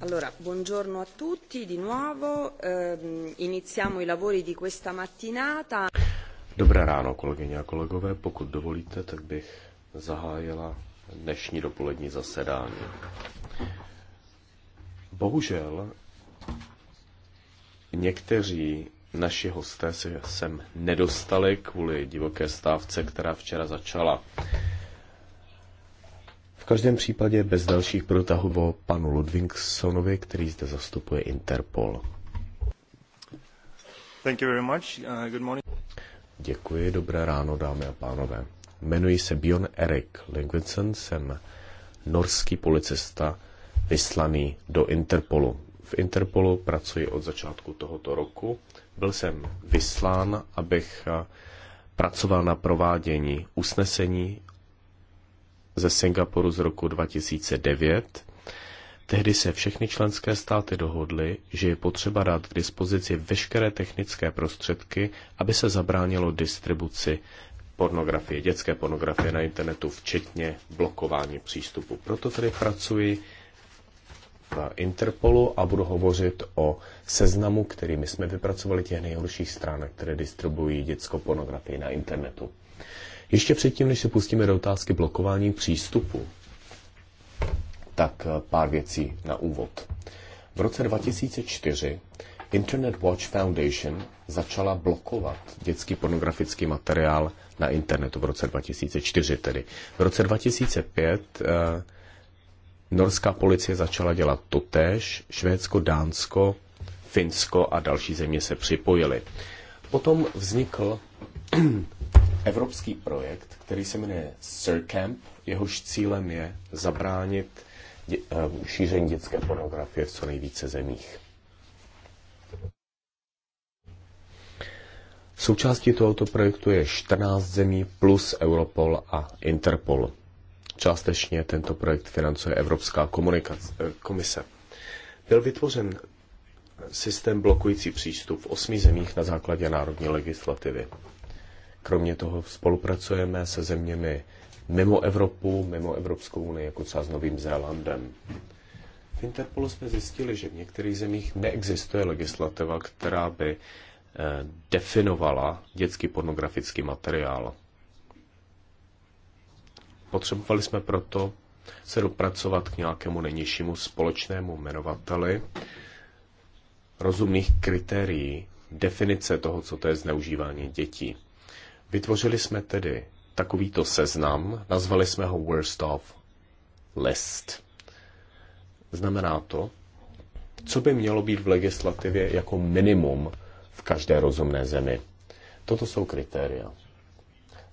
Allora, buongiorno a tutti di nuovo. Eh, iniziamo i lavori di questa mattinata. Dobré ráno, kolegyně a kolegové. Pokud dovolíte, tak bych zahájila dnešní dopolední zasedání. Bohužel někteří naši hosté se sem nedostali kvůli divoké stávce, která včera začala každém případě bez dalších protahů o panu Ludvingsonovi, který zde zastupuje Interpol. Thank you very much. Uh, good morning. Děkuji, dobré ráno, dámy a pánové. Jmenuji se Bjorn Erik Lingvinson, jsem norský policista vyslaný do Interpolu. V Interpolu pracuji od začátku tohoto roku. Byl jsem vyslán, abych eh, pracoval na provádění usnesení ze Singapuru z roku 2009. Tehdy se všechny členské státy dohodly, že je potřeba dát k dispozici veškeré technické prostředky, aby se zabránilo distribuci pornografie, dětské pornografie na internetu, včetně blokování přístupu. Proto tedy pracuji v Interpolu a budu hovořit o seznamu, který my jsme vypracovali těch nejhorších stránek, které distribuují dětskou pornografii na internetu. Ještě předtím, než se pustíme do otázky blokování přístupu, tak eh, pár věcí na úvod. V roce 2004 Internet Watch Foundation začala blokovat dětský pornografický materiál na internetu v roce 2004 tedy. V roce 2005 eh, norská policie začala dělat tež, Švédsko, Dánsko, Finsko a další země se připojily. Potom vznikl evropský projekt, který se jmenuje SIRCAMP. Jehož cílem je zabránit dě- eh, šíření dětské pornografie v co nejvíce zemích. Součástí tohoto projektu je 14 zemí plus Europol a Interpol. Částečně tento projekt financuje Evropská eh, komise. Byl vytvořen systém blokující přístup v osmi zemích na základě národní legislativy. Kromě toho spolupracujeme se zeměmi mimo Evropu, mimo Evropskou unii, jako třeba s Novým Zélandem. V Interpolu jsme zjistili, že v některých zemích neexistuje legislativa, která by eh, definovala dětský pornografický materiál. Potřebovali jsme proto se dopracovat k nějakému nejnižšímu společnému jmenovateli rozumných kritérií definice toho, co to je zneužívání dětí. Vytvořili jsme tedy takovýto seznam, nazvali jsme ho Worst of List. Znamená to, co by mělo být v legislativě jako minimum v každé rozumné zemi. Toto jsou kritéria.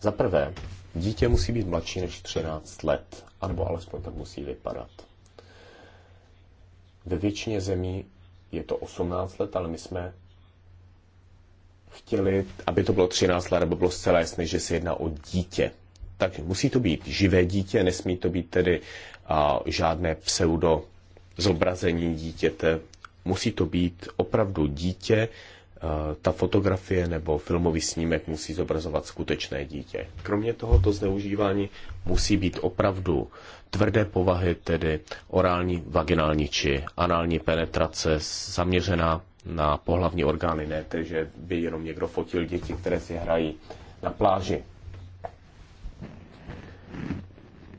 Za prvé, dítě musí být mladší než 13 let, anebo alespoň tak musí vypadat. Ve většině zemí je to 18 let, ale my jsme chtěli, aby to bylo 13 let, nebo bylo zcela jasné, že se jedná o dítě. Takže musí to být živé dítě, nesmí to být tedy a, žádné pseudo zobrazení dítěte. Musí to být opravdu dítě, ta fotografie nebo filmový snímek musí zobrazovat skutečné dítě. Kromě toho to zneužívání musí být opravdu tvrdé povahy, tedy orální, vaginální či anální penetrace zaměřená na pohlavní orgány, ne to, že by jenom někdo fotil děti, které si hrají na pláži.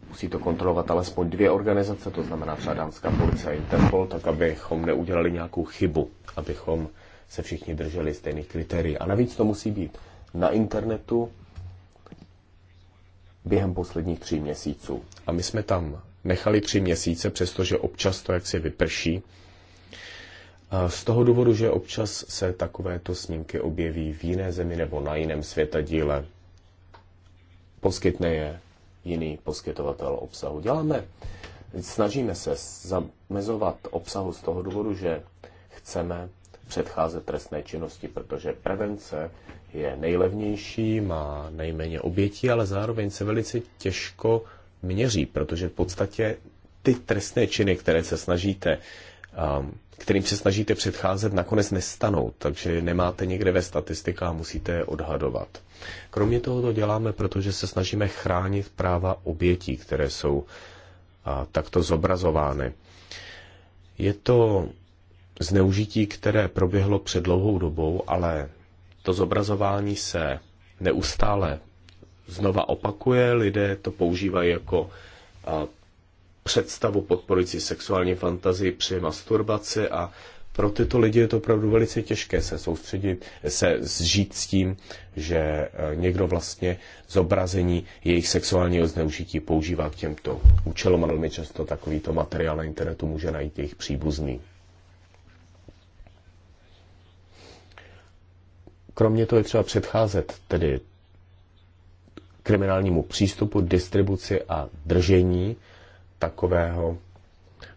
Musí to kontrolovat alespoň dvě organizace, to znamená třeba dánská policie a Interpol, tak abychom neudělali nějakou chybu, abychom se všichni drželi stejných kritérií. A navíc to musí být na internetu během posledních tří měsíců. A my jsme tam nechali tři měsíce, přestože občas to jaksi vyprší, z toho důvodu, že občas se takovéto snímky objeví v jiné zemi nebo na jiném světadíle, poskytne je jiný poskytovatel obsahu. Děláme, snažíme se zamezovat obsahu z toho důvodu, že chceme předcházet trestné činnosti, protože prevence je nejlevnější, má nejméně obětí, ale zároveň se velice těžko měří, protože v podstatě ty trestné činy, které se snažíte Um, kterým se snažíte předcházet, nakonec nestanou, takže nemáte někde ve statistikách, musíte je odhadovat. Kromě toho to děláme, protože se snažíme chránit práva obětí, které jsou takto zobrazovány. Je to zneužití, které proběhlo před dlouhou dobou, ale to zobrazování se neustále znova opakuje, lidé to používají jako představu podporující sexuální fantazii při masturbaci a pro tyto lidi je to opravdu velice těžké se soustředit, se zžít s tím, že eh, někdo vlastně zobrazení jejich sexuálního zneužití používá k těmto účelům a velmi často takovýto materiál na internetu může najít jejich příbuzný. Kromě toho je třeba předcházet tedy kriminálnímu přístupu, distribuci a držení takového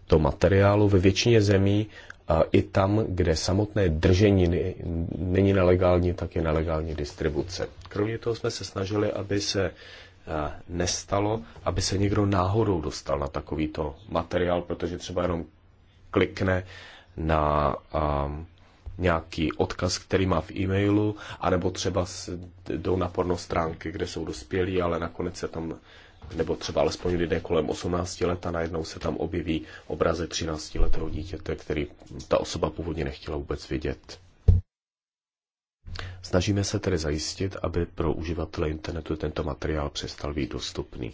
to materiálu ve většině zemí i tam, kde samotné držení není nelegální, tak je nelegální distribuce. Kromě toho jsme se snažili, aby se eh, nestalo, aby se někdo náhodou dostal na takovýto materiál, protože třeba jenom klikne na um, nějaký odkaz, který má v e-mailu, anebo třeba jdou na porno stránky, kde jsou dospělí, ale nakonec se tam nebo třeba alespoň lidé kolem 18 let a najednou se tam objeví obrazy 13 letého dítěte, který ta osoba původně nechtěla vůbec vidět. Snažíme se tedy zajistit, aby pro uživatele internetu tento materiál přestal být dostupný.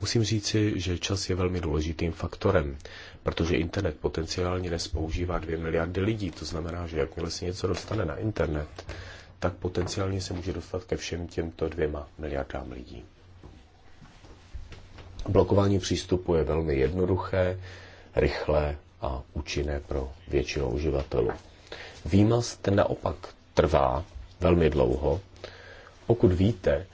Musím říci, že čas je velmi důležitým faktorem, protože internet potenciálně nespoužívá 2 miliardy lidí. To znamená, že jakmile se něco dostane na internet, tak potenciálně se může dostat ke všem těmto dvěma miliardám lidí. Blokování přístupu je velmi jednoduché, rychlé a účinné pro většinu uživatelů. Výmaz ten naopak trvá velmi dlouho. Pokud víte,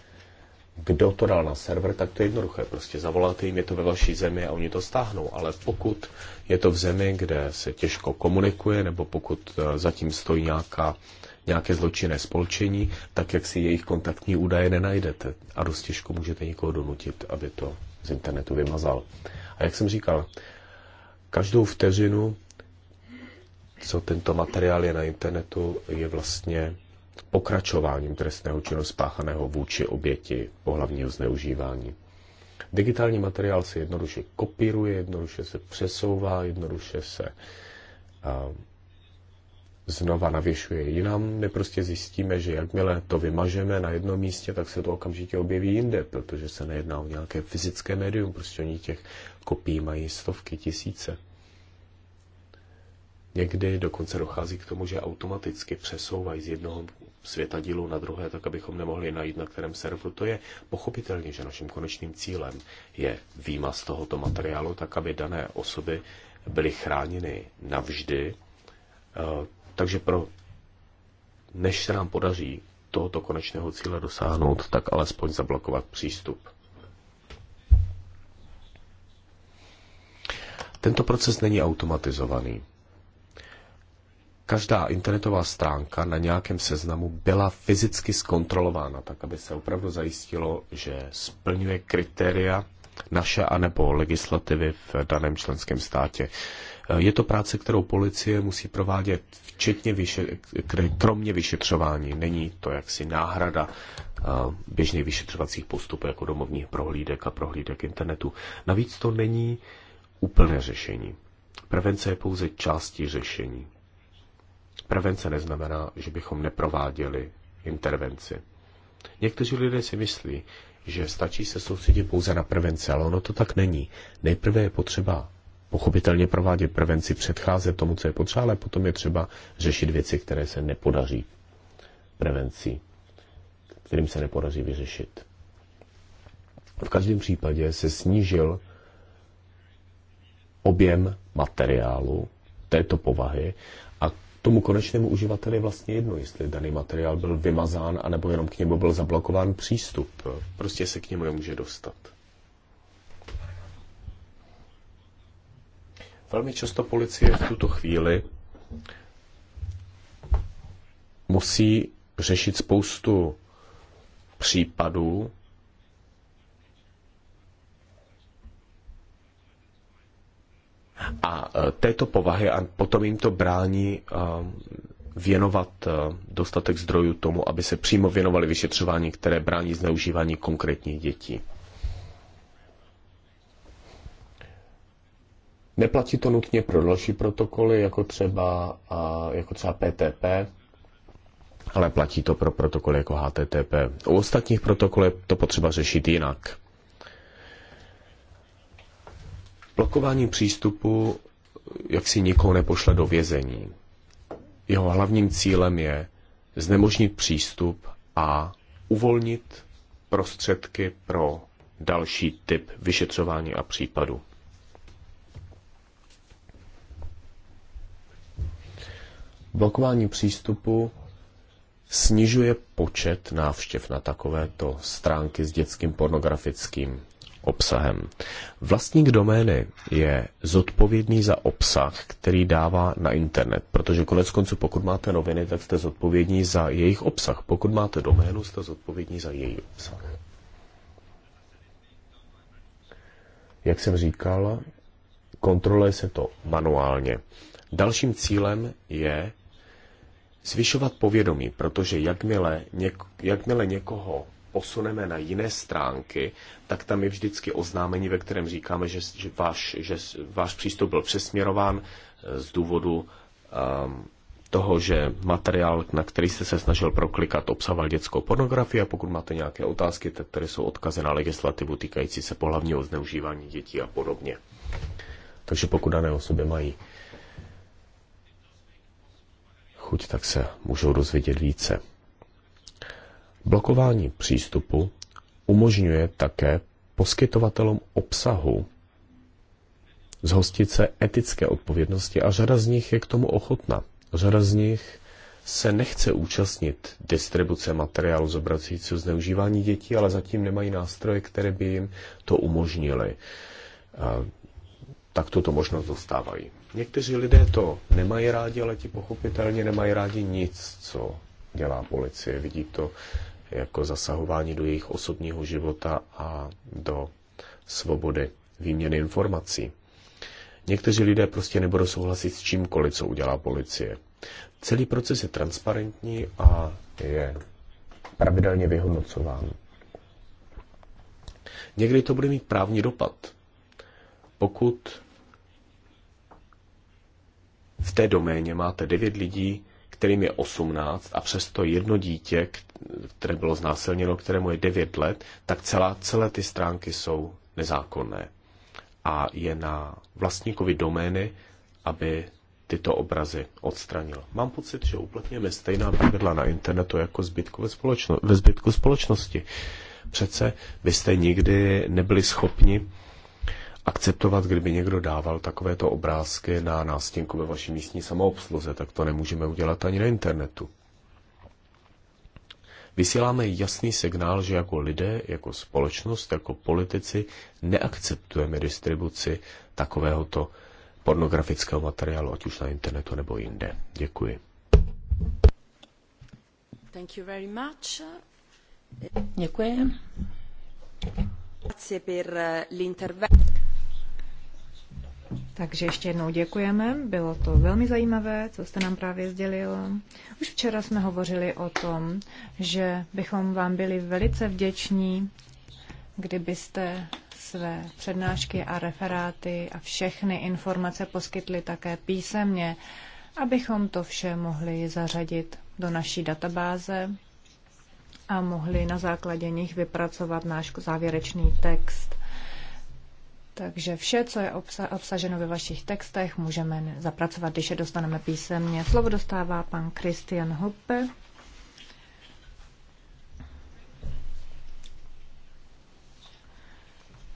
kdo to dal na server, tak to je jednoduché. Prostě zavoláte jim, je to ve vaší zemi a oni to stáhnou. Ale pokud je to v zemi, kde se těžko komunikuje, nebo pokud eh, zatím stojí nějaká, nějaké zločinné spolčení, tak jak si jejich kontaktní údaje nenajdete a dost těžko můžete někoho donutit, aby to z internetu vymazal. A jak jsem říkal, každou vteřinu, co tento materiál je na internetu, je vlastně pokračováním trestného činu spáchaného vůči oběti pohlavního zneužívání. Digitální materiál se jednoduše kopíruje, jednoduše se přesouvá, jednoduše se uh, znova navěšuje jinam. My prostě zjistíme, že jakmile to vymažeme na jednom místě, tak se to okamžitě objeví jinde, protože se nejedná o nějaké fyzické médium, prostě oni těch kopií mají stovky, tisíce. Někdy dokonce dochází k tomu, že automaticky přesouvají z jednoho světadílu na druhé, tak abychom nemohli najít, na kterém serveru to je. Pochopitelně, že naším konečným cílem je z tohoto materiálu, tak aby dané osoby byly chráněny navždy eh, takže pro, než se nám podaří tohoto konečného cíle dosáhnout, tak alespoň zablokovat přístup. Tento proces není automatizovaný. Každá internetová stránka na nějakém seznamu byla fyzicky zkontrolována, tak aby se opravdu zajistilo, že splňuje kritéria naše anebo legislativy v daném členském státě. Je to práce, kterou policie musí provádět včetně vyše, kromě vyšetřování. Není to jaksi náhrada běžných vyšetřovacích postupů jako domovních prohlídek a prohlídek internetu. Navíc to není úplné řešení. Prevence je pouze částí řešení. Prevence neznamená, že bychom neprováděli intervenci. Někteří lidé si myslí, že stačí se soustředit pouze na prevenci, ale ono to tak není. Nejprve je potřeba pochopitelně provádět prevenci, předcházet tomu, co je potřeba, ale potom je třeba řešit věci, které se nepodaří prevenci, kterým se nepodaří vyřešit. V každém případě se snížil objem materiálu této povahy a tomu konečnému uživateli je vlastně jedno, jestli daný materiál byl vymazán anebo jenom k němu byl zablokován přístup. Prostě se k němu nemůže dostat. Velmi často policie v tuto chvíli musí řešit spoustu případů, A e, této povahy a potom jim to brání e, věnovat e, dostatek zdrojů tomu, aby se přímo věnovali vyšetřování, které brání zneužívání konkrétních dětí. Neplatí to nutně pro další protokoly, jako třeba, jako třeba PTP, ale platí to pro protokoly jako HTTP. U ostatních protokolů je to potřeba řešit jinak. Blokování přístupu jak si nikoho nepošle do vězení. Jeho hlavním cílem je znemožnit přístup a uvolnit prostředky pro další typ vyšetřování a případu. Blokování přístupu snižuje počet návštěv na takovéto stránky s dětským pornografickým obsahem. Vlastník domény je zodpovědný za obsah, který dává na internet, protože konec konců, pokud máte noviny, tak jste zodpovědní za jejich obsah. Pokud máte doménu, jste zodpovědní za její obsah. Jak jsem říkal, kontroluje se to manuálně. Dalším cílem je zvyšovat povědomí, protože jakmile, něk, jakmile někoho posuneme na jiné stránky, tak tam je vždycky oznámení, ve kterém říkáme, že, že, váš, že váš přístup byl přesměrován eh, z důvodu um, toho, že materiál, na který jste se snažil proklikat, obsahoval dětskou pornografii a pokud máte nějaké otázky, tak které jsou odkazy na legislativu týkající se pohlavního zneužívání dětí a podobně. Takže pokud dané osoby mají chuť, tak se můžou dozvědět více. Blokování přístupu umožňuje také poskytovatelům obsahu zhostit se etické odpovědnosti a řada z nich je k tomu ochotna. Řada z nich se nechce účastnit distribuce materiálu zobrazujícího zneužívání dětí, ale zatím nemají nástroje, které by jim to umožnily. Tak tuto možnost dostávají. Někteří lidé to nemají rádi, ale ti pochopitelně nemají rádi nic, co dělá policie. Vidí to jako zasahování do jejich osobního života a do svobody výměny informací. Někteří lidé prostě nebudou souhlasit s čímkoliv, co udělá policie. Celý proces je transparentní a je pravidelně vyhodnocován. Někdy to bude mít právní dopad. Pokud v té doméně máte 9 lidí, kterým je 18 a přesto jedno dítě, které bylo znásilněno, kterému je 9 let, tak celá, celé ty stránky jsou nezákonné. A je na vlastníkovi domény, aby tyto obrazy odstranil. Mám pocit, že uplatňujeme stejná pravidla na internetu jako zbytku ve, společno- ve zbytku společnosti. Přece byste nikdy nebyli schopni akceptovat, kdyby někdo dával takovéto obrázky na nástěnku ve vaší místní samoobsluze, tak to nemůžeme udělat ani na internetu. Vysíláme jasný signál, že jako lidé, jako společnost, jako politici neakceptujeme distribuci takovéhoto pornografického materiálu, ať už na internetu nebo jinde. Děkuji. Thank you very much. Děkuji. Takže ještě jednou děkujeme, bylo to velmi zajímavé, co jste nám právě sdělil. Už včera jsme hovořili o tom, že bychom vám byli velice vděční, kdybyste své přednášky a referáty a všechny informace poskytli také písemně, abychom to vše mohli zařadit do naší databáze a mohli na základě nich vypracovat náš závěrečný text. Takže vše, co je obsaženo ve vašich textech, můžeme zapracovat, když je dostaneme písemně. Slovo dostává pan Christian Hoppe.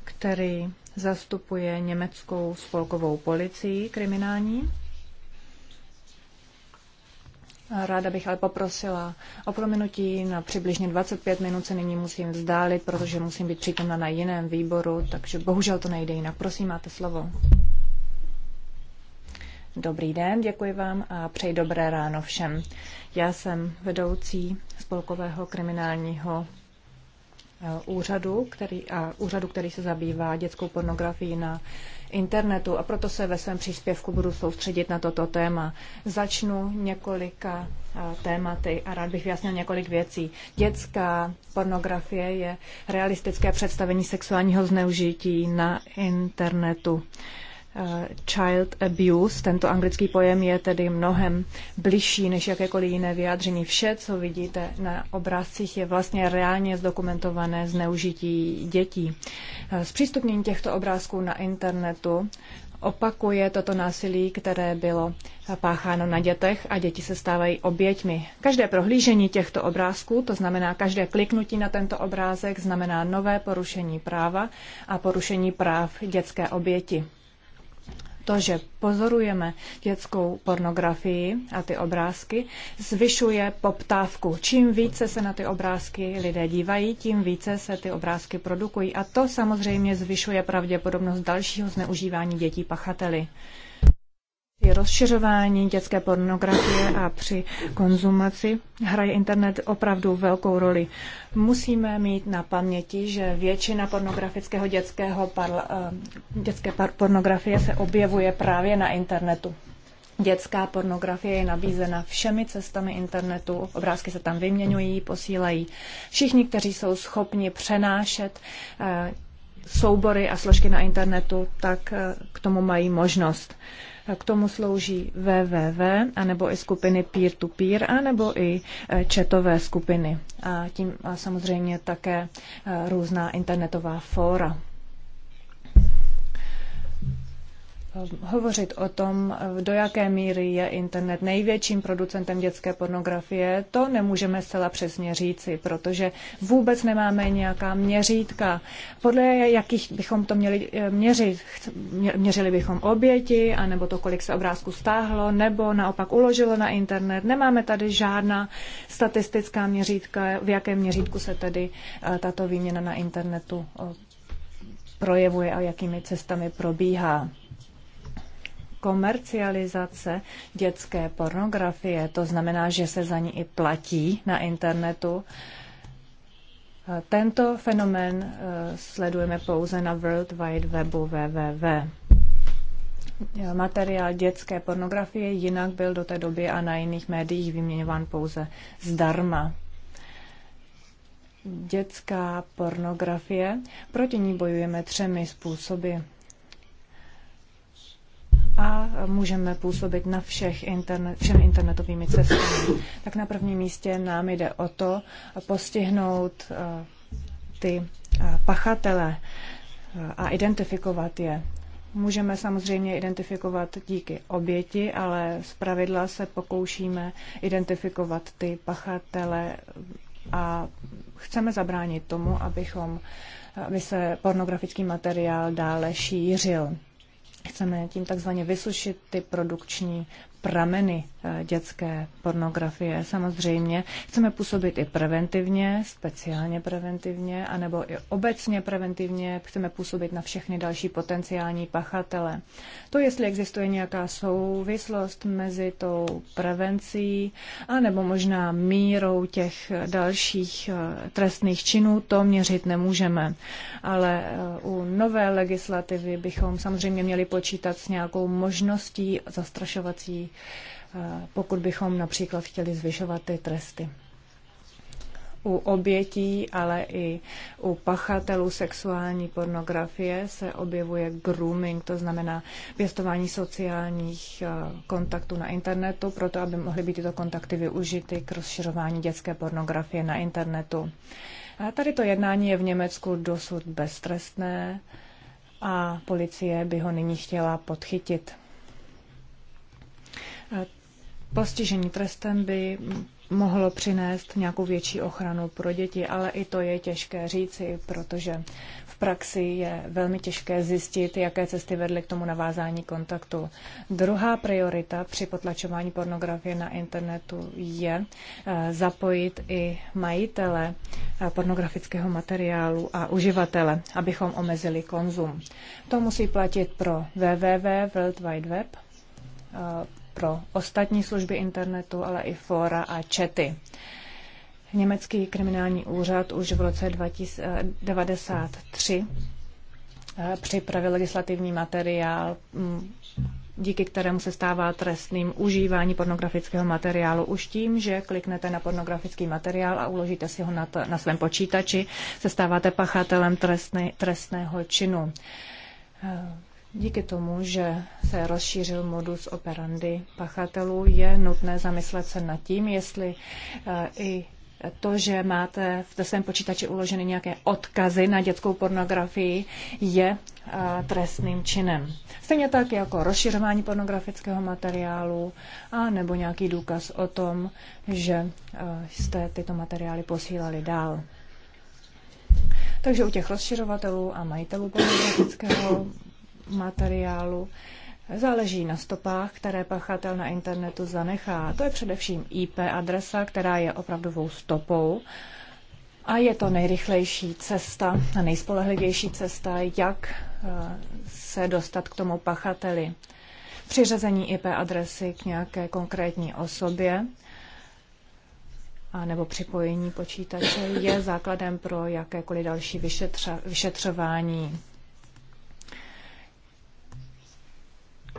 který zastupuje německou spolkovou policii kriminální. Ráda bych ale poprosila o prominutí. Na přibližně 25 minut se nyní musím vzdálit, protože musím být přítomna na jiném výboru, takže bohužel to nejde jinak. Prosím, máte slovo. Dobrý den, děkuji vám a přeji dobré ráno všem. Já jsem vedoucí spolkového kriminálního eh, úřadu, který, a úřadu, který se zabývá dětskou pornografií na internetu a proto se ve svém příspěvku budu soustředit na toto téma. Začnu několika eh, tématy a rád bych vyjasnil několik věcí. Dětská pornografie je realistické představení sexuálního zneužití na internetu. Eh, child abuse, tento anglický pojem je tedy mnohem bližší než jakékoliv jiné vyjádření. Vše, co vidíte na obrázcích, je vlastně reálně zdokumentované zneužití dětí. Eh, zpřístupnění těchto obrázků na internetu opakuje toto násilí, které bylo pácháno na dětech a děti se stávají oběťmi. Každé prohlížení těchto obrázků, to znamená každé kliknutí na tento obrázek, znamená nové porušení práva a porušení práv dětské oběti to, že pozorujeme dětskou pornografii a ty obrázky, zvyšuje poptávku. Čím více se na ty obrázky lidé dívají, tím více se ty obrázky produkují. A to samozřejmě zvyšuje pravděpodobnost dalšího zneužívání dětí pachateli při rozšiřování dětské pornografie a při konzumaci hraje internet opravdu velkou roli. Musíme mít na paměti, že většina pornografického dětského parla, eh, dětské pornografie se objevuje právě na internetu. Dětská pornografie je nabízena všemi cestami internetu, obrázky se tam vyměňují, posílají. Všichni, kteří jsou schopni přenášet eh, soubory a složky na internetu, tak eh, k tomu mají možnost. K tomu slouží www, anebo i skupiny peer-to-peer, -peer, anebo i četové skupiny. A tím samozřejmě také e, různá internetová fóra. Eh, hovořit o tom, eh, do jaké míry je internet největším producentem dětské pornografie, to nemůžeme zcela přesně říci, protože vůbec nemáme nějaká měřítka. Podle jakých bychom to měli eh, měřit? Měřili bychom oběti, anebo to, kolik se obrázku stáhlo, nebo naopak uložilo na internet. Nemáme tady žádná statistická měřítka, v jakém měřítku se tedy tato výměna na internetu projevuje a jakými cestami probíhá komercializace dětské pornografie, to znamená, že se za ní i platí na internetu. Tento fenomén eh, sledujeme pouze na World Wide Webu www. Materiál dětské pornografie jinak byl do té doby a na jiných médiích vyměňován pouze zdarma dětská pornografie. Proti ní bojujeme třemi způsoby a můžeme působit na všech internet, všem internetovými cestami. Tak na prvním místě nám jde o to postihnout eh, ty eh, pachatele eh, a identifikovat je. Můžeme samozřejmě identifikovat díky oběti, ale z pravidla se pokoušíme identifikovat ty pachatele a chceme zabránit tomu, abychom, aby se pornografický materiál dále šířil. Chceme tím takzvaně vysušit ty produkční prameny eh, dětské pornografie. Samozřejmě chceme působit i preventivně, speciálně preventivně, anebo i obecně preventivně. Chceme působit na všechny další potenciální pachatele. To, jestli existuje nějaká souvislost mezi tou prevencí, anebo možná mírou těch eh, dalších eh, trestných činů, to měřit nemůžeme. Ale u nové legislativy bychom samozřejmě měli počítat s nějakou možností zastrašovací Eh, pokud bychom například chtěli zvyšovat ty tresty. U obětí, ale i u pachatelů sexuální pornografie se objevuje grooming, to znamená pěstování sociálních eh, kontaktů na internetu, proto aby mohly být tyto kontakty využity k rozširování dětské pornografie na internetu. A tady to jednání je v Německu dosud beztrestné a policie by ho nyní chtěla podchytit postižení trestem by mohlo přinést nějakou větší ochranu pro děti, ale i to je těžké říci, protože v praxi je velmi těžké zjistit, jaké cesty vedly k tomu navázání kontaktu. Druhá priorita při potlačování pornografie na internetu je eh, zapojit i majitele eh, pornografického materiálu a uživatele, abychom omezili konzum. To musí platit pro www, Wide Web, eh, pro ostatní služby internetu, ale i fora a čety. Německý kriminální úřad už v roce 1993 eh, připravil legislativní materiál, mm, díky kterému se stává trestným užívání pornografického materiálu už tím, že kliknete na pornografický materiál a uložíte si ho na, t- na svém počítači, se stáváte pachatelem trestny, trestného činu. Eh, Díky tomu, že se rozšířil modus operandi pachatelů, je nutné zamyslet se nad tím, jestli eh, i to, že máte v svém počítači uloženy nějaké odkazy na dětskou pornografii, je eh, trestným činem. Stejně tak jako rozšiřování pornografického materiálu a nebo nějaký důkaz o tom, že eh, jste tyto materiály posílali dál. Takže u těch rozšiřovatelů a majitelů pornografického materiálu záleží na stopách, které pachatel na internetu zanechá. To je především IP adresa, která je opravdovou stopou. A je to nejrychlejší cesta a nejspolehlivější cesta, jak eh, se dostat k tomu pachateli. Přiřazení IP adresy k nějaké konkrétní osobě a nebo připojení počítače je základem pro jakékoliv další vyšetřování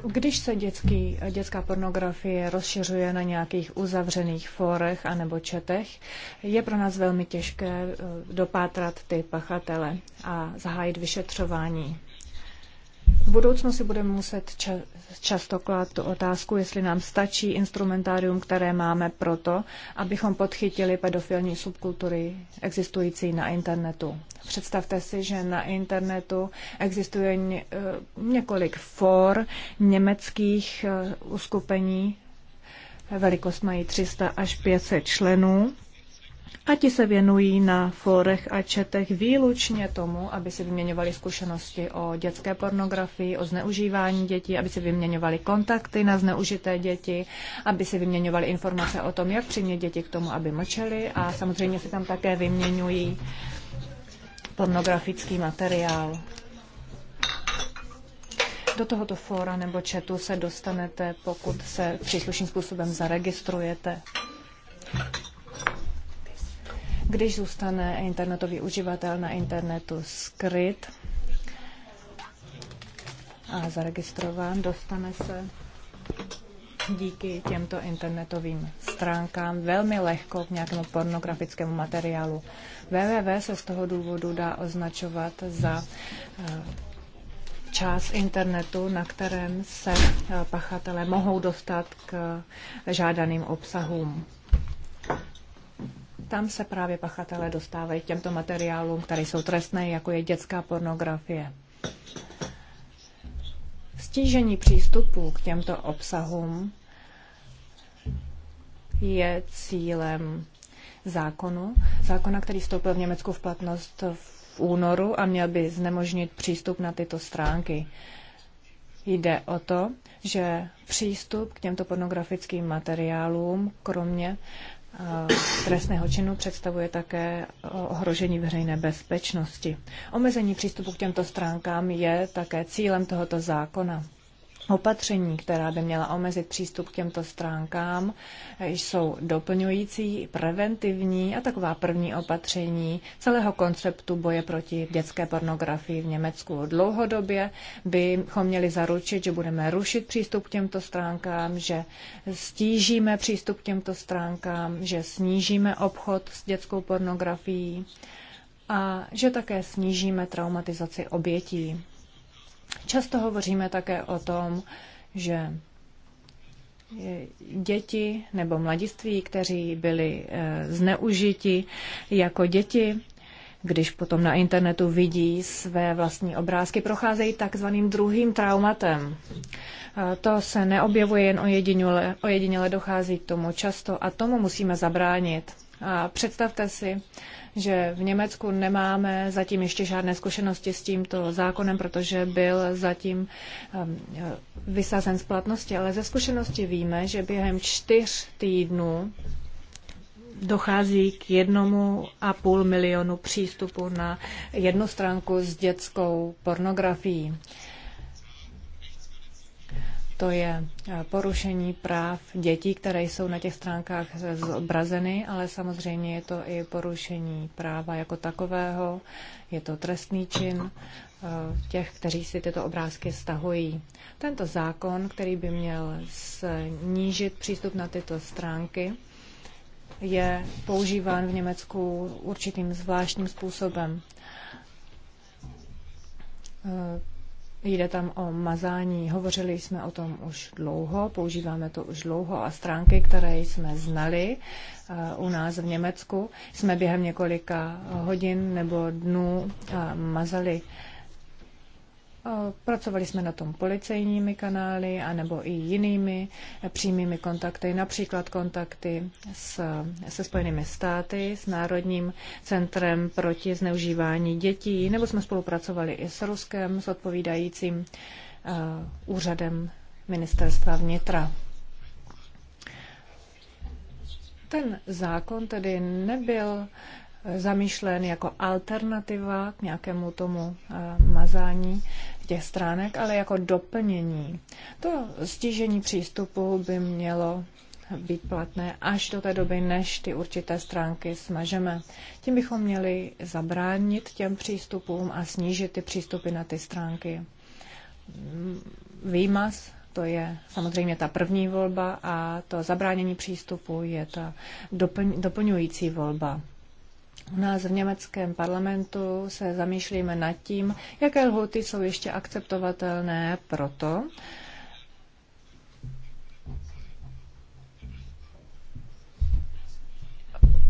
Když se dětský, dětská pornografie rozšiřuje na nějakých uzavřených fórech anebo četech, je pro nás velmi těžké eh, dopátrat ty pachatele a zahájit vyšetřování. V budoucnu si budeme muset ča- často klát tu otázku, jestli nám stačí instrumentárium, které máme proto, abychom podchytili pedofilní subkultury existující na internetu. Představte si, že na internetu existuje eh, několik for německých eh, uskupení, velikost mají 300 až 500 členů a ti se věnují na fórech a četech výlučně tomu, aby si vyměňovali zkušenosti o dětské pornografii, o zneužívání dětí, aby si vyměňovali kontakty na zneužité děti, aby si vyměňovali informace o tom, jak přimět děti k tomu, aby mlčeli a samozřejmě si tam také vyměňují pornografický materiál. Do tohoto fóra nebo četu se dostanete, pokud se příslušným způsobem zaregistrujete. Když zůstane internetový uživatel na internetu skryt a zaregistrován, dostane se díky těmto internetovým stránkám velmi lehko k nějakému pornografickému materiálu. www se z toho důvodu dá označovat za eh, část internetu, na kterém se eh, pachatelé mohou dostat k žádaným obsahům. Tam se právě pachatelé dostávají k těmto materiálům, které jsou trestné, jako je dětská pornografie. Stížení přístupu k těmto obsahům je cílem zákonu, zákona, který vstoupil v Německu v platnost v únoru a měl by znemožnit přístup na tyto stránky. Jde o to, že přístup k těmto pornografickým materiálům, kromě Eh, trestného činu představuje také eh, ohrožení veřejné bezpečnosti. Omezení přístupu k těmto stránkám je také cílem tohoto zákona. Opatření, která by měla omezit přístup k těmto stránkám, jsou doplňující, preventivní a taková první opatření celého konceptu boje proti dětské pornografii v Německu. Dlouhodobě bychom měli zaručit, že budeme rušit přístup k těmto stránkám, že stížíme přístup k těmto stránkám, že snížíme obchod s dětskou pornografií a že také snížíme traumatizaci obětí. Často hovoříme také o tom, že děti nebo mladiství, kteří byli eh, zneužiti jako děti, když potom na internetu vidí své vlastní obrázky, procházejí takzvaným druhým traumatem. To se neobjevuje jen ojediněle, ojediněle dochází k tomu často a tomu musíme zabránit. A představte si, že v Německu nemáme zatím ještě žádné zkušenosti s tímto zákonem, protože byl zatím um, vysazen z platnosti, ale ze zkušenosti víme, že během čtyř týdnů dochází k jednomu a půl milionu přístupů na jednu stránku s dětskou pornografií to je eh, porušení práv dětí, které jsou na těch stránkách zobrazeny, ale samozřejmě je to i porušení práva jako takového, je to trestný čin eh, těch, kteří si tyto obrázky stahují. Tento zákon, který by měl snížit přístup na tyto stránky, je používán v Německu určitým zvláštním způsobem eh, Jde tam o mazání. Hovořili jsme o tom už dlouho, používáme to už dlouho a stránky, které jsme znali eh, u nás v Německu, jsme během několika hodin nebo dnů eh, mazali Pracovali jsme na tom policejními kanály anebo i jinými eh, přímými kontakty, například kontakty s, se Spojenými státy, s Národním centrem proti zneužívání dětí, nebo jsme spolupracovali i s Ruskem, s odpovídajícím uh, úřadem ministerstva vnitra. Ten zákon tedy nebyl eh, zamýšlen jako alternativa k nějakému tomu mazání těch stránek, ale jako doplnění. To stížení přístupu by mělo být platné až do té doby, než ty určité stránky smažeme. Tím bychom měli zabránit těm přístupům a snížit ty přístupy na ty stránky. Výmaz to je samozřejmě ta první volba a to zabránění přístupu je ta doplň, doplňující volba. U nás v německém parlamentu se zamýšlíme nad tím, jaké lhuty jsou ještě akceptovatelné proto,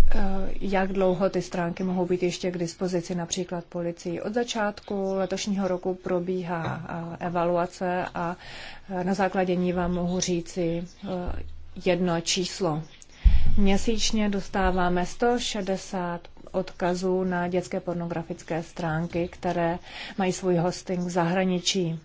eh, jak dlouho ty stránky mohou být ještě k dispozici například policii. Od začátku letošního roku probíhá eh, evaluace a eh, na základě ní vám mohu říci jedno číslo. Měsíčně dostáváme 160 odkazů na dětské pornografické stránky, které mají svůj hosting v zahraničí.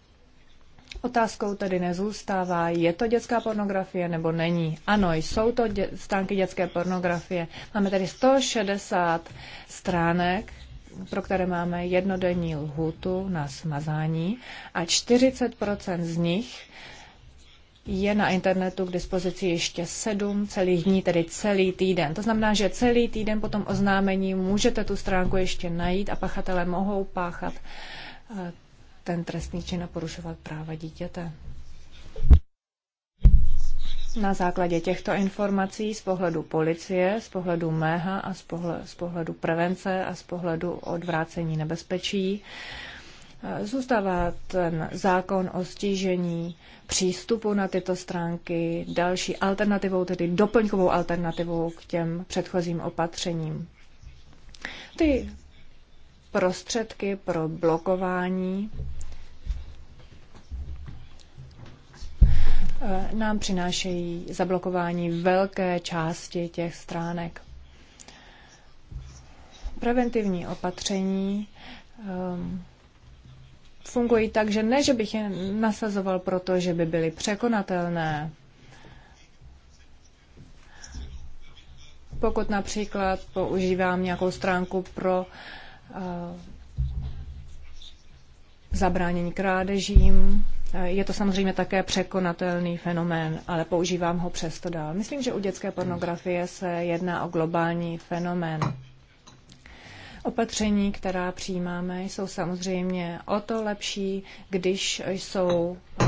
Otázkou tedy nezůstává, je to dětská pornografie nebo není. Ano, jsou to dě- stránky dětské pornografie. Máme tady 160 stránek, pro které máme jednodenní lhůtu na smazání a 40% z nich je na internetu k dispozici ještě sedm celých dní, tedy celý týden. To znamená, že celý týden po tom oznámení můžete tu stránku ještě najít a pachatelé mohou páchat eh, ten trestný čin a porušovat práva dítěte. Na základě těchto informací z pohledu policie, z pohledu méha a z pohledu, z pohledu prevence a z pohledu odvrácení nebezpečí Zůstává ten zákon o stížení přístupu na tyto stránky další alternativou, tedy doplňkovou alternativou k těm předchozím opatřením. Ty prostředky pro blokování eh, nám přinášejí zablokování velké části těch stránek. Preventivní opatření um, fungují tak, že ne, že bych je nasazoval proto, že by byly překonatelné. Pokud například používám nějakou stránku pro uh, zabránění krádežím, eh, je to samozřejmě také překonatelný fenomén, ale používám ho přesto dál. Myslím, že u dětské pornografie se jedná o globální fenomén. Opatření, která přijímáme, jsou samozřejmě o to lepší, když jsou eh,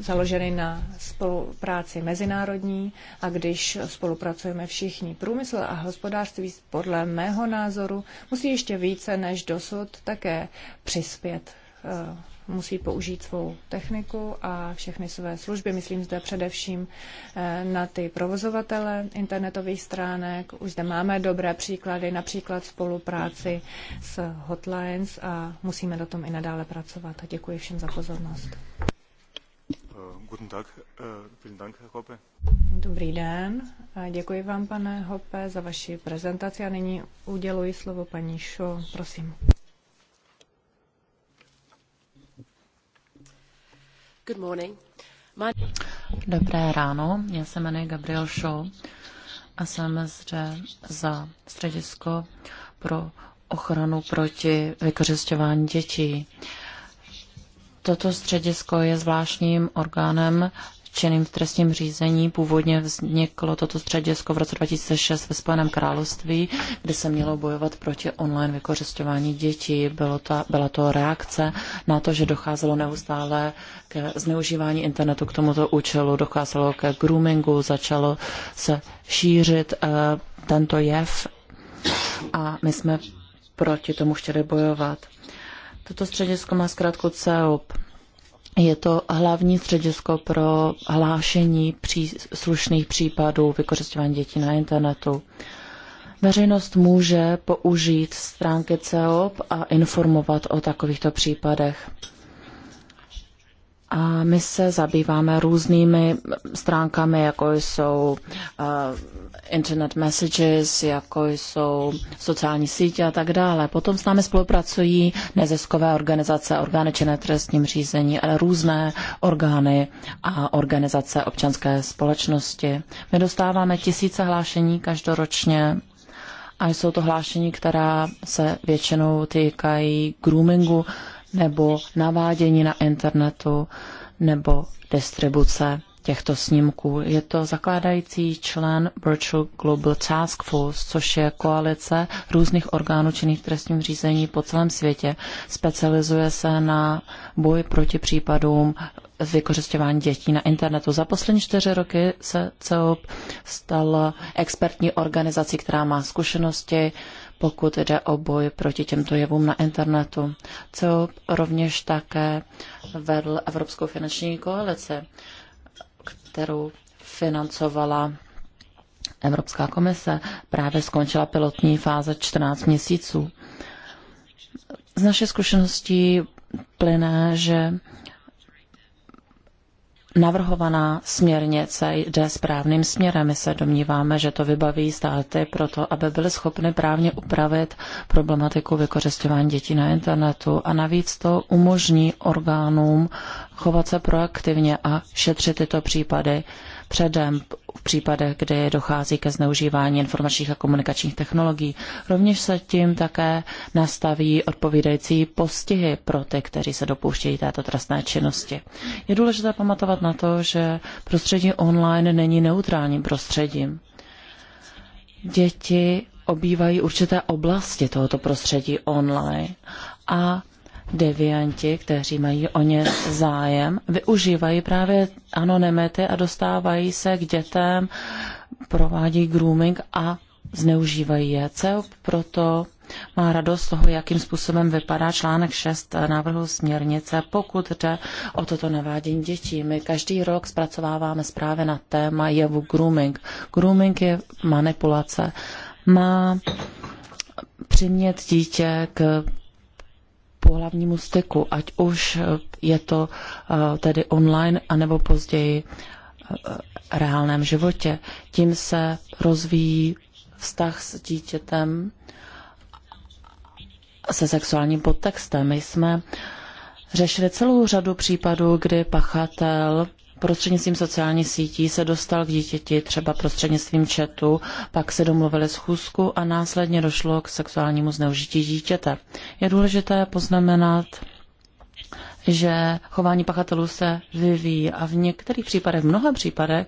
založeny na spolupráci mezinárodní a když spolupracujeme všichni. Průmysl a hospodářství podle mého názoru musí ještě více než dosud také přispět eh, musí použít svou techniku a všechny své služby. Myslím zde především eh, na ty provozovatele internetových stránek. Už zde máme dobré příklady, například spolupráci s Hotlines a musíme na tom i nadále pracovat. A děkuji všem za pozornost. Eh, eh, Dobrý den, děkuji vám, pane Hoppe, za vaši prezentaci a nyní uděluji slovo paní Šo, prosím. Dobré ráno, já se jmenuji Gabriel Shaw a jsem zde za středisko pro ochranu proti vykořišťování dětí. Toto středisko je zvláštním orgánem činným v trestním řízení. Původně vzniklo toto středisko v roce 2006 ve Spojeném království, kde se mělo bojovat proti online vykořišťování dětí. Bylo to, byla to reakce na to, že docházelo neustále ke zneužívání internetu k tomuto účelu, docházelo ke groomingu, začalo se šířit uh, tento jev a my jsme proti tomu chtěli bojovat. Toto středisko má zkrátku CEUP. Je to hlavní středisko pro hlášení příslušných případů vykořišťování dětí na internetu. Veřejnost může použít stránky CEOP a informovat o takovýchto případech. A my se zabýváme různými stránkami, jako jsou uh, internet messages, jako jsou sociální sítě a tak dále. Potom s námi spolupracují neziskové organizace, orgány činné trestním řízení, ale různé orgány a organizace občanské společnosti. My dostáváme tisíce hlášení každoročně a jsou to hlášení, která se většinou týkají groomingu, nebo navádění na internetu nebo distribuce těchto snímků. Je to zakládající člen Virtual Global Task Force, což je koalice různých orgánů činných v trestním řízení po celém světě. Specializuje se na boj proti případům vykořišťování dětí na internetu. Za poslední čtyři roky se CEOP stala expertní organizací, která má zkušenosti pokud jde o boj proti těmto jevům na internetu. Co rovněž také vedl Evropskou finanční koalici, kterou financovala Evropská komise. Právě skončila pilotní fáze 14 měsíců. Z naší zkušeností plyne, že navrhovaná směrnice jde správným směrem. My se domníváme, že to vybaví státy proto, aby byly schopny právně upravit problematiku vykořišťování dětí na internetu a navíc to umožní orgánům chovat se proaktivně a šetřit tyto případy předem v případech, kdy dochází ke zneužívání informačních a komunikačních technologií. Rovněž se tím také nastaví odpovídající postihy pro ty, kteří se dopouštějí této trestné činnosti. Je důležité pamatovat na to, že prostředí online není neutrálním prostředím. Děti obývají určité oblasti tohoto prostředí online a devianti, kteří mají o ně zájem, využívají právě anonymity a dostávají se k dětem, provádí grooming a zneužívají je. Co proto má radost z toho, jakým způsobem vypadá článek 6 návrhu směrnice, pokud jde o toto navádění dětí. My každý rok zpracováváme zprávy na téma jevu grooming. Grooming je manipulace. Má přimět dítě k pohlavnímu styku, ať už eh, je to eh, tedy online, anebo později eh, reálném životě. Tím se rozvíjí vztah s dítětem se sexuálním podtextem. My jsme řešili celou řadu případů, kdy pachatel prostřednictvím sociálních sítí se dostal k dítěti, třeba prostřednictvím chatu, pak se domluvili schůzku a následně došlo k sexuálnímu zneužití dítěte. Je důležité poznamenat, že chování pachatelů se vyvíjí a v některých případech, v mnoha případech,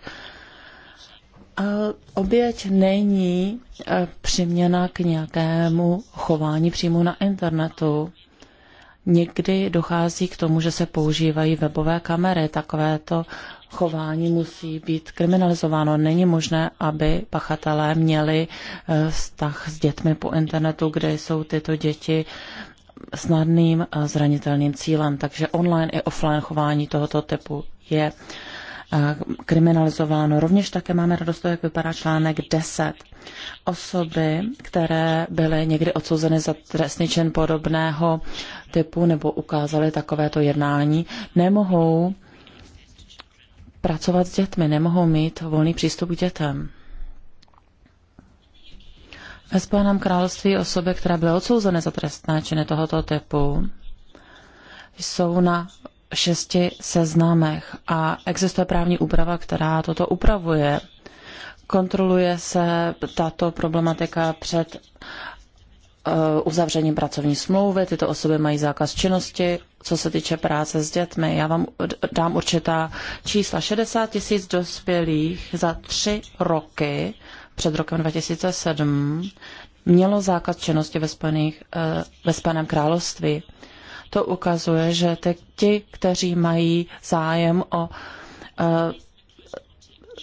oběť není eh, přiměna k nějakému chování přímo na internetu. Někdy dochází k tomu, že se používají webové kamery. Takovéto chování musí být kriminalizováno. Není možné, aby pachatelé měli eh, vztah s dětmi po internetu, kde jsou tyto děti snadným a eh, zranitelným cílem. Takže online i offline chování tohoto typu je eh, kriminalizováno. Rovněž také máme radost jak vypadá článek 10. Osoby, které byly někdy odsouzeny za trestný čin podobného typu nebo ukázali takovéto jednání, nemohou pracovat s dětmi, nemohou mít volný přístup k dětem. Ve Spojeném království osoby, které byly odsouzeny za trestné činy tohoto typu, jsou na šesti seznamech a existuje právní úprava, která toto upravuje. Kontroluje se tato problematika před Uh, uzavřením pracovní smlouvy, tyto osoby mají zákaz činnosti, co se týče práce s dětmi. Já vám dám určitá čísla. 60 tisíc dospělých za tři roky před rokem 2007 mělo zákaz činnosti ve, Spojených, eh, ve Spojeném království. To ukazuje, že ti, kteří mají zájem o eh,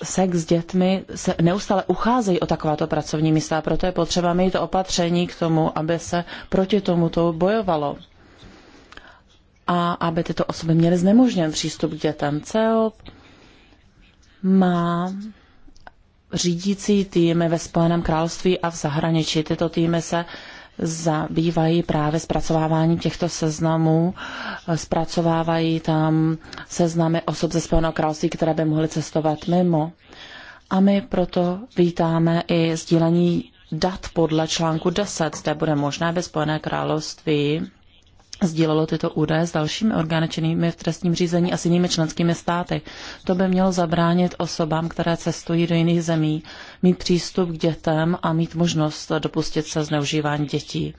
sex s dětmi se neustále ucházejí o takováto pracovní místa a proto je potřeba mít opatření k tomu, aby se proti tomuto bojovalo a aby tyto osoby měly znemožněn přístup k dětem. CEOP má řídící týmy ve Spojeném království a v zahraničí. Tyto týmy se zabývají právě zpracováváním těchto seznamů. Zpracovávají tam seznamy osob ze Spojeného království, které by mohly cestovat mimo. A my proto vítáme i sdílení dat podle článku 10, kde bude možné, aby Spojené království sdílelo tyto údaje s dalšími orgány činnými v trestním řízení a s jinými členskými státy. To by mělo zabránit osobám, které cestují do jiných zemí, mít přístup k dětem a mít možnost dopustit se zneužívání dětí.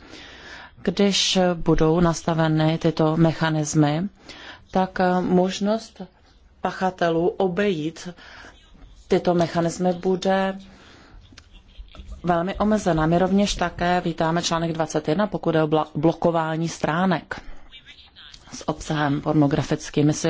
Když budou nastaveny tyto mechanismy, tak možnost pachatelů obejít tyto mechanismy bude velmi omezená. My rovněž také vítáme článek 21, pokud je o blokování stránek s obsahem pornografickým. My si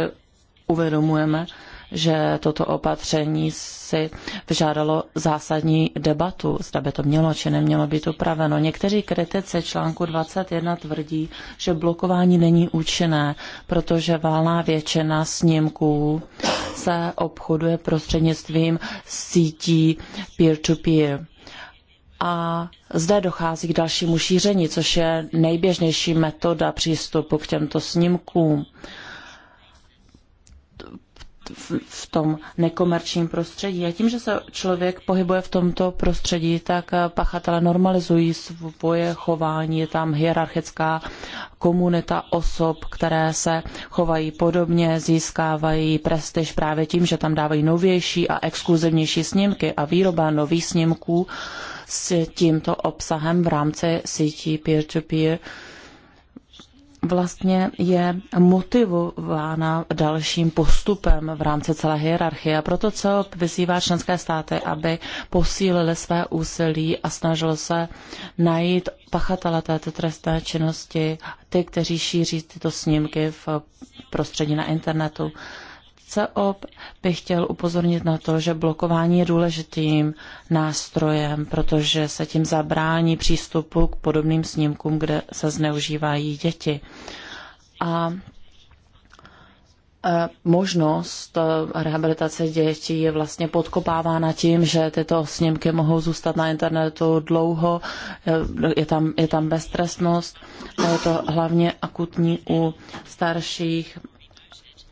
uvědomujeme, že toto opatření si vyžádalo zásadní debatu, zda by to mělo či nemělo být upraveno. Někteří kritici článku 21 tvrdí, že blokování není účinné, protože válná většina snímků se obchoduje prostřednictvím sítí peer-to-peer. -peer a zde dochází k dalšímu šíření, což je nejběžnější metoda přístupu k těmto snímkům v tom nekomerčním prostředí. A tím, že se člověk pohybuje v tomto prostředí, tak pachatele normalizují svoje chování. Je tam hierarchická komunita osob, které se chovají podobně, získávají prestiž právě tím, že tam dávají novější a exkluzivnější snímky a výroba nových snímků s tímto obsahem v rámci sítí peer-to-peer, vlastně je motivována dalším postupem v rámci celé hierarchie. A proto co vyzývá členské státy, aby posílili své úsilí a snažil se najít pachatele této trestné činnosti, ty, kteří šíří tyto snímky v prostředí na internetu. COP bych chtěl upozornit na to, že blokování je důležitým nástrojem, protože se tím zabrání přístupu k podobným snímkům, kde se zneužívají děti. A e, možnost e, rehabilitace dětí je vlastně podkopávána tím, že tyto snímky mohou zůstat na internetu dlouho, e, je tam, je tam beztrestnost a je to hlavně akutní u starších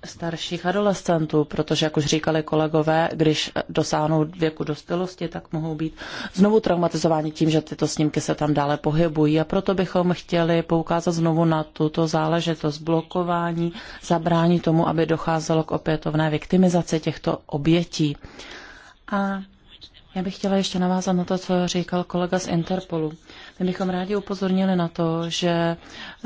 starších adolescentů, protože, jak už říkali kolegové, když dosáhnou věku dospělosti, tak mohou být znovu traumatizováni tím, že tyto snímky se tam dále pohybují. A proto bychom chtěli poukázat znovu na tuto záležitost blokování, zabrání tomu, aby docházelo k opětovné viktimizaci těchto obětí. A já bych chtěla ještě navázat na to, co říkal kolega z Interpolu. My bychom rádi upozornili na to, že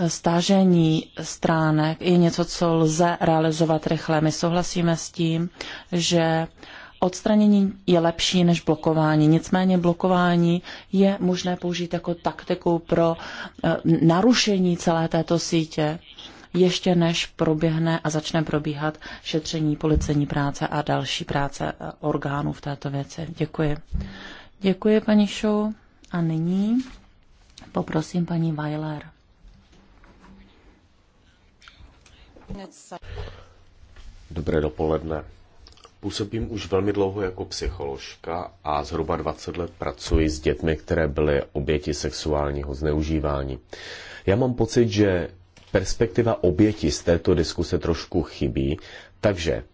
stážení stránek je něco, co lze realizovat rychle. My souhlasíme s tím, že Odstranění je lepší než blokování, nicméně blokování je možné použít jako taktiku pro eh, narušení celé této sítě, ještě než proběhne a začne probíhat šetření policení práce a další práce eh, orgánů v této věci. Děkuji. Děkuji, paní šou. A nyní Poprosím paní Weiler. Dobré dopoledne. Působím už velmi dlouho jako psycholožka a zhruba 20 let pracuji s dětmi, které byly oběti sexuálního zneužívání. Já mám pocit, že perspektiva oběti z této diskuse trošku chybí, takže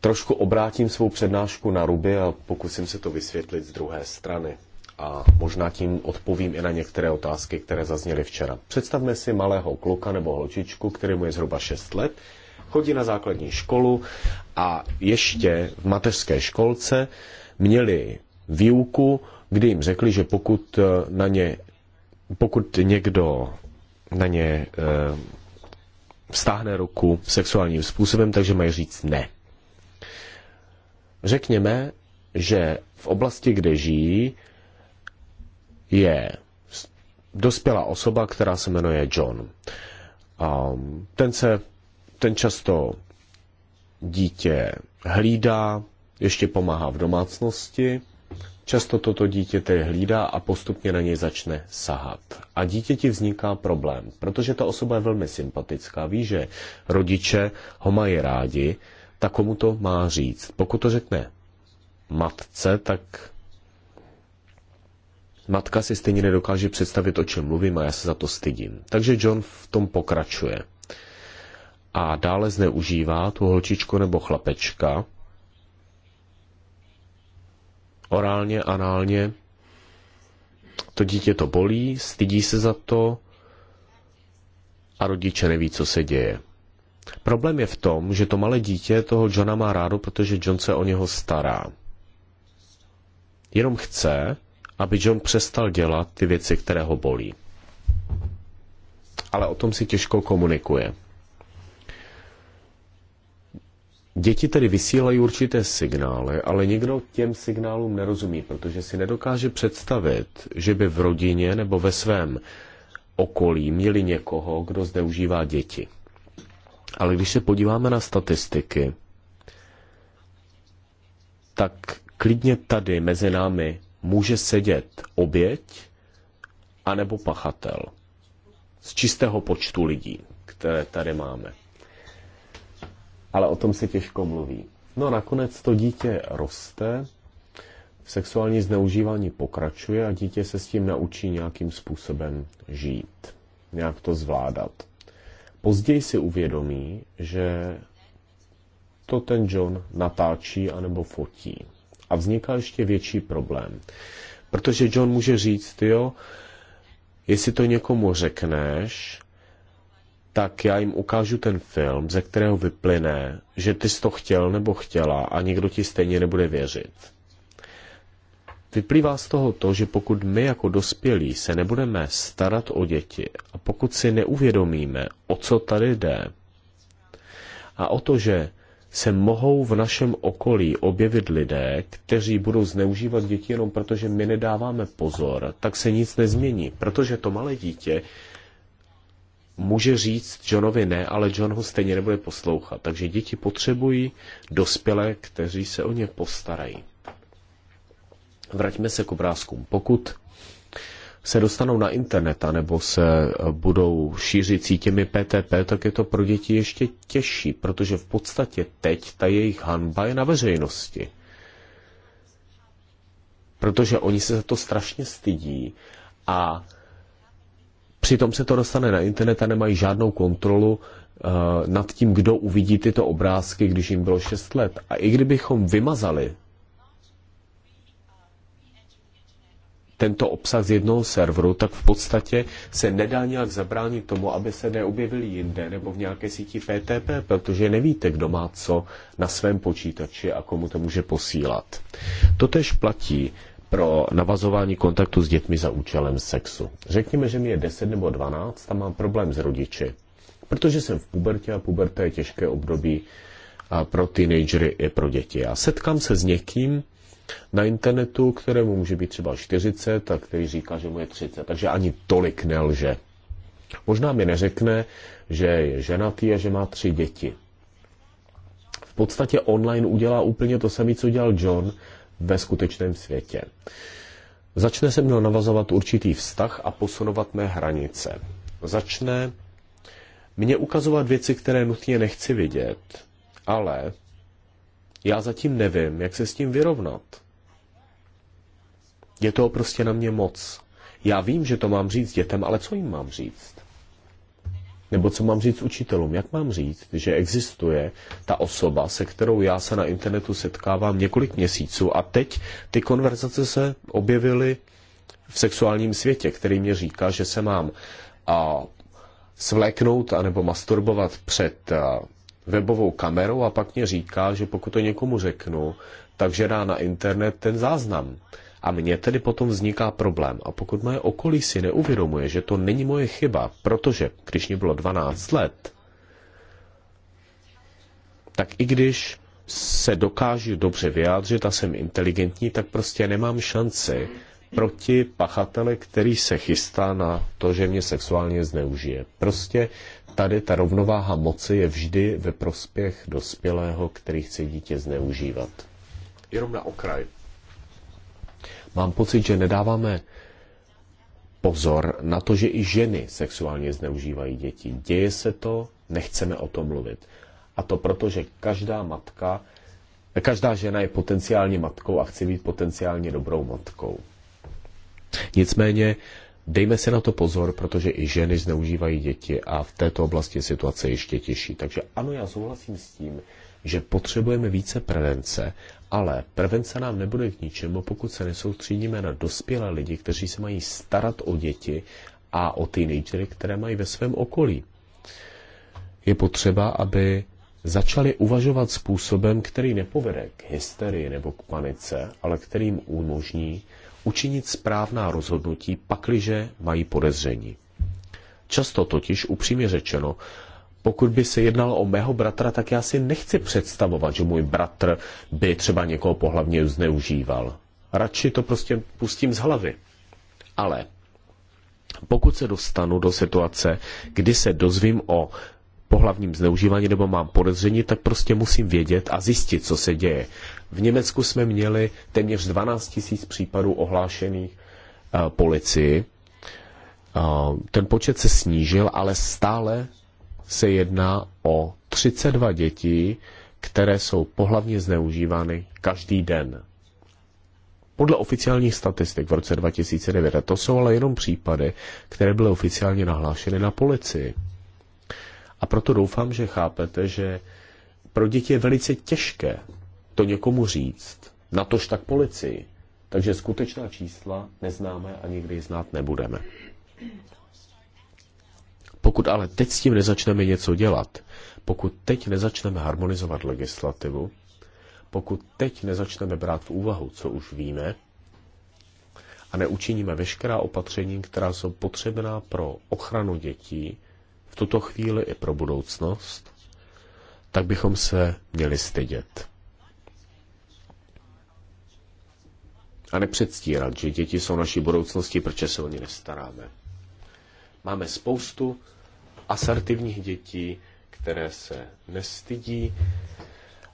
trošku obrátím svou přednášku na ruby a pokusím se to vysvětlit z druhé strany a možná tím odpovím i na některé otázky, které zazněly včera. Představme si malého kluka nebo holčičku, kterému je zhruba 6 let, chodí na základní školu a ještě v mateřské školce měli výuku, kdy jim řekli, že pokud eh, na ně, pokud někdo na ně e, stáhne ruku sexuálním způsobem, takže mají říct ne. Řekněme, že v oblasti, kde žijí, je dospělá osoba, která se jmenuje John. A ten se, ten často dítě hlídá, ještě pomáhá v domácnosti, Často toto dítě tedy hlídá a postupně na něj začne sahat. A dítěti vzniká problém, protože ta osoba je velmi sympatická, ví, že rodiče ho mají rádi, tak komu to má říct. Pokud to řekne matce, tak Matka si stejně nedokáže představit, o čem mluvím a já se za to stydím. Takže John v tom pokračuje. A dále zneužívá tu holčičku nebo chlapečka. Orálně, análně. To dítě to bolí, stydí se za to a rodiče neví, co se děje. Problém je v tom, že to malé dítě toho Johna má rádo, protože John se o něho stará. Jenom chce, aby John přestal dělat ty věci, které ho bolí. Ale o tom si těžko komunikuje. Děti tedy vysílají určité signály, ale nikdo těm signálům nerozumí, protože si nedokáže představit, že by v rodině nebo ve svém okolí měli někoho, kdo zneužívá děti. Ale když se podíváme na statistiky, tak klidně tady mezi námi může sedět oběť anebo pachatel z čistého počtu lidí, které tady máme. Ale o tom se těžko mluví. No a nakonec to dítě roste, sexuální zneužívání pokračuje a dítě se s tím naučí nějakým způsobem žít, nějak to zvládat. Později si uvědomí, že to ten John natáčí anebo fotí. A vzniká ještě větší problém. Protože John může říct, jo, jestli to někomu řekneš, tak já jim ukážu ten film, ze kterého vyplyne, že ty jsi to chtěl nebo chtěla a nikdo ti stejně nebude věřit. Vyplývá z toho to, že pokud my jako dospělí se nebudeme starat o děti a pokud si neuvědomíme, o co tady jde a o to, že se mohou v našem okolí objevit lidé, kteří budou zneužívat děti jenom proto, že my nedáváme pozor, tak se nic nezmění, protože to malé dítě může říct Johnovi ne, ale John ho stejně nebude poslouchat. Takže děti potřebují dospělé, kteří se o ně postarají. Vraťme se k obrázkům. Pokud se dostanou na internet nebo se eh, budou šířit sítěmi PTP, tak je to pro děti ještě těžší, protože v podstatě teď ta jejich hanba je na veřejnosti. Protože oni se za to strašně stydí a přitom se to dostane na internet a nemají žádnou kontrolu eh, nad tím, kdo uvidí tyto obrázky, když jim bylo 6 let. A i kdybychom vymazali tento obsah z jednoho serveru, tak v podstatě se nedá nějak zabránit tomu, aby se neobjevili jinde nebo v nějaké síti PTP, protože nevíte, kdo má co na svém počítači a komu to může posílat. Totež platí pro navazování kontaktu s dětmi za účelem sexu. Řekněme, že mi je 10 nebo 12 a mám problém s rodiči, protože jsem v pubertě a puberta je těžké období pro teenagery i pro děti. A setkám se s někým, na internetu, kterému může být třeba 40 a který říká, že mu je 30. Takže ani tolik nelže. Možná mi neřekne, že je ženatý a že má tři děti. V podstatě online udělá úplně to samé, co dělal John ve skutečném světě. Začne se mnou navazovat určitý vztah a posunovat mé hranice. Začne mě ukazovat věci, které nutně nechci vidět, ale já zatím nevím, jak se s tím vyrovnat. Je to prostě na mě moc. Já vím, že to mám říct dětem, ale co jim mám říct? Nebo co mám říct učitelům? Jak mám říct, že existuje ta osoba, se kterou já se na internetu setkávám několik měsíců a teď ty konverzace se objevily v sexuálním světě, který mě říká, že se mám a svléknout anebo masturbovat před webovou kamerou a pak mě říká, že pokud to někomu řeknu, takže dá na internet ten záznam. A mně tedy potom vzniká problém. A pokud moje okolí si neuvědomuje, že to není moje chyba, protože když mě bylo 12 let, tak i když se dokážu dobře vyjádřit a jsem inteligentní, tak prostě nemám šanci proti pachatele, který se chystá na to, že mě sexuálně zneužije. Prostě tady ta rovnováha moci je vždy ve prospěch dospělého, který chce dítě zneužívat. Jenom na okraj. Mám pocit, že nedáváme pozor na to, že i ženy sexuálně zneužívají děti. Děje se to, nechceme o tom mluvit. A to proto, že každá matka, každá žena je potenciálně matkou a chce být potenciálně dobrou matkou. Nicméně Dejme si na to pozor, protože i ženy zneužívají děti a v této oblasti je situace ještě těžší. Takže ano, já souhlasím s tím, že potřebujeme více prevence, ale prevence nám nebude k ničemu, pokud se nesoustředíme na dospělé lidi, kteří se mají starat o děti a o teenagery, které mají ve svém okolí. Je potřeba, aby začali uvažovat způsobem, který nepovede k hysterii nebo k panice, ale kterým umožní učinit správná rozhodnutí, pakliže mají podezření. Často totiž, upřímně řečeno, pokud by se jednalo o mého bratra, tak já si nechci představovat, že můj bratr by třeba někoho pohlavně zneužíval. Radši to prostě pustím z hlavy. Ale pokud se dostanu do situace, kdy se dozvím o pohlavním zneužívání nebo mám podezření, tak prostě musím vědět a zjistit, co se děje. V Německu jsme měli téměř 12 000 případů ohlášených eh, policii. Eh, ten počet se snížil, ale stále se jedná o 32 dětí, které jsou pohlavně zneužívány každý den. Podle oficiálních statistik v roce 2009, a to jsou ale jenom případy, které byly oficiálně nahlášeny na policii. A proto doufám, že chápete, že pro děti je velice těžké to někomu říct, natož tak policii. Takže skutečná čísla neznáme a nikdy znát nebudeme. Pokud ale teď s tím nezačneme něco dělat, pokud teď nezačneme harmonizovat legislativu, pokud teď nezačneme brát v úvahu, co už víme, a neučiníme veškerá opatření, která jsou potřebná pro ochranu dětí, v tuto chvíli i pro budoucnost, tak bychom se měli stydět. A nepředstírat, že děti jsou naší budoucností, protože se o ně nestaráme. Máme spoustu asertivních dětí, které se nestydí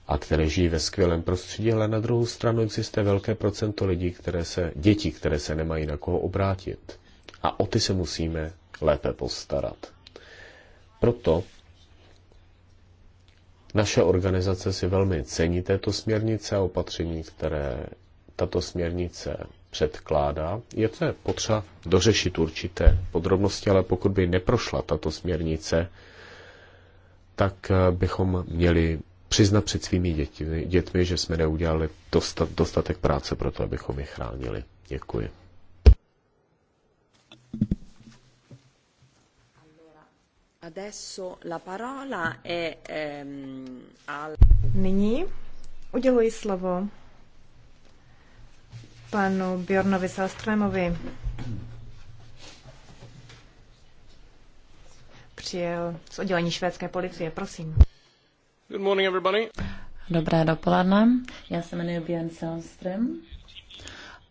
a které žijí ve skvělém prostředí, ale na druhou stranu existuje velké procento lidí, které se, dětí, které se nemají na koho obrátit. A o ty se musíme lépe postarat. Proto naše organizace si velmi cení této směrnice a opatření, které tato směrnice předkládá. Je to potřeba dořešit určité podrobnosti, ale pokud by neprošla tato směrnice, tak eh, bychom měli přiznat před svými dětmi, dětmi že jsme neudělali dostatek práce pro to, abychom je chránili. Děkuji. Adesso la parola è, ehm, al... Nyní uděluji slovo panu Bjornovi Salströmovi. Přijel z oddělení švédské policie, prosím. Good morning, everybody. Dobré dopoledne, já se jmenuji Björn Salström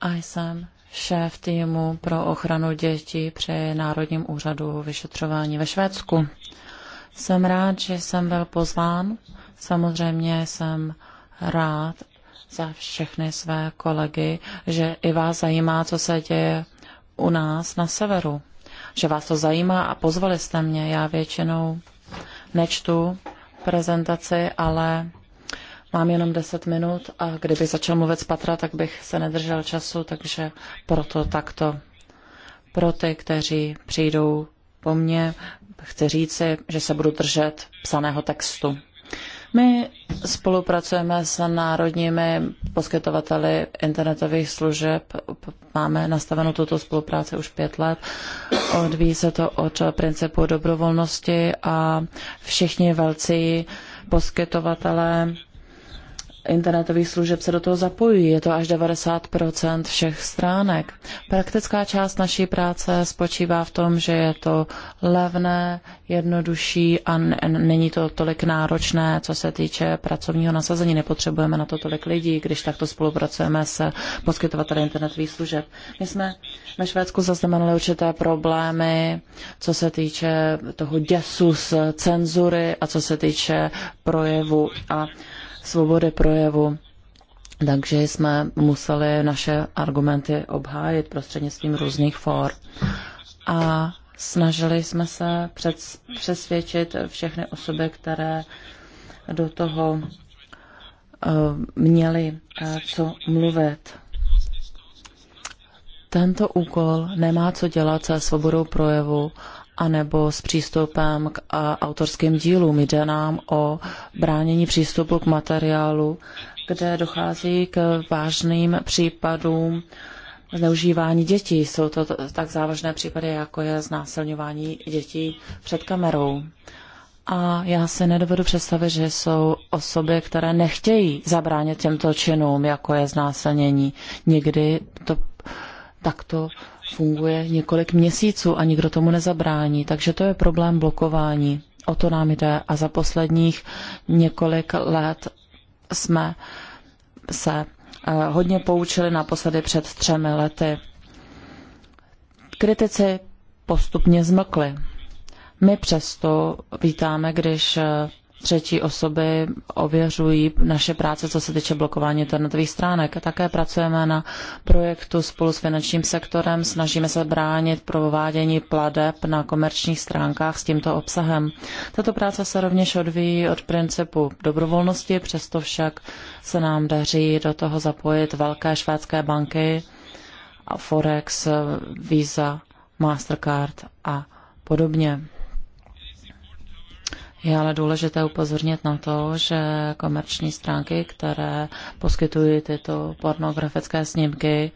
a jsem šéf týmu pro ochranu dětí při Národním úřadu vyšetřování ve Švédsku. Jsem rád, že jsem byl pozván. Samozřejmě jsem rád za všechny své kolegy, že i vás zajímá, co se děje u nás na severu. Že vás to zajímá a pozvali jste mě. Já většinou nečtu prezentaci, ale Mám jenom 10 minut a kdyby začal mluvit z patra, tak bych se nedržel času, takže proto takto. Pro ty, kteří přijdou po mně, chci říci, že se budu držet psaného textu. My spolupracujeme s národními poskytovateli internetových služeb. Máme nastavenou tuto spolupráci už pět let. Odvíjí se to od principu dobrovolnosti a všichni velcí poskytovatelé internetových služeb se do toho zapojují. Je to až 90 všech stránek. Praktická část naší práce spočívá v tom, že je to levné, jednodušší a není to tolik náročné, co se týče pracovního nasazení. Nepotřebujeme na to tolik lidí, když takto spolupracujeme s poskytovateli internetových služeb. My jsme ve Švédsku zaznamenali určité problémy, co se týče toho děsu z cenzury a co se týče projevu a svobody projevu. Takže jsme museli naše argumenty obhájit prostřednictvím různých for. A snažili jsme se přesvědčit všechny osoby, které do toho eh, měli eh, co mluvit. Tento úkol nemá co dělat se svobodou projevu anebo s přístupem k autorským dílům. Jde nám o bránění přístupu k materiálu, kde dochází k vážným případům zneužívání dětí. Jsou to tak závažné případy, jako je znásilňování dětí před kamerou. A já si nedovedu představit, že jsou osoby, které nechtějí zabránit těmto činům, jako je znásilnění. Někdy to takto funguje několik měsíců a nikdo tomu nezabrání, takže to je problém blokování. O to nám jde a za posledních několik let jsme se eh, hodně poučili naposledy před třemi lety. Kritici postupně zmlkli. My přesto vítáme, když eh, třetí osoby ověřují naše práce, co se týče blokování internetových stránek. Také pracujeme na projektu spolu s finančním sektorem, snažíme se bránit provádění pladeb na komerčních stránkách s tímto obsahem. Tato práce se rovněž odvíjí od principu dobrovolnosti, přesto však se nám daří do toho zapojit velké švédské banky, Forex, Visa, Mastercard a podobně. Je ale důležité upozornit na to, že komerční stránky, které poskytují tyto pornografické snímky,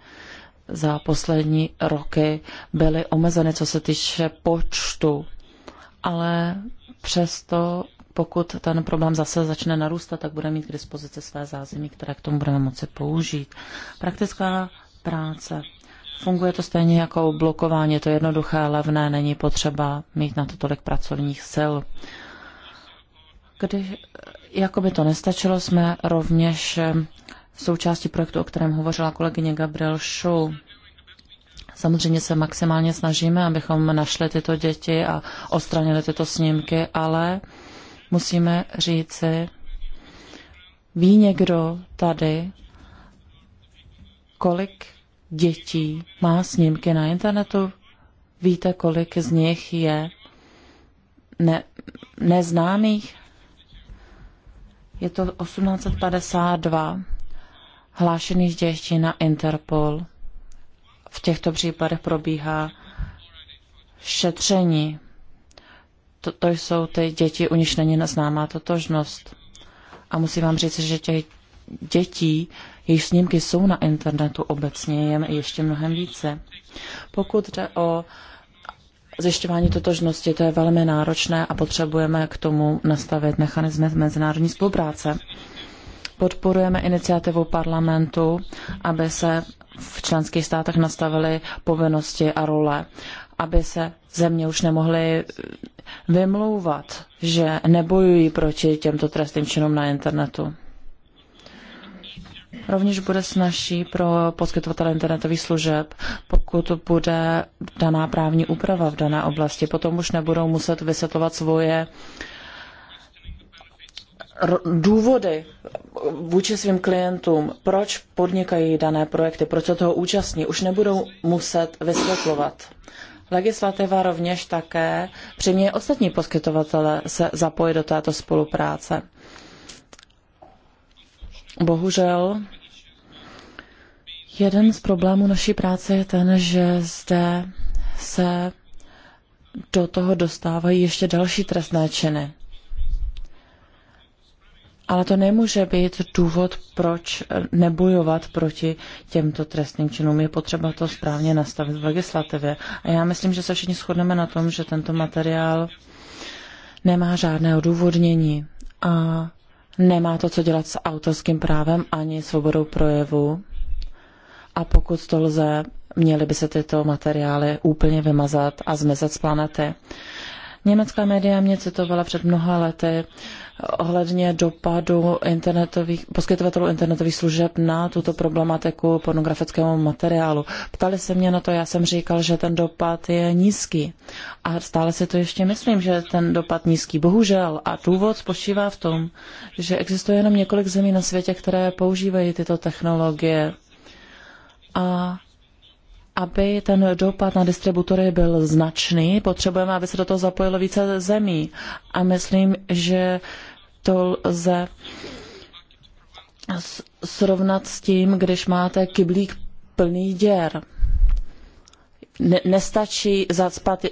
za poslední roky byly omezeny, co se týče počtu. Ale přesto, pokud ten problém zase začne narůstat, tak bude mít k dispozici své zázemí, které k tomu budeme moci použít. Praktická práce. Funguje to stejně jako blokování, je to jednoduché, levné, není potřeba mít na to tolik pracovních sil. Když, jako by to nestačilo, jsme rovněž eh, součástí projektu, o kterém hovořila kolegyně Gabriel Show. Samozřejmě se maximálně snažíme, abychom našli tyto děti a odstranili tyto snímky, ale musíme říci, ví někdo tady, kolik dětí má snímky na internetu? Víte, kolik z nich je ne, neznámých? Je to 1852 hlášených děještí na Interpol. V těchto případech probíhá šetření. Toto jsou ty děti, u nich není neznámá totožnost. A musím vám říct, že těch dětí, jejich snímky jsou na internetu obecně, je ještě mnohem více. Pokud jde o uh, zjišťování totožnosti, to je velmi náročné a potřebujeme k tomu nastavit mechanizmy mezinárodní spolupráce. Podporujeme iniciativu parlamentu, aby se v členských státech nastavily povinnosti a role, aby se země už nemohly vymlouvat, že nebojují proti těmto trestným činům na internetu. Rovněž bude snažší pro poskytovatele internetových služeb, pokud bude daná právní úprava v dané oblasti. Potom už nebudou muset vysvětlovat svoje důvody vůči svým klientům, proč podnikají dané projekty, proč se toho účastní, už nebudou muset vysvětlovat. Legislativa rovněž také přiměje ostatní poskytovatele se zapojit do této spolupráce. Bohužel, jeden z problémů naší práce je ten, že zde se do toho dostávají ještě další trestné činy. Ale to nemůže být důvod, proč nebojovat proti těmto trestným činům. Je potřeba to správně nastavit v legislativě. A já myslím, že se všichni shodneme na tom, že tento materiál nemá žádné odůvodnění. A Nemá to co dělat s autorským právem ani svobodou projevu. A pokud to lze, měly by se tyto materiály úplně vymazat a zmizet z planety. Německá média mě citovala před mnoha lety ohledně dopadu internetových, poskytovatelů internetových služeb na tuto problematiku pornografického materiálu. Ptali se mě na to, já jsem říkal, že ten dopad je nízký. A stále si to ještě myslím, že ten dopad nízký. Bohužel. A důvod spočívá v tom, že existuje jenom několik zemí na světě, které používají tyto technologie. A aby ten dopad na distributory byl značný, potřebujeme, aby se do toho zapojilo více zemí. A myslím, že to lze srovnat s tím, když máte kyblík plný děr. nestačí zacpat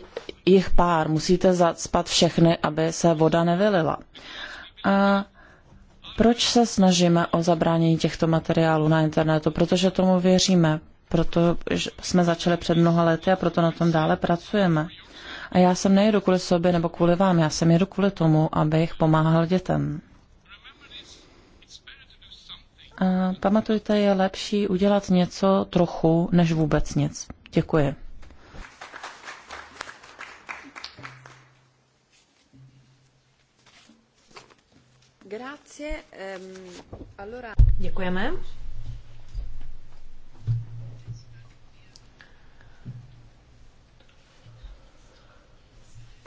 jich pár, musíte zacpat všechny, aby se voda nevylila. A proč se snažíme o zabránění těchto materiálů na internetu? Protože tomu věříme. Proto jsme začali před mnoha lety a proto na tom dále pracujeme. A já jsem nejedu kvůli sobě nebo kvůli vám, já jsem jedu kvůli tomu, abych pomáhal dětem. A pamatujte, je lepší udělat něco trochu, než vůbec nic. Děkuji. Ehm, Děkujeme.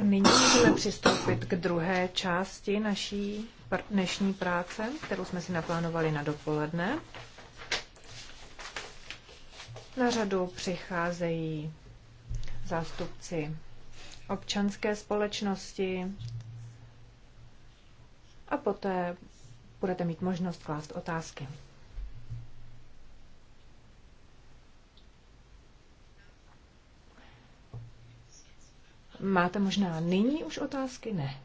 Nyní můžeme přistoupit k druhé části naší dnešní práce, kterou jsme si naplánovali na dopoledne. Na řadu přicházejí zástupci občanské společnosti a poté budete mít možnost klást otázky. Máte možná nyní už otázky? Ne.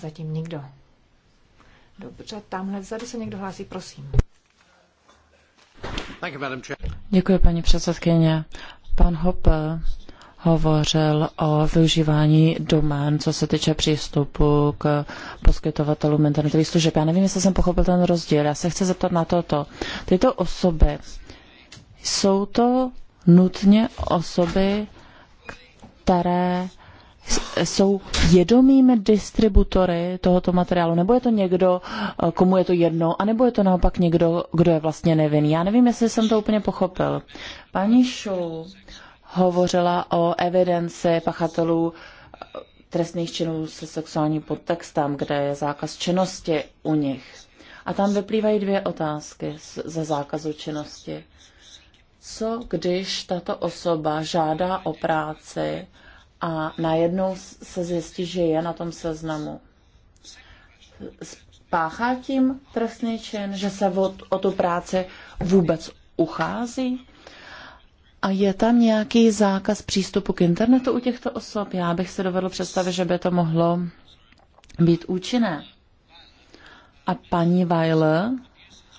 Zatím nikdo. Dobře, tamhle vzadu se někdo hlásí, prosím. Děkuji, paní předsedkyně. Pan Hopper hovořil o využívání domén, co se týče přístupu k poskytovatelům internetových služeb. Já nevím, jestli jsem pochopil ten rozdíl. Já se chci zeptat na toto. Tyto osoby, jsou to nutně osoby, které jsou vědomými distributory tohoto materiálu, nebo je to někdo, eh, komu je to jedno, anebo je to naopak někdo, kdo je vlastně nevinný. Já nevím, jestli jsem to úplně pochopil. Paní Šul hovořila o evidenci pachatelů eh, trestných činů se sexuálním podtextem, kde je zákaz činnosti u nich. A tam vyplývají dvě otázky ze zákazu činnosti. Co když tato osoba žádá o práci a najednou se zjistí, že je na tom seznamu. Spáchá tím trestný čin, že se o, o tu práci vůbec uchází? A je tam nějaký zákaz přístupu k internetu u těchto osob? Já bych se dovedl představit, že by to mohlo být účinné. A paní Weiler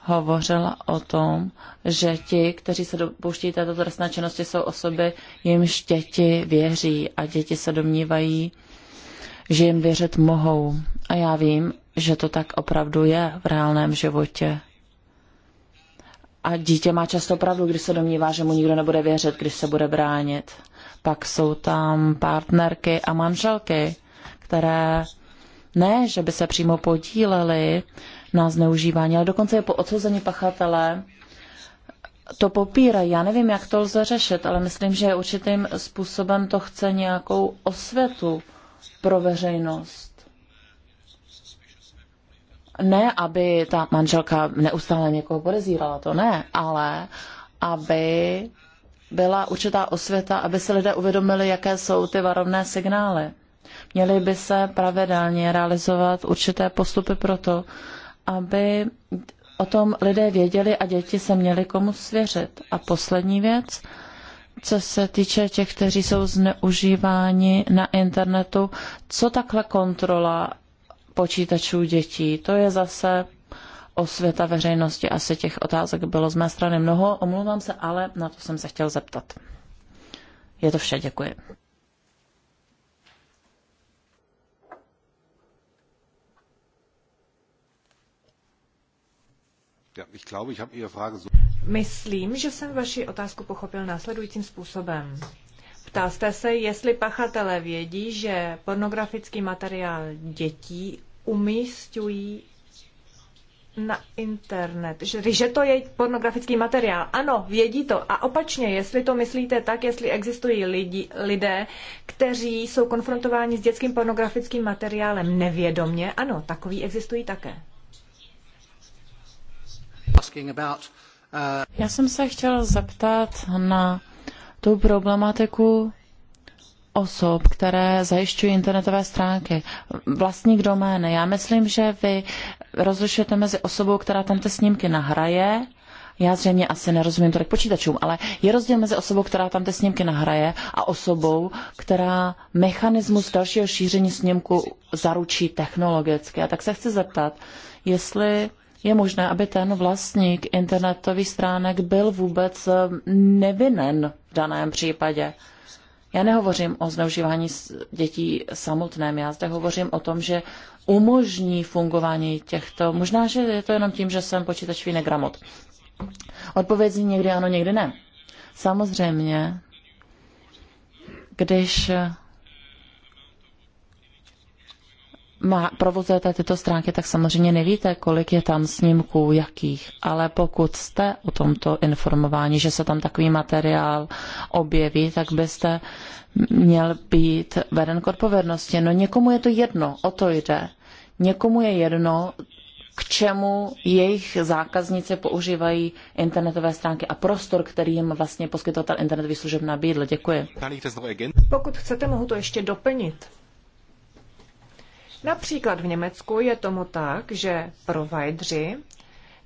hovořila o tom, že ti, kteří se dopouští této trestné činnosti, jsou osoby, jimž děti věří a děti se domnívají, že jim věřit mohou. A já vím, že to tak opravdu je v reálném životě. A dítě má často pravdu, když se domnívá, že mu nikdo nebude věřit, když se bude bránit. Pak jsou tam partnerky a manželky, které ne, že by se přímo podílely na zneužívání, ale dokonce je po odsouzení pachatele to popírají. Já nevím, jak to lze řešit, ale myslím, že určitým způsobem to chce nějakou osvětu pro veřejnost. Ne, aby ta manželka neustále někoho podezírala, to ne, ale aby byla určitá osvěta, aby si lidé uvědomili, jaké jsou ty varovné signály. Měly by se pravidelně realizovat určité postupy pro to, aby o tom lidé věděli a děti se měly komu svěřit. A poslední věc, co se týče těch, kteří jsou zneužíváni na internetu, co takhle kontrola počítačů dětí? To je zase světa veřejnosti. Asi těch otázek bylo z mé strany mnoho, omlouvám se, ale na to jsem se chtěl zeptat. Je to vše, děkuji. Myslím, že jsem vaši otázku pochopil následujícím způsobem. Ptal jste se, jestli pachatelé vědí, že pornografický materiál dětí umístují na internet, že, že to je pornografický materiál. Ano, vědí to. A opačně, jestli to myslíte tak, jestli existují lidi, lidé, kteří jsou konfrontováni s dětským pornografickým materiálem nevědomně, ano, takový existují také. Uh, já jsem se chtěl zeptat na tu problematiku osob, které zajišťují internetové stránky, vlastník domény. Já myslím, že vy rozlišujete mezi osobou, která tam ty snímky nahraje, já zřejmě asi nerozumím tolik počítačům, ale je rozdíl mezi osobou, která tam ty snímky nahraje a osobou, která mechanismus dalšího šíření snímku zaručí technologicky. A tak se chci zeptat, jestli je možné, aby ten vlastník internetových stránek byl vůbec eh, nevinen v daném případě. Já nehovořím o zneužívání dětí samotném, já zde hovořím o tom, že umožní fungování těchto, možná, že je to jenom tím, že jsem počítačový negramot. Odpověď někdy ano, někdy ne. Samozřejmě, když eh, má, provozujete tyto stránky, tak samozřejmě nevíte, kolik je tam snímků, jakých. Ale pokud jste o tomto informování, že se tam takový materiál objeví, tak byste měl být veden k odpovědnosti. No někomu je to jedno, o to jde. Někomu je jedno, k čemu jejich zákazníci používají internetové stránky a prostor, který jim vlastně poskytovatel internetových služeb nabídl. Děkuji. Pokud chcete, mohu to ještě doplnit. Například v Německu je tomu tak, že provajdři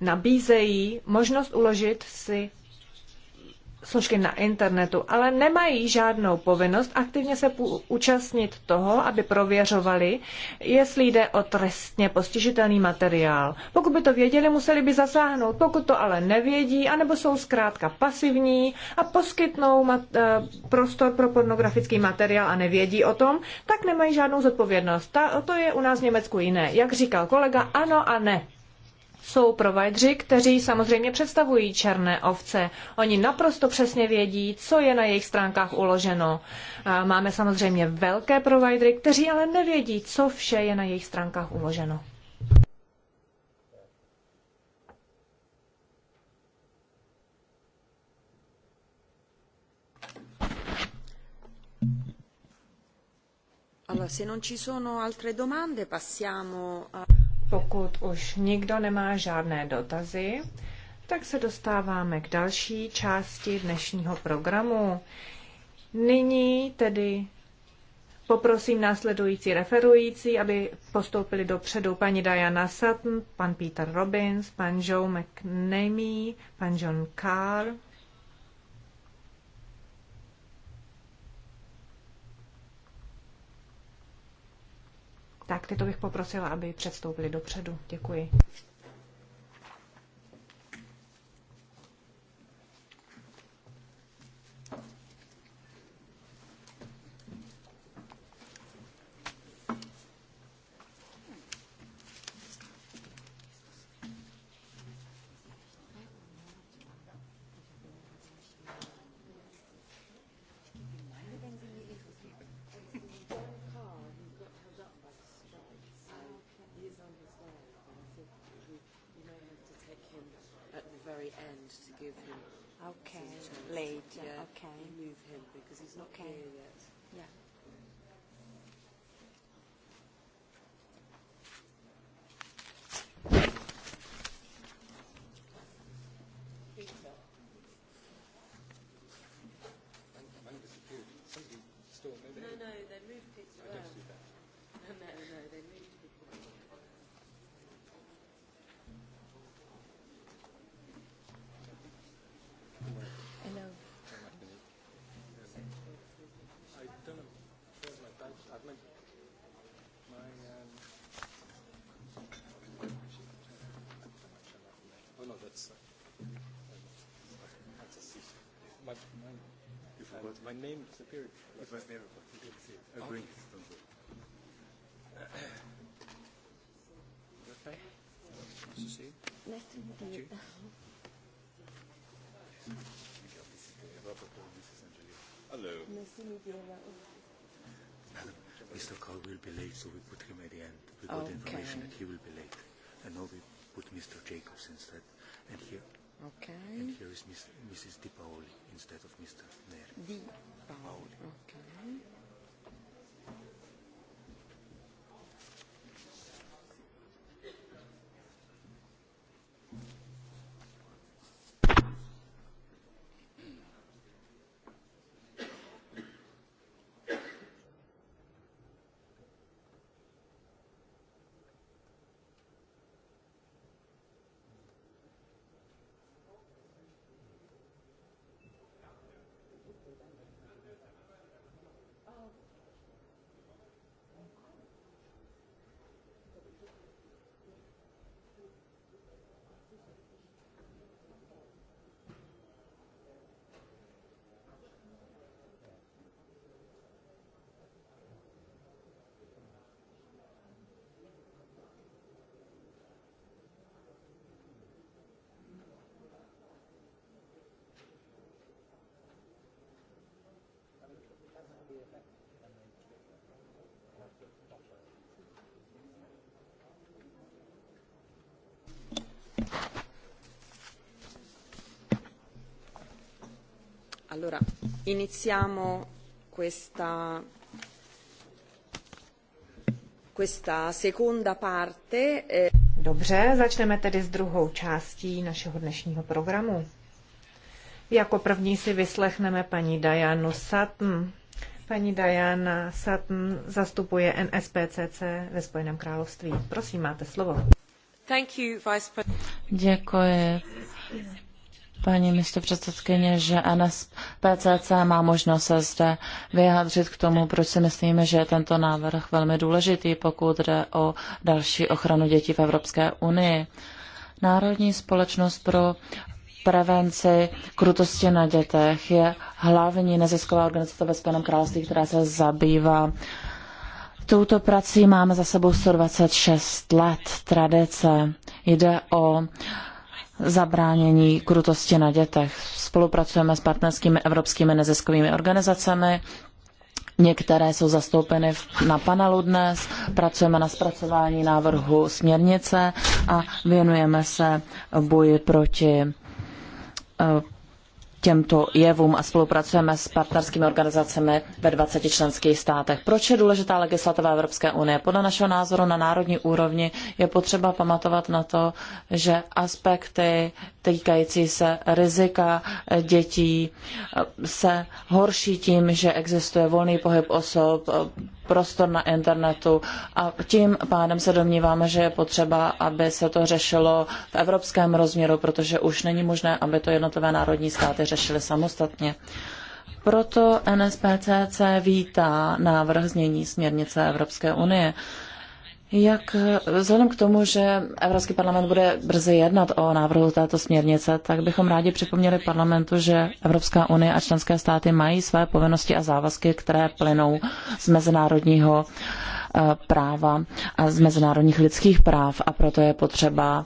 nabízejí možnost uložit si složky na internetu, ale nemají žádnou povinnost aktivně se účastnit toho, aby prověřovali, jestli jde o trestně postižitelný materiál. Pokud by to věděli, museli by zasáhnout. Pokud to ale nevědí, anebo jsou zkrátka pasivní a poskytnou eh, prostor pro pornografický materiál a nevědí o tom, tak nemají žádnou zodpovědnost. Ta, to je u nás v Německu jiné. Jak říkal kolega, ano a ne jsou provajdři, kteří samozřejmě představují černé ovce. Oni naprosto přesně vědí, co je na jejich stránkách uloženo. Máme samozřejmě velké provajdry, kteří ale nevědí, co vše je na jejich stránkách uloženo. Allora, se non ci sono altre domande, passiamo a... Pokud už nikdo nemá žádné dotazy, tak se dostáváme k další části dnešního programu. Nyní tedy poprosím následující referující, aby postoupili dopředu paní Diana Sutton, pan Peter Robbins, pan Joe McNamee, pan John Carr, Tak tyto bych poprosila, aby předstoupili dopředu. Děkuji. very end to give him. Okay. Later. Yeah. Okay. move him because he's not okay. here yet. Yeah. my, my, you forgot. Uh, my name disappeared. It my name. I bring it. Okay. Okay. Nice to meet you. Hello. Mr. Carr will be late, so we put him at the end. We got okay. information that he will be late. And now we put Mr. Jacobs instead. And here, Okay. And here is Miss, Mrs. Di Paoli instead of Mr. Neri. Di Paoli. Paoli. Okay. Allora, iniziamo questa, questa seconda parte. Eh. Dobře, začneme tedy s druhou částí našeho dnešního programu. Jako první si vyslechneme paní Dianu Sutton. Paní Diana Sutton zastupuje NSPCC ve Spojeném království. Prosím, máte slovo. Děkuji, paní předsedkyně, že NSPCC má možnost se zde vyjádřit k tomu, proč si myslíme, že je tento návrh velmi důležitý, pokud jde o další ochranu dětí v Evropské unii. Národní společnost pro prevenci krutosti na dětech je hlavní nezisková organizace ve Spojeném království, která se zabývá touto prací. Máme za sebou 126 let tradice. Jde o zabránění krutosti na dětech. Spolupracujeme s partnerskými evropskými neziskovými organizacemi, Některé jsou zastoupeny na panelu dnes, pracujeme na zpracování návrhu směrnice a věnujeme se boji proti eh, těmto jevům a spolupracujeme s partnerskými organizacemi ve 20 členských státech. Proč je důležitá legislativa Evropské unie? Podle našeho názoru na národní úrovni je potřeba pamatovat na to, že aspekty týkající se rizika eh, dětí eh, se horší tím, že existuje volný pohyb osob, eh, prostor na internetu a tím pádem se domníváme, že je potřeba, aby se to řešilo v evropském rozměru, protože už není možné, aby to jednotlivé národní státy řešily samostatně. Proto NSPCC vítá návrh změní směrnice Evropské unie. Jak vzhledem k tomu, že Evropský parlament bude brzy jednat o návrhu této směrnice, tak bychom rádi připomněli parlamentu, že Evropská unie a členské státy mají své povinnosti a závazky, které plynou z mezinárodního eh, práva a z mezinárodních lidských práv a proto je potřeba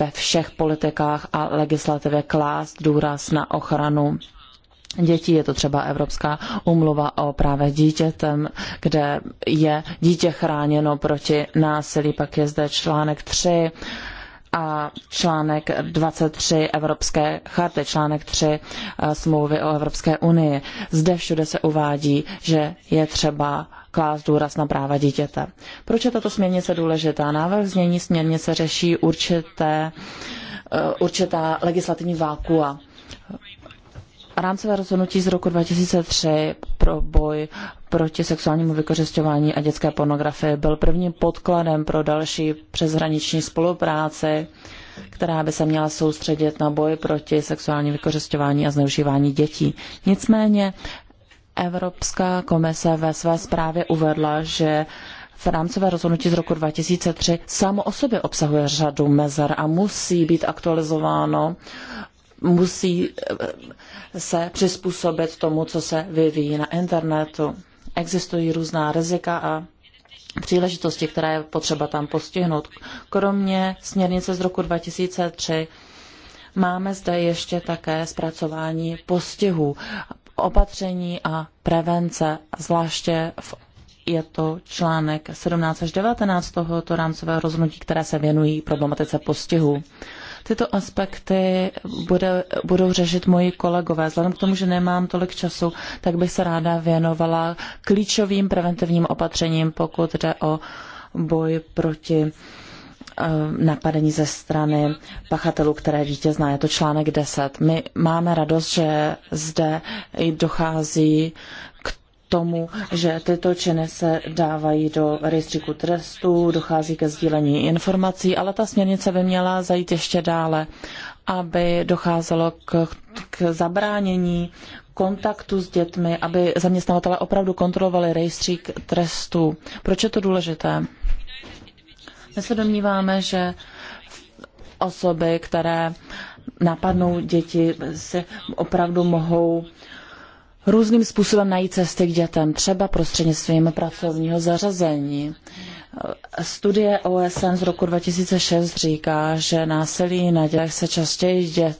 ve všech politikách a legislativě klást důraz na ochranu dětí. Je to třeba Evropská umluva o právech dítětem, kde je dítě chráněno proti násilí. Pak je zde článek 3 a článek 23 Evropské charty, článek 3 eh, smlouvy o Evropské unii. Zde všude se uvádí, že je třeba klást důraz na práva dítěte. Proč je tato směrnice důležitá? Návrh změní směrnice řeší určité, eh, určitá legislativní vákua rámcové rozhodnutí z roku 2003 pro boj proti sexuálnímu vykořišťování a dětské pornografii byl prvním podkladem pro další přeshraniční spolupráci, která by se měla soustředit na boj proti sexuálnímu vykořišťování a zneužívání dětí. Nicméně Evropská komise ve své zprávě uvedla, že v rámcové rozhodnutí z roku 2003 samo o sobě obsahuje řadu mezer a musí být aktualizováno, musí se přizpůsobit tomu, co se vyvíjí na internetu. Existují různá rizika a příležitosti, které je potřeba tam postihnout. Kromě směrnice z roku 2003 máme zde ještě také zpracování postihů, opatření a prevence, zvláště v je to článek 17 až 19 tohoto rámcového rozhodnutí, které se věnují problematice postihu. Tyto aspekty bude, budou řešit moji kolegové. Vzhledem k tomu, že nemám tolik času, tak bych se ráda věnovala klíčovým preventivním opatřením, pokud jde o boj proti eh, napadení ze strany pachatelů, které dítě zná. Je to článek 10. My máme radost, že zde dochází tomu, že tyto činy se dávají do rejstříku trestů, dochází ke sdílení informací, ale ta směrnice by měla zajít ještě dále, aby docházelo k, k zabránění kontaktu s dětmi, aby zaměstnavatele opravdu kontrolovali rejstřík trestů. Proč je to důležité? My se domníváme, že osoby, které napadnou děti, si opravdu mohou různým způsobem najít cesty k dětem, třeba prostřednictvím pracovního zařazení. Studie OSN z roku 2006 říká, že násilí na dětech se častěji dět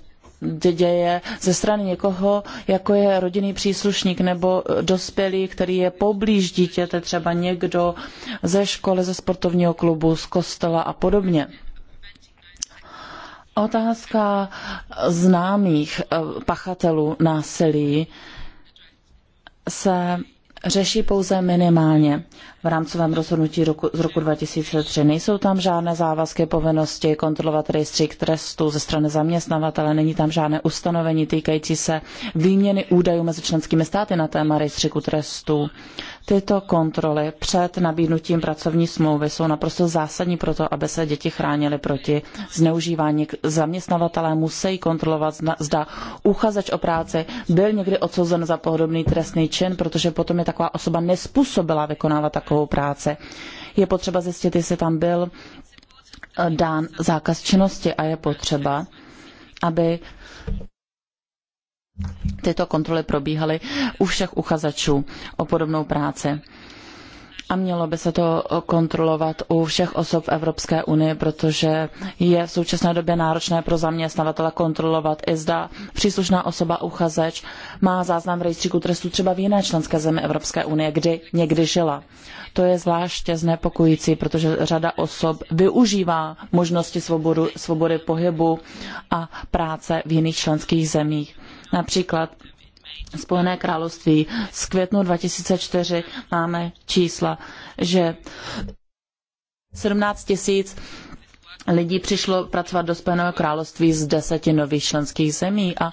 děje ze strany někoho, jako je rodinný příslušník nebo dospělý, který je poblíž dítěte, třeba někdo ze školy, ze sportovního klubu, z kostela a podobně. Otázka známých eh, pachatelů násilí se řeší pouze minimálně v rámcovém rozhodnutí roku, z roku 2003. Nejsou tam žádné závazky, povinnosti kontrolovat rejstřík trestů ze strany zaměstnavatele, není tam žádné ustanovení týkající se výměny údajů mezi členskými státy na téma rejstříku trestů. Tyto kontroly před nabídnutím pracovní smlouvy jsou naprosto zásadní pro to, aby se děti chránily proti zneužívání. Zaměstnavatelé musí kontrolovat, zda uchazeč o práci byl někdy odsouzen za podobný trestný čin, protože potom je taková osoba nespůsobila vykonávat takovou práci. Je potřeba zjistit, jestli tam byl eh, dán zákaz činnosti a je potřeba, aby tyto kontroly probíhaly u všech uchazečů o podobnou práci. A mělo by se to kontrolovat u všech osob v Evropské unii, protože je v současné době náročné pro zaměstnavatele kontrolovat i zda příslušná osoba uchazeč má záznam v rejstříku trestů třeba v jiné členské zemi Evropské unie, kdy někdy žila. To je zvláště znepokojící, protože řada osob využívá možnosti svobodu, svobody pohybu a práce v jiných členských zemích Například Spojené království z květnu 2004 máme čísla, že 17 tisíc lidí přišlo pracovat do Spojeného království z deseti nových členských zemí a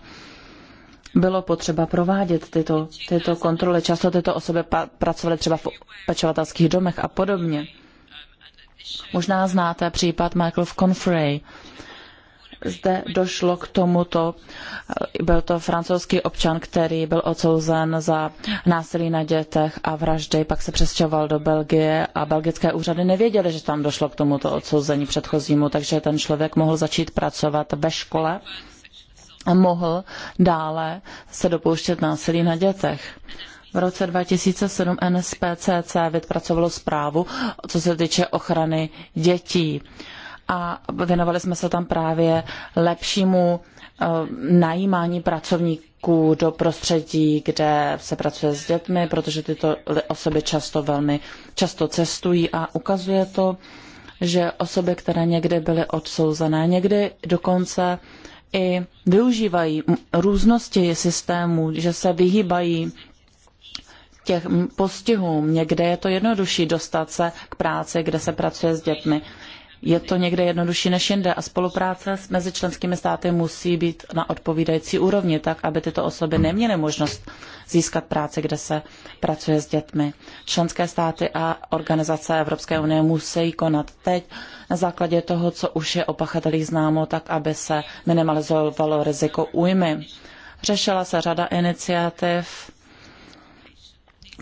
bylo potřeba provádět tyto, tyto kontroly. Často tyto osoby pracovaly třeba v pečovatelských domech a podobně. Možná znáte případ Michael Confrey, zde došlo k tomuto. Byl to francouzský občan, který byl odsouzen za násilí na dětech a vraždy, pak se přestěhoval do Belgie a belgické úřady nevěděly, že tam došlo k tomuto odsouzení předchozímu, takže ten člověk mohl začít pracovat ve škole a mohl dále se dopouštět násilí na dětech. V roce 2007 NSPCC vypracovalo zprávu, co se týče ochrany dětí a věnovali jsme se tam právě lepšímu eh, najímání pracovníků do prostředí, kde se pracuje s dětmi, protože tyto osoby často velmi často cestují a ukazuje to, že osoby, které někdy byly odsouzené, někdy dokonce i využívají různosti systémů, že se vyhýbají těch postihům. Někde je to jednodušší dostat se k práci, kde se pracuje s dětmi je to někde jednodušší než jinde a spolupráce mezi členskými státy musí být na odpovídající úrovni, tak aby tyto osoby neměly možnost získat práci, kde se pracuje s dětmi. Členské státy a organizace Evropské unie musí konat teď na základě toho, co už je o pachatelích známo, tak aby se minimalizovalo riziko újmy. Řešila se řada iniciativ,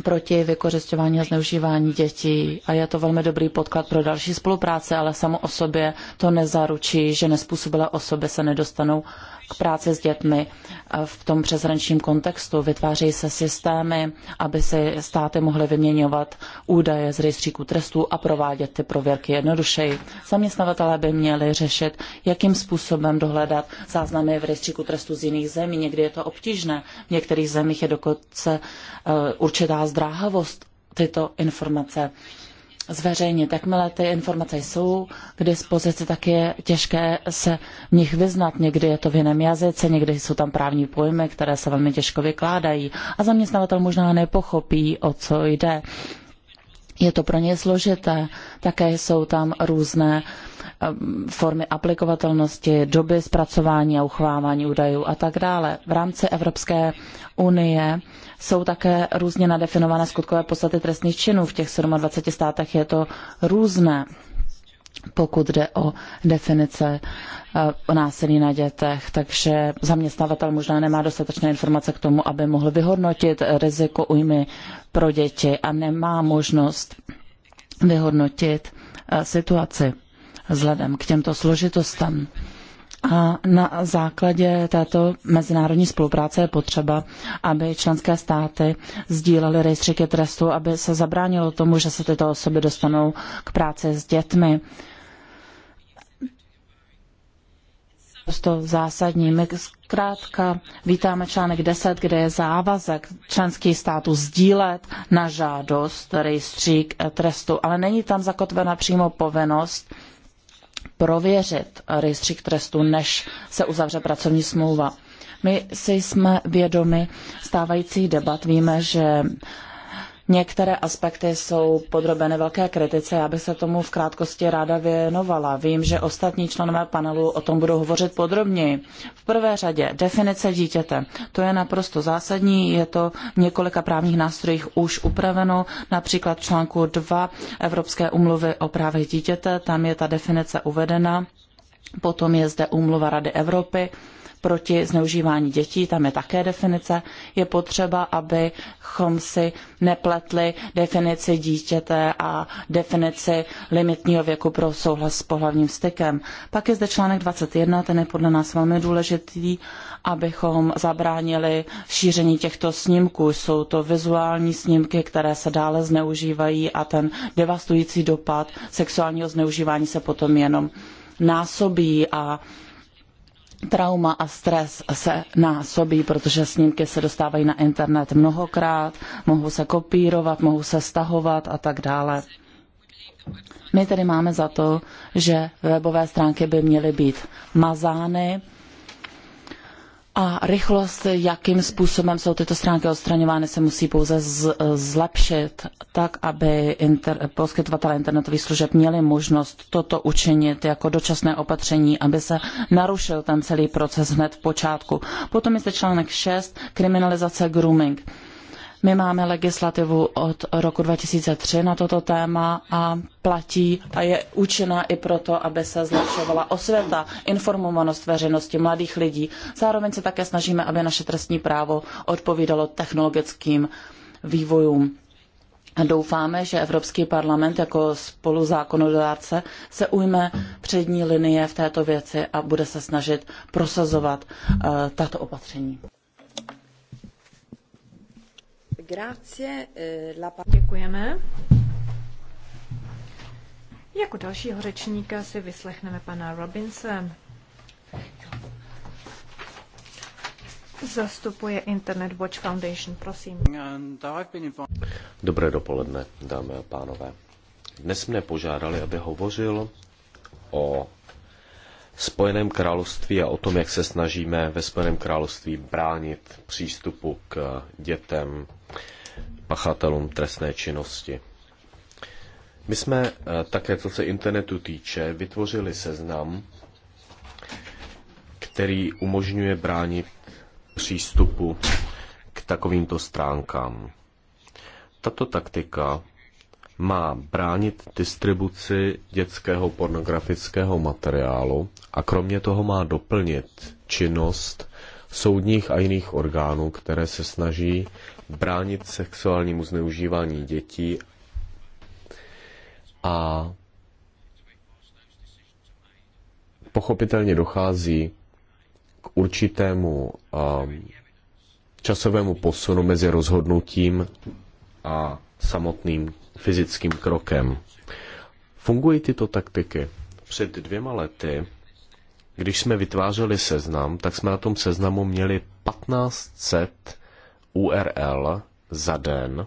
proti vykořišťování a zneužívání dětí a je to velmi dobrý podklad pro další spolupráce, ale samo o sobě to nezaručí, že nespůsobilé osoby se nedostanou k práci s dětmi v tom přeshraničním kontextu. Vytvářejí se systémy, aby si státy mohly vyměňovat údaje z rejstříku trestů a provádět ty prověrky jednodušeji. Zaměstnavatelé by měli řešit, jakým způsobem dohledat záznamy v rejstříku trestů z jiných zemí. Někdy je to obtížné, v některých zemích je dokonce eh, určitá zdráhavost tyto informace zveřejnit. Jakmile ty informace jsou k dispozici, tak je těžké se v nich vyznat. Někdy je to v jiném jazyce, někdy jsou tam právní pojmy, které se velmi těžko vykládají a zaměstnavatel možná nepochopí, o co jde. Je to pro ně složité, také jsou tam různé ehm, formy aplikovatelnosti, doby zpracování a uchvávání údajů a tak dále. V rámci Evropské unie jsou také různě nadefinované skutkové podstaty trestných činů. V těch 27 státech je to různé pokud jde o definice eh, o násilí na dětech. Takže zaměstnavatel možná nemá dostatečné informace k tomu, aby mohl vyhodnotit riziko újmy pro děti a nemá možnost vyhodnotit eh, situaci vzhledem k těmto složitostem. A na základě této mezinárodní spolupráce je potřeba, aby členské státy sdílely rejstříky trestů, aby se zabránilo tomu, že se tyto osoby dostanou k práci s dětmi. Prosto zásadní. My zkrátka vítáme článek 10, kde je závazek členských států sdílet na žádost rejstřík trestu, ale není tam zakotvena přímo povinnost prověřit rejstřík trestů, než se uzavře pracovní smlouva. My si jsme vědomi stávající debat. Víme, že Některé aspekty jsou podrobeny velké kritice, já bych se tomu v krátkosti ráda věnovala. Vím, že ostatní členové panelu o tom budou hovořit podrobněji. V prvé řadě definice dítěte. To je naprosto zásadní, je to v několika právních nástrojích už upraveno, například v článku 2 Evropské umluvy o právech dítěte, tam je ta definice uvedena. Potom je zde úmluva Rady Evropy proti zneužívání dětí, tam je také definice. Je potřeba, abychom si nepletli definici dítěte a definici limitního věku pro souhlas s pohlavním stykem. Pak je zde článek 21, ten je podle nás velmi důležitý, abychom zabránili šíření těchto snímků. Jsou to vizuální snímky, které se dále zneužívají a ten devastující dopad sexuálního zneužívání se potom jenom násobí a trauma a stres se násobí, protože snímky se dostávají na internet mnohokrát, mohou se kopírovat, mohou se stahovat a tak dále. My tedy máme za to, že webové stránky by měly být mazány, a rychlost, jakým způsobem jsou tyto stránky odstraňovány, se musí pouze zlepšit, tak aby inter, poskytovatelé internetových služeb měli možnost toto učinit jako dočasné opatření, aby se narušil ten celý proces hned v počátku. Potom je zde článek 6, kriminalizace grooming. My máme legislativu od roku 2003 na toto téma a platí a je účinná i proto, aby se zlepšovala osvěta, informovanost veřejnosti mladých lidí. Zároveň se také snažíme, aby naše trestní právo odpovídalo technologickým vývojům. Doufáme, že Evropský parlament jako spoluzákonodárce se ujme přední linie v této věci a bude se snažit prosazovat eh, tato opatření. Grazie, eh, la... Děkujeme. Jako dalšího řečníka si vyslechneme pana Robinse. Zastupuje Internet Watch Foundation, prosím. Dobré dopoledne, dámy a pánové. Dnes mě požádali, aby hovořil o Spojeném království a o tom, jak se snažíme ve Spojeném království bránit přístupu k dětem pachatelům trestné činnosti. My jsme eh, také, co se internetu týče, vytvořili seznam, který umožňuje bránit přístupu k takovýmto stránkám. Tato taktika má bránit distribuci dětského pornografického materiálu a kromě toho má doplnit činnost soudních a jiných orgánů, které se snaží bránit sexuálnímu zneužívání dětí a pochopitelně dochází k určitému um, časovému posunu mezi rozhodnutím a samotným fyzickým krokem. Fungují tyto taktiky? Před dvěma lety, když jsme vytvářeli seznam, tak jsme na tom seznamu měli 1500 URL za den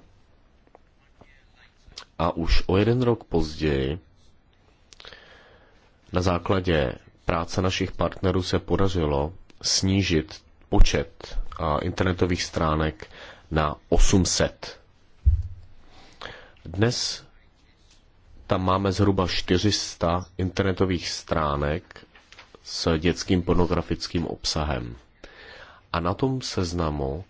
a už o jeden rok později na základě práce našich partnerů se podařilo snížit počet internetových stránek na 800. Dnes tam máme zhruba 400 internetových stránek s dětským pornografickým obsahem. A na tom seznamu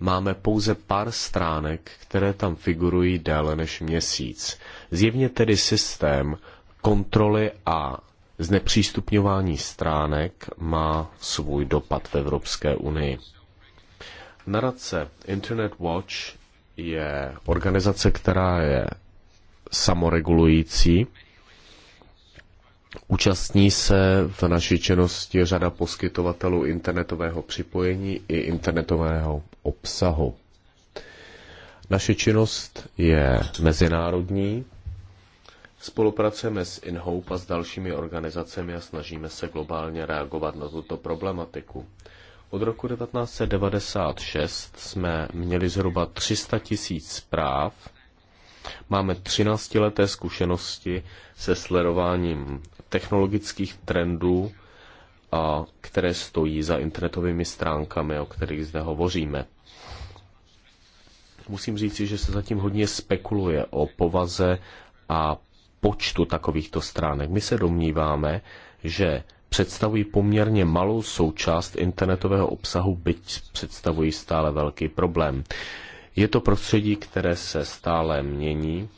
máme pouze pár stránek, které tam figurují déle než měsíc. Zjevně tedy systém kontroly a znepřístupňování stránek má svůj dopad v Evropské unii. Nadace Internet Watch je organizace, která je samoregulující Účastní se v naší činnosti řada poskytovatelů internetového připojení i internetového obsahu. Naše činnost je mezinárodní. Spolupracujeme s InHope a s dalšími organizacemi a snažíme se globálně reagovat na tuto problematiku. Od roku 1996 jsme měli zhruba 300 tisíc zpráv. Máme 13-leté zkušenosti se sledováním technologických trendů, a které stojí za internetovými stránkami, o kterých zde hovoříme. Musím říci, že se zatím hodně spekuluje o povaze a počtu takovýchto stránek. My se domníváme, že představují poměrně malou součást internetového obsahu, byť představují stále velký problém. Je to prostředí, které se stále mění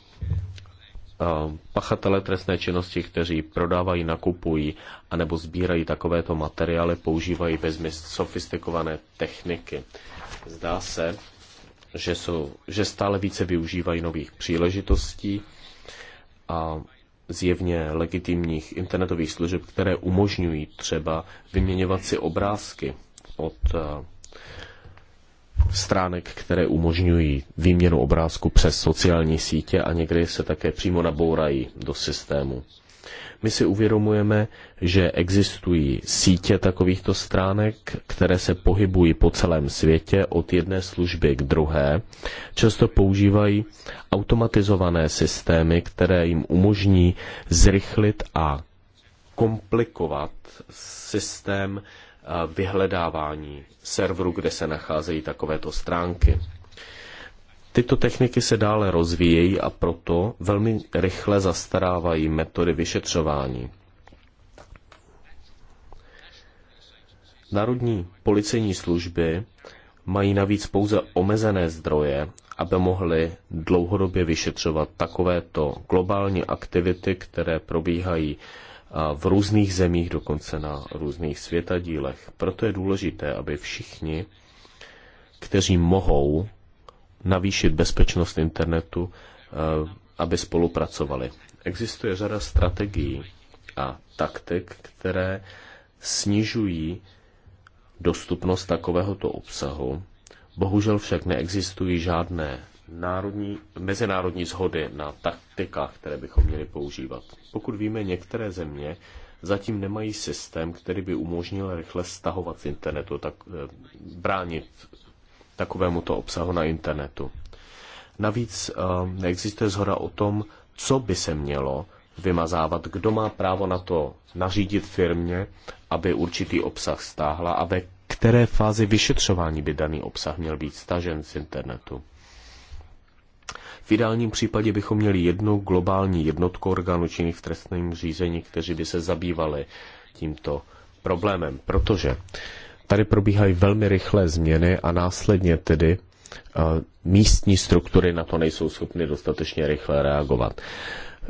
Eh, pachatele trestné činnosti, kteří prodávají, nakupují anebo sbírají takovéto materiály, používají velmi sofistikované techniky. Zdá se, že, jsou, že stále více využívají nových příležitostí a zjevně legitimních internetových služeb, které umožňují třeba vyměňovat si obrázky od eh, stránek, které umožňují výměnu obrázku přes sociální sítě a někdy se také přímo nabourají do systému. My si uvědomujeme, že existují sítě takovýchto stránek, které se pohybují po celém světě od jedné služby k druhé. Často používají automatizované systémy, které jim umožní zrychlit a komplikovat systém vyhledávání serveru, kde se nacházejí takovéto stránky. Tyto techniky se dále rozvíjejí a proto velmi rychle zastarávají metody vyšetřování. Národní policejní služby mají navíc pouze omezené zdroje, aby mohly dlouhodobě vyšetřovat takovéto globální aktivity, které probíhají v různých zemích, dokonce na různých světadílech. Proto je důležité, aby všichni, kteří mohou navýšit bezpečnost internetu, eh, aby spolupracovali. Existuje řada strategií a taktik, které snižují dostupnost takovéhoto obsahu. Bohužel však neexistují žádné národní, mezinárodní zhody na taktikách, které bychom měli používat. Pokud víme, některé země zatím nemají systém, který by umožnil rychle stahovat z internetu, tak, eh, bránit takovému to obsahu na internetu. Navíc eh, neexistuje zhoda o tom, co by se mělo vymazávat, kdo má právo na to nařídit firmě, aby určitý obsah stáhla a ve které fázi vyšetřování by daný obsah měl být stažen z internetu. V ideálním případě bychom měli jednu globální jednotku orgánů činných v trestním řízení, kteří by se zabývali tímto problémem, protože tady probíhají velmi rychlé změny a následně tedy eh, místní struktury na to nejsou schopny dostatečně rychle reagovat.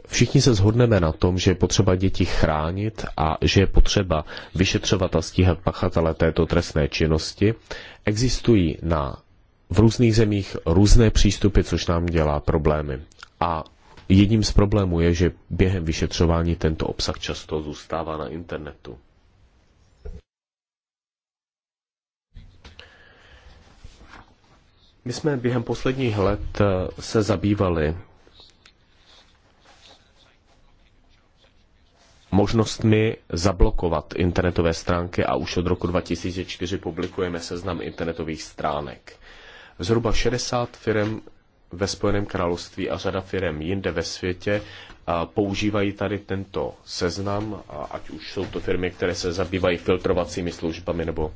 Všichni se shodneme na tom, že je potřeba děti chránit a že je potřeba vyšetřovat a stíhat pachatele této trestné činnosti. Existují na v různých zemích různé přístupy, což nám dělá problémy. A jedním z problémů je, že během vyšetřování tento obsah často zůstává na internetu. My jsme během posledních let eh, se zabývali možnostmi zablokovat internetové stránky a už od roku 2004 publikujeme seznam internetových stránek. Zhruba 60 firm ve Spojeném království a řada firm jinde ve světě používají tady tento seznam, ať už jsou to firmy, které se zabývají filtrovacími službami nebo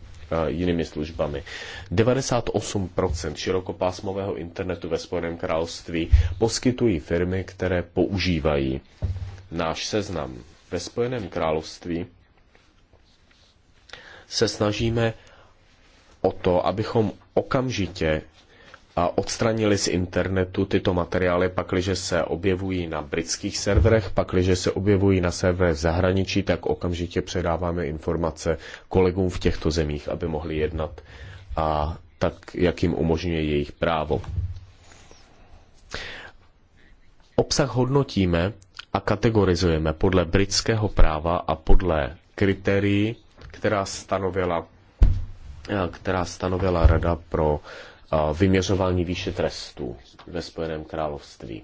jinými službami. 98% širokopásmového internetu ve Spojeném království poskytují firmy, které používají náš seznam. Ve Spojeném království se snažíme o to, abychom okamžitě a odstranili z internetu tyto materiály, pakliže se objevují na britských serverech, pakliže se objevují na serverech v zahraničí, tak okamžitě předáváme informace kolegům v těchto zemích, aby mohli jednat a tak, jak jim umožňuje jejich právo. Obsah hodnotíme a kategorizujeme podle britského práva a podle kritérií, která stanovila Eh, která stanovila Rada pro eh, vyměřování výše trestů ve Spojeném království.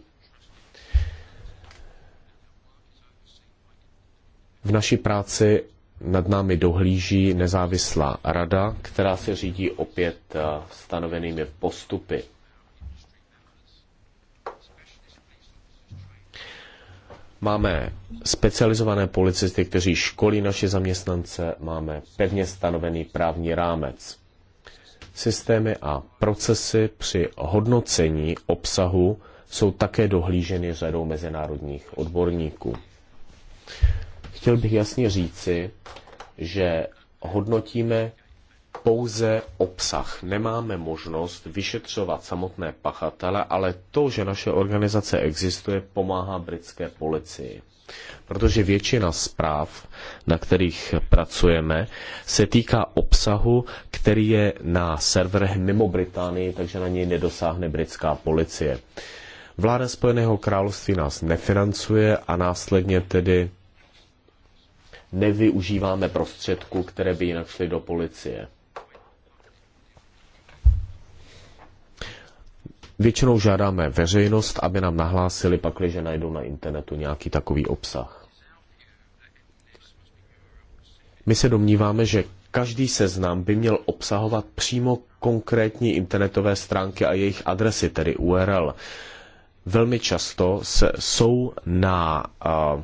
V naší práci nad námi dohlíží nezávislá rada, která se řídí opět eh, stanovenými postupy Máme specializované policisty, kteří školí naše zaměstnance, máme pevně stanovený právní rámec. Systémy a procesy při hodnocení obsahu jsou také dohlíženy řadou mezinárodních odborníků. Chtěl bych jasně říci, že hodnotíme pouze obsah. Nemáme možnost vyšetřovat samotné pachatele, ale to, že naše organizace existuje, pomáhá britské policii. Protože většina zpráv, na kterých pracujeme, se týká obsahu, který je na serverech mimo Británii, takže na něj nedosáhne britská policie. Vláda Spojeného království nás nefinancuje a následně tedy nevyužíváme prostředků, které by jinak šly do policie. Většinou žádáme veřejnost, aby nám nahlásili že najdou na internetu nějaký takový obsah. My se domníváme, že každý seznam by měl obsahovat přímo konkrétní internetové stránky a jejich adresy, tedy URL. Velmi často se, jsou na uh,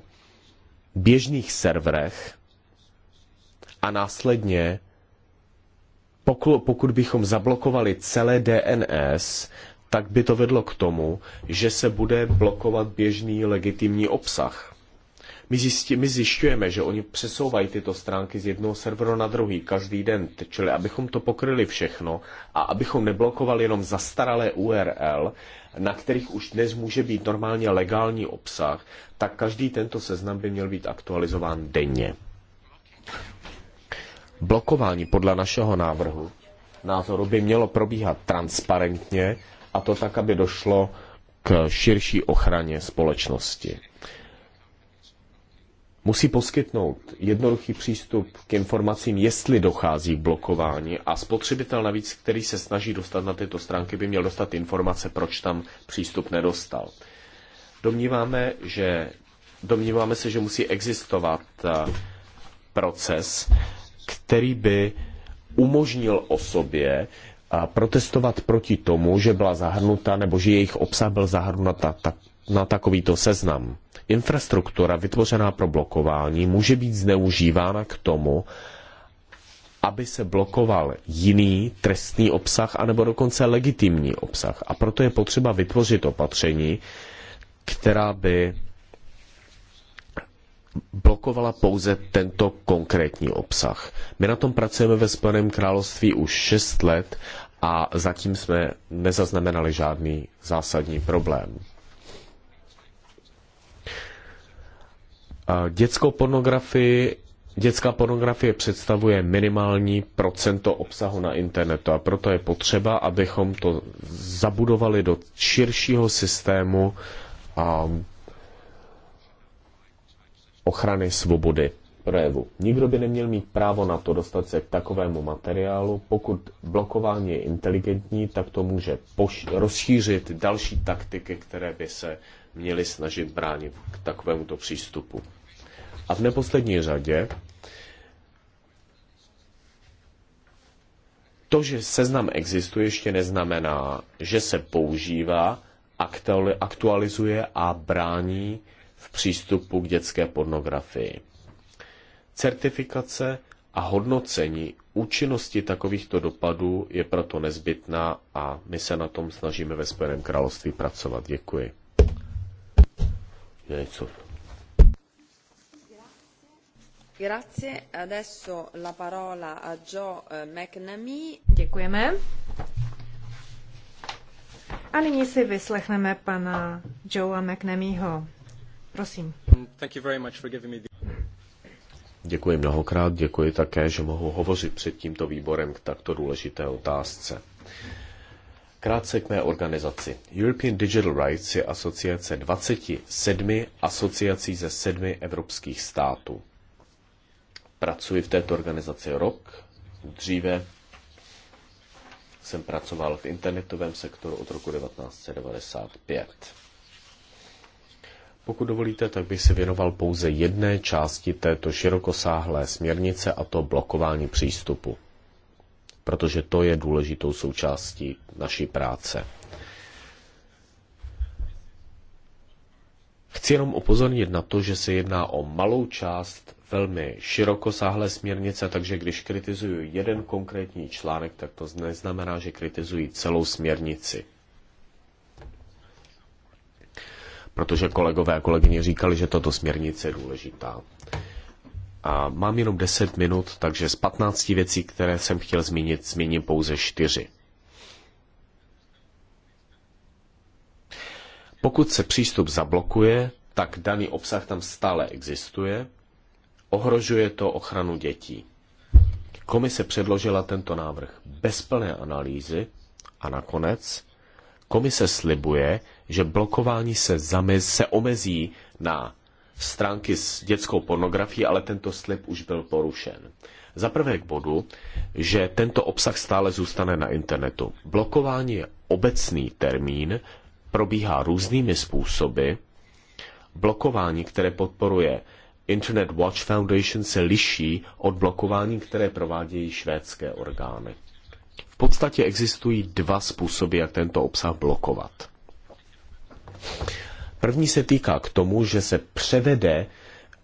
běžných serverech a následně, pokud, pokud bychom zablokovali celé DNS, tak by to vedlo k tomu, že se bude blokovat běžný legitimní obsah. My, zjistí, my zjišťujeme, že oni přesouvají tyto stránky z jednoho serveru na druhý každý den, čili abychom to pokryli všechno a abychom neblokovali jenom zastaralé URL, na kterých už dnes může být normálně legální obsah, tak každý tento seznam by měl být aktualizován denně. Blokování podle našeho návrhu názoru by mělo probíhat transparentně a to tak, aby došlo k širší ochraně společnosti. Musí poskytnout jednoduchý přístup k informacím, jestli dochází k blokování a spotřebitel navíc, který se snaží dostat na tyto stránky, by měl dostat informace, proč tam přístup nedostal. Domníváme, že, domníváme se, že musí existovat eh, proces, který by umožnil osobě a protestovat proti tomu, že byla zahrnuta nebo že jejich obsah byl zahrnut ta, na takovýto seznam. Infrastruktura vytvořená pro blokování může být zneužívána k tomu, aby se blokoval jiný trestný obsah anebo dokonce legitimní obsah. A proto je potřeba vytvořit opatření, která by blokovala pouze tento konkrétní obsah. My na tom pracujeme ve Spojeném království už 6 let a zatím jsme nezaznamenali žádný zásadní problém. Dětskou pornografii Dětská pornografie představuje minimální procento obsahu na internetu a proto je potřeba, abychom to zabudovali do širšího systému ochrany svobody projevu. Nikdo by neměl mít právo na to dostat se k takovému materiálu. Pokud blokování je inteligentní, tak to může rozšířit další taktiky, které by se měly snažit bránit k takovémuto přístupu. A v neposlední řadě to, že seznam existuje, ještě neznamená, že se používá, aktualizuje a brání v přístupu k dětské pornografii. Certifikace a hodnocení účinnosti takovýchto dopadů je proto nezbytná a my se na tom snažíme ve Spojeném království pracovat. Děkuji. Jejcov. Grazie. Adesso la parola a Joe eh, McNamee. Děkujeme. A nyní si vyslechneme pana Joea McNamieho. Prosím. Děkuji mnohokrát, děkuji také, že mohu hovořit před tímto výborem k takto důležité otázce. Krátce k mé organizaci. European Digital Rights je asociace 27 asociací ze sedmi evropských států. Pracuji v této organizaci rok. Dříve jsem pracoval v internetovém sektoru od roku 1995. Pokud dovolíte, tak bych se věnoval pouze jedné části této širokosáhlé směrnice a to blokování přístupu, protože to je důležitou součástí naší práce. Chci jenom upozornit na to, že se jedná o malou část velmi širokosáhlé směrnice, takže když kritizuju jeden konkrétní článek, tak to neznamená, že kritizuji celou směrnici. protože kolegové a kolegyně říkali, že tato směrnice je důležitá. A mám jenom 10 minut, takže z 15 věcí, které jsem chtěl zmínit, zmíním pouze 4. Pokud se přístup zablokuje, tak daný obsah tam stále existuje. Ohrožuje to ochranu dětí. Komise předložila tento návrh bez plné analýzy a nakonec Komise slibuje, že blokování se, zamez, se omezí na stránky s dětskou pornografií, ale tento slib už byl porušen. Za prvé k bodu, že tento obsah stále zůstane na internetu. Blokování je obecný termín, probíhá různými způsoby. Blokování, které podporuje Internet Watch Foundation, se liší od blokování, které provádějí švédské orgány podstatě existují dva způsoby, jak tento obsah blokovat. První se týká k tomu, že se převede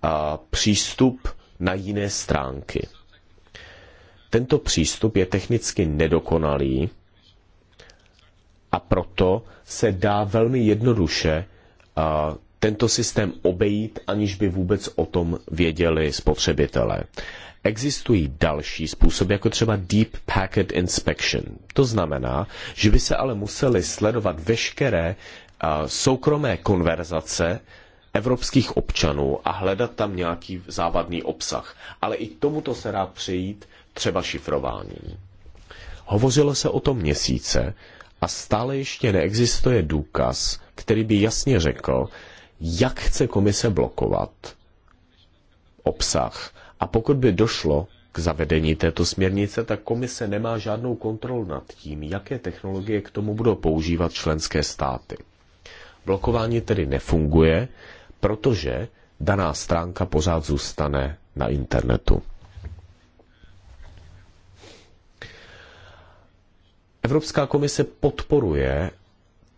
a, přístup na jiné stránky. Tento přístup je technicky nedokonalý a proto se dá velmi jednoduše a, tento systém obejít, aniž by vůbec o tom věděli spotřebitelé. Existují další způsoby, jako třeba Deep Packet Inspection. To znamená, že by se ale museli sledovat veškeré soukromé konverzace evropských občanů a hledat tam nějaký závadný obsah. Ale i k tomuto se dá přejít třeba šifrováním. Hovořilo se o tom měsíce a stále ještě neexistuje důkaz, který by jasně řekl, jak chce komise blokovat obsah. A pokud by došlo k zavedení této směrnice, tak komise nemá žádnou kontrolu nad tím, jaké technologie k tomu budou používat členské státy. Blokování tedy nefunguje, protože daná stránka pořád zůstane na internetu. Evropská komise podporuje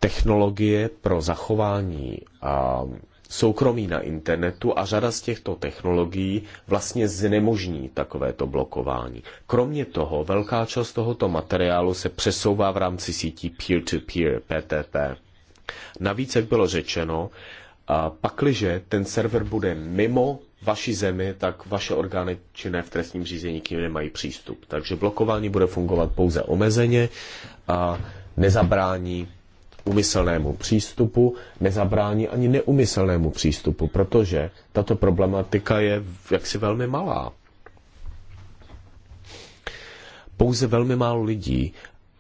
technologie pro zachování a soukromí na internetu a řada z těchto technologií vlastně znemožní takovéto blokování. Kromě toho, velká část tohoto materiálu se přesouvá v rámci sítí peer-to-peer, -peer, PTP. Navíc, jak bylo řečeno, pakliže ten server bude mimo vaší zemi, tak vaše orgány činné v trestním řízení k ním nemají přístup. Takže blokování bude fungovat pouze omezeně a nezabrání úmyslnému přístupu, nezabrání ani neumyslnému přístupu, protože tato problematika je jaksi velmi malá. Pouze velmi málo lidí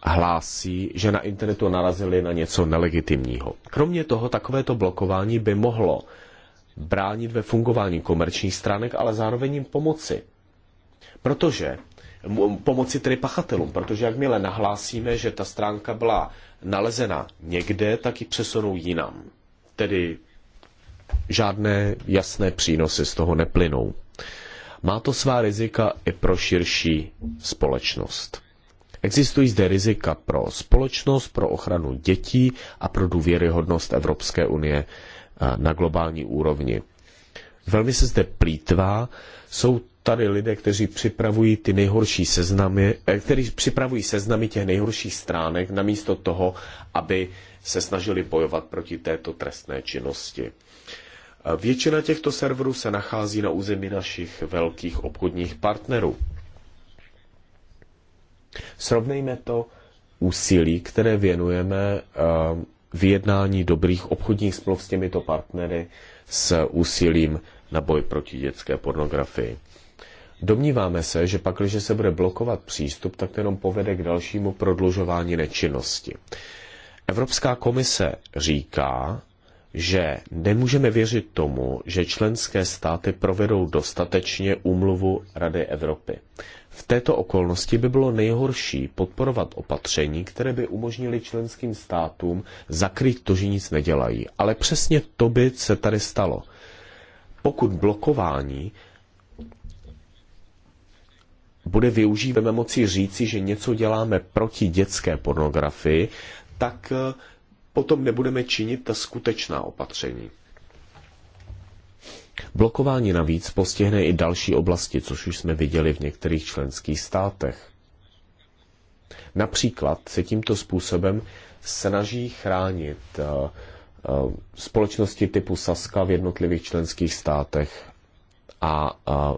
hlásí, že na internetu narazili na něco nelegitimního. Kromě toho, takovéto blokování by mohlo bránit ve fungování komerčních stránek, ale zároveň jim pomoci. Protože pomoci tedy pachatelům, protože jakmile nahlásíme, že ta stránka byla nalezena někde, tak ji přesunou jinam. Tedy žádné jasné přínosy z toho neplynou. Má to svá rizika i pro širší společnost. Existují zde rizika pro společnost, pro ochranu dětí a pro důvěryhodnost Evropské unie eh, na globální úrovni. Velmi se zde plítvá, jsou tady lidé, kteří připravují ty nejhorší seznamy, eh, kteří připravují seznamy těch nejhorších stránek, namísto toho, aby se snažili bojovat proti této trestné činnosti. Eh, většina těchto serverů se nachází na území našich velkých obchodních partnerů. Srovnejme to úsilí, které věnujeme eh, vyjednání dobrých obchodních smluv s těmito partnery s úsilím na boj proti dětské pornografii. Domníváme se, že pak, když se bude blokovat přístup, tak to jenom povede k dalšímu prodlužování nečinnosti. Evropská komise říká, že nemůžeme věřit tomu, že členské státy provedou dostatečně úmluvu Rady Evropy. V této okolnosti by bylo nejhorší podporovat opatření, které by umožnili členským státům zakrýt to, že nic nedělají. Ale přesně to by se tady stalo. Pokud blokování bude využíváme moci říci, že něco děláme proti dětské pornografii, tak eh, potom nebudeme činit ta skutečná opatření. Blokování navíc postihne i další oblasti, což už jsme viděli v některých členských státech. Například se tímto způsobem snaží chránit eh, eh, společnosti typu Saska v jednotlivých členských státech a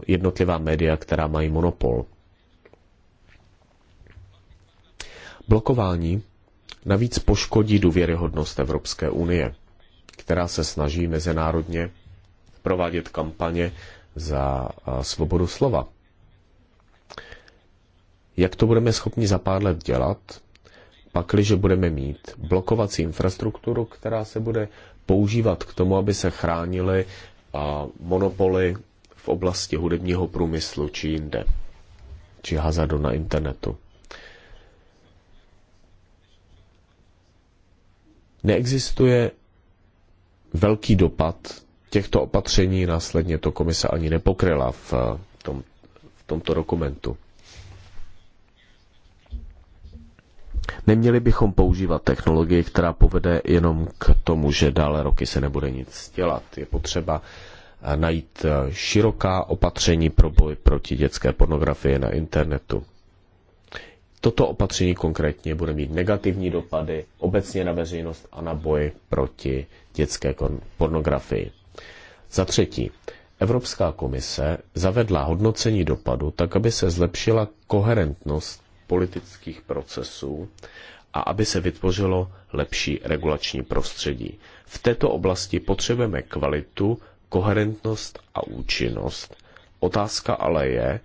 jednotlivá média, která mají monopol. Blokování navíc poškodí důvěryhodnost Evropské unie, která se snaží mezinárodně provádět kampaně za svobodu slova. Jak to budeme schopni za pár let dělat, pakliže budeme mít blokovací infrastrukturu, která se bude používat k tomu, aby se chránily monopoly v oblasti hudebního průmyslu či jinde, či hazardu na internetu. neexistuje velký dopad těchto opatření, následně to komise ani nepokryla eh, v, tom, v tomto dokumentu. Neměli bychom používat technologii, která povede jenom k tomu, že dále roky se nebude nic dělat. Je potřeba eh, najít eh, široká opatření pro boj proti dětské pornografii na internetu toto opatření konkrétně bude mít negativní dopady obecně na veřejnost a na boj proti dětské pornografii. Za třetí, Evropská komise zavedla hodnocení dopadu tak, aby se zlepšila koherentnost politických procesů a aby se vytvořilo lepší regulační prostředí. V této oblasti potřebujeme kvalitu, koherentnost a účinnost. Otázka ale je,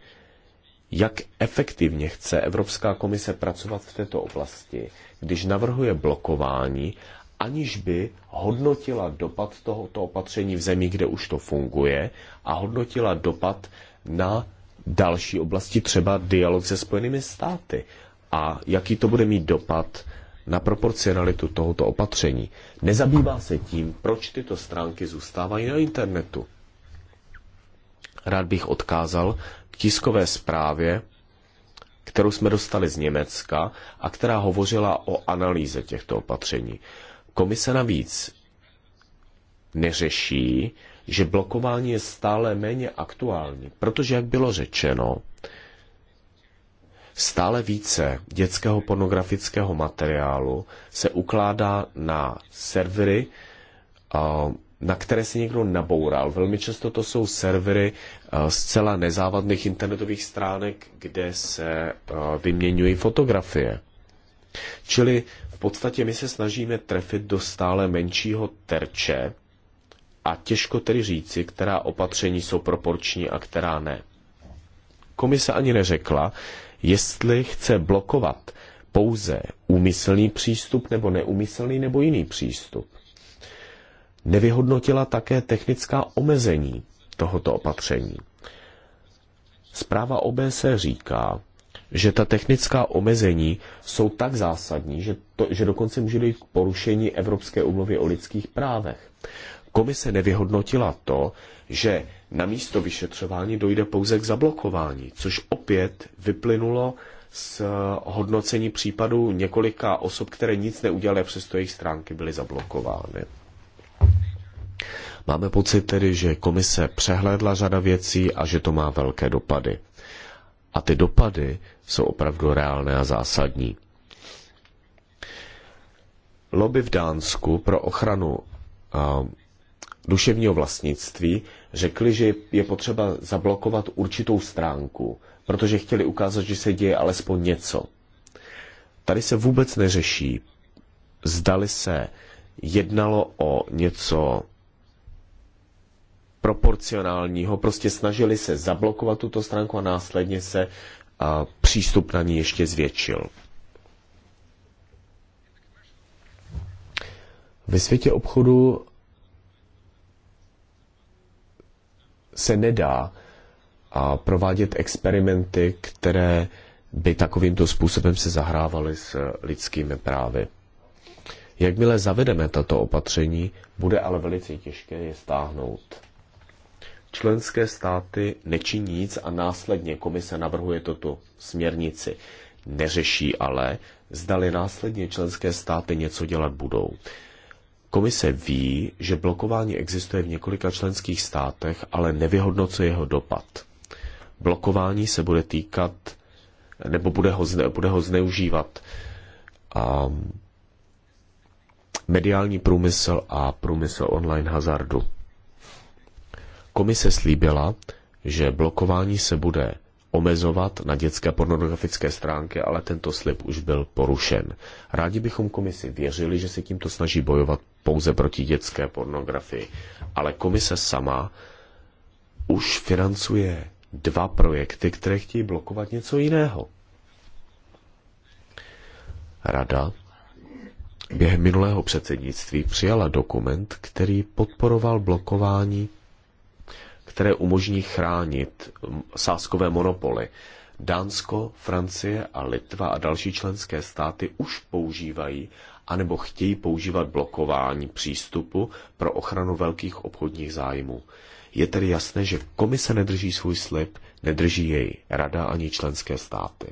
jak efektivně chce Evropská komise pracovat v této oblasti, když navrhuje blokování, aniž by hodnotila dopad tohoto opatření v zemi, kde už to funguje, a hodnotila dopad na další oblasti, třeba dialog se Spojenými státy a jaký to bude mít dopad na proporcionalitu tohoto opatření. Nezabývá se tím, proč tyto stránky zůstávají na internetu. Rád bych odkázal k tiskové zprávě, kterou jsme dostali z Německa a která hovořila o analýze těchto opatření. Komise navíc neřeší, že blokování je stále méně aktuální, protože, jak bylo řečeno, stále více dětského pornografického materiálu se ukládá na servery na které se někdo naboural. Velmi často to jsou servery eh, zcela nezávadných internetových stránek, kde se eh, vyměňují fotografie. Čili v podstatě my se snažíme trefit do stále menšího terče a těžko tedy říci, která opatření jsou proporční a která ne. Komise ani neřekla, jestli chce blokovat pouze úmyslný přístup nebo neumyslný nebo jiný přístup nevyhodnotila také technická omezení tohoto opatření. Zpráva OBS říká, že ta technická omezení jsou tak zásadní, že, to, že dokonce může dojít k porušení Evropské umluvy o lidských právech. Komise nevyhodnotila to, že na místo vyšetřování dojde pouze k zablokování, což opět vyplynulo z hodnocení případů několika osob, které nic neudělaly, přesto jejich stránky byly zablokovány. Máme pocit tedy, že komise přehlédla řada věcí a že to má velké dopady. A ty dopady jsou opravdu reálné a zásadní. Lobby v Dánsku pro ochranu uh, duševního vlastnictví řekli, že je potřeba zablokovat určitou stránku, protože chtěli ukázat, že se děje alespoň něco. Tady se vůbec neřeší, zdali se jednalo o něco proporcionálního. Prostě snažili se zablokovat tuto stránku a následně se a, přístup na ní ještě zvětšil. Ve světě obchodu se nedá a provádět experimenty, které by takovýmto způsobem se zahrávaly s lidskými právy. Jakmile zavedeme tato opatření, bude ale velice těžké je stáhnout členské státy nečiní nic a následně komise navrhuje toto směrnici. Neřeší ale, zdali následně členské státy něco dělat budou. Komise ví, že blokování existuje v několika členských státech, ale nevyhodnocuje jeho dopad. Blokování se bude týkat, nebo bude ho, zne, bude ho zneužívat um, mediální průmysl a průmysl online hazardu. Komise slíbila, že blokování se bude omezovat na dětské pornografické stránky, ale tento slib už byl porušen. Rádi bychom komisi věřili, že se tímto snaží bojovat pouze proti dětské pornografii, ale komise sama už financuje dva projekty, které chtějí blokovat něco jiného. Rada během minulého předsednictví přijala dokument, který podporoval blokování které umožní chránit sáskové monopoly. Dánsko, Francie a Litva a další členské státy už používají anebo chtějí používat blokování přístupu pro ochranu velkých obchodních zájmů. Je tedy jasné, že komise nedrží svůj slib, nedrží jej rada ani členské státy.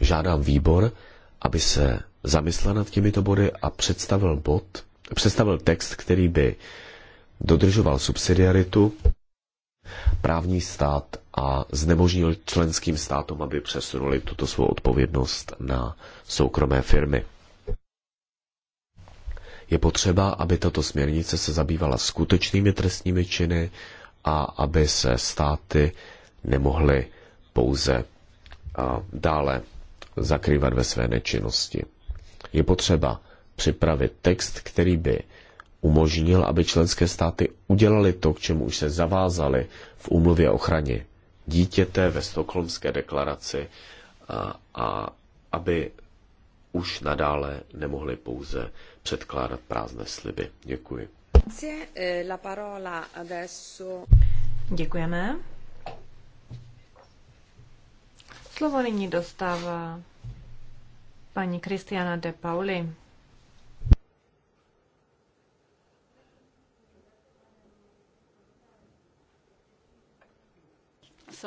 Žádám výbor, aby se zamyslel nad těmito body a představil bod, představil text, který by dodržoval subsidiaritu, právní stát a znemožnil členským státům, aby přesunuli tuto svou odpovědnost na soukromé firmy. Je potřeba, aby tato směrnice se zabývala skutečnými trestními činy a aby se státy nemohly pouze dále zakrývat ve své nečinnosti. Je potřeba připravit text, který by umožnil, aby členské státy udělali to, k čemu už se zavázali v úmluvě o ochraně dítěte ve Stokholmské deklaraci a, a aby už nadále nemohli pouze předkládat prázdné sliby. Děkuji. Děkujeme. Slovo nyní dostává paní Kristiana de Pauli.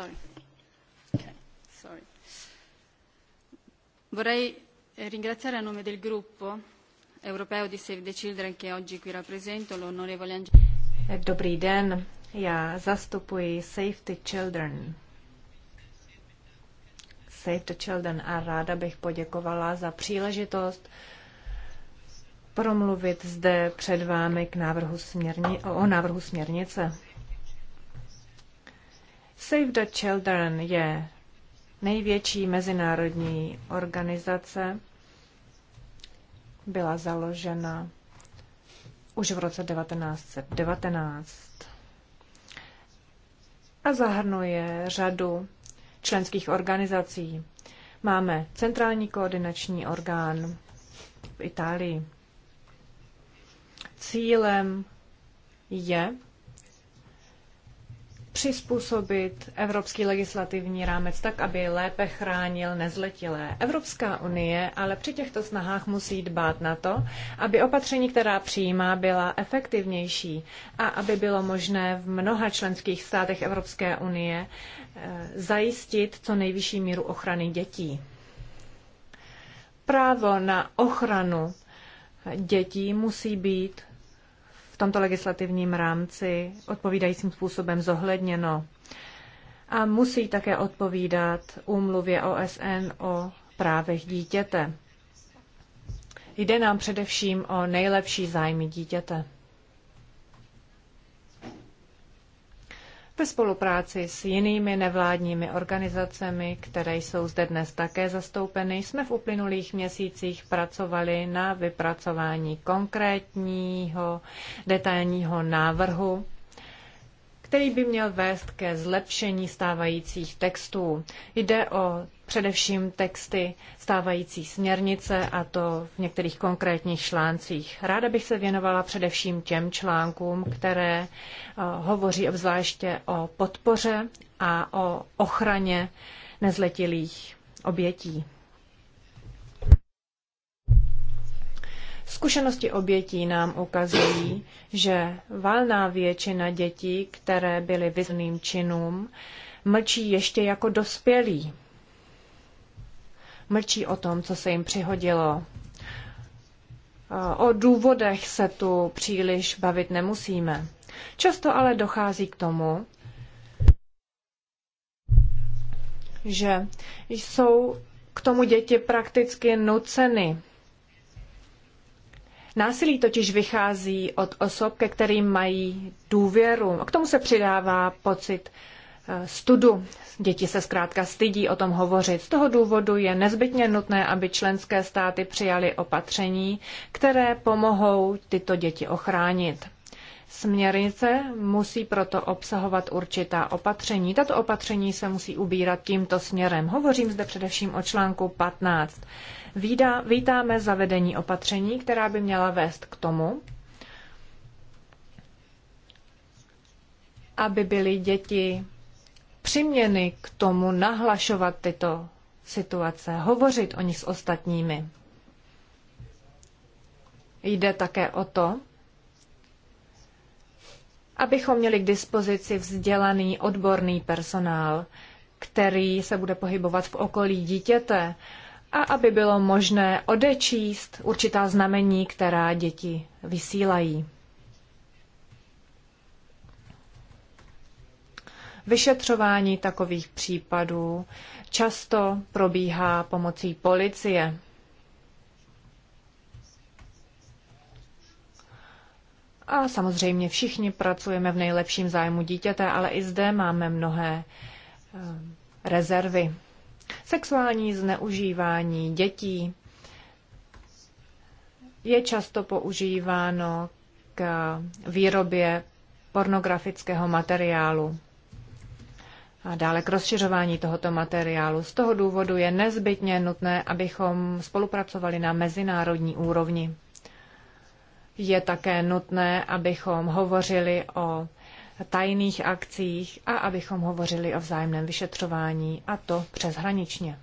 sorry. Okay, sorry. Vorrei ringraziare a nome del gruppo europeo di Save the Children che oggi qui rappresento l'onorevole Angelina. Dobrý den, já zastupuji Save the Children. Save the Children a ráda bych poděkovala za příležitost promluvit zde před vámi k návrhu směrni- o návrhu směrnice. Save the Children je největší mezinárodní organizace. Byla založena už v roce 1919 a zahrnuje řadu členských organizací. Máme centrální koordinační orgán v Itálii. Cílem je přizpůsobit evropský legislativní rámec tak, aby lépe chránil nezletilé. Evropská unie ale při těchto snahách musí dbát na to, aby opatření, která přijímá, byla efektivnější a aby bylo možné v mnoha členských státech Evropské unie eh, zajistit co nejvyšší míru ochrany dětí. Právo na ochranu dětí musí být tomto legislativním rámci odpovídajícím způsobem zohledněno. A musí také odpovídat úmluvě OSN o právech dítěte. Jde nám především o nejlepší zájmy dítěte. ve spolupráci s jinými nevládními organizacemi, které jsou zde dnes také zastoupeny, jsme v uplynulých měsících pracovali na vypracování konkrétního detailního návrhu, který by měl vést ke zlepšení stávajících textů. Jde o především texty stávající směrnice a to v některých konkrétních článcích. Ráda bych se věnovala především těm článkům, které eh, hovoří obzvláště o podpoře a o ochraně nezletilých obětí. Zkušenosti obětí nám ukazují, že valná většina dětí, které byly vyzným činům, mlčí ještě jako dospělí mlčí o tom, co se jim přihodilo. O důvodech se tu příliš bavit nemusíme. Často ale dochází k tomu, že jsou k tomu děti prakticky nuceny. Násilí totiž vychází od osob, ke kterým mají důvěru. A k tomu se přidává pocit studu. Děti se zkrátka stydí o tom hovořit. Z toho důvodu je nezbytně nutné, aby členské státy přijaly opatření, které pomohou tyto děti ochránit. Směrnice musí proto obsahovat určitá opatření. Tato opatření se musí ubírat tímto směrem. Hovořím zde především o článku 15. vítáme zavedení opatření, která by měla vést k tomu, aby byly děti přiměny k tomu nahlašovat tyto situace, hovořit o nich s ostatními. Jde také o to, abychom měli k dispozici vzdělaný odborný personál, který se bude pohybovat v okolí dítěte a aby bylo možné odečíst určitá znamení, která děti vysílají. Vyšetřování takových případů často probíhá pomocí policie. A samozřejmě všichni pracujeme v nejlepším zájmu dítěte, ale i zde máme mnohé eh, rezervy. Sexuální zneužívání dětí je často používáno k výrobě pornografického materiálu a dále k rozšiřování tohoto materiálu. Z toho důvodu je nezbytně nutné, abychom spolupracovali na mezinárodní úrovni. Je také nutné, abychom hovořili o tajných akcích a abychom hovořili o vzájemném vyšetřování, a to přeshraničně.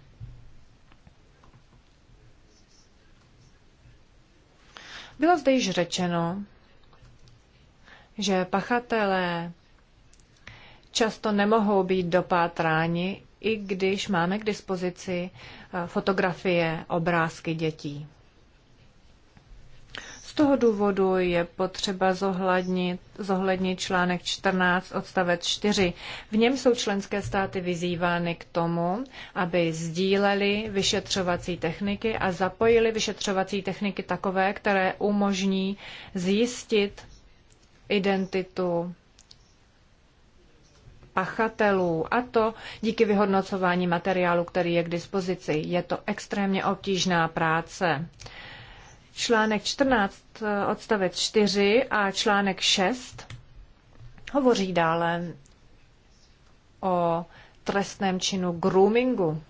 Bylo zde již řečeno, že pachatelé často nemohou být dopátráni, i když máme k dispozici eh, fotografie, obrázky dětí. Z toho důvodu je potřeba zohlednit, zohlednit článek 14 odstavec 4. V něm jsou členské státy vyzývány k tomu, aby sdíleli vyšetřovací techniky a zapojili vyšetřovací techniky takové, které umožní zjistit identitu pachatelů a to díky vyhodnocování materiálu, který je k dispozici. Je to extrémně obtížná práce. Článek 14 odstavec 4 a článek 6 hovoří dále o trestném činu groomingu.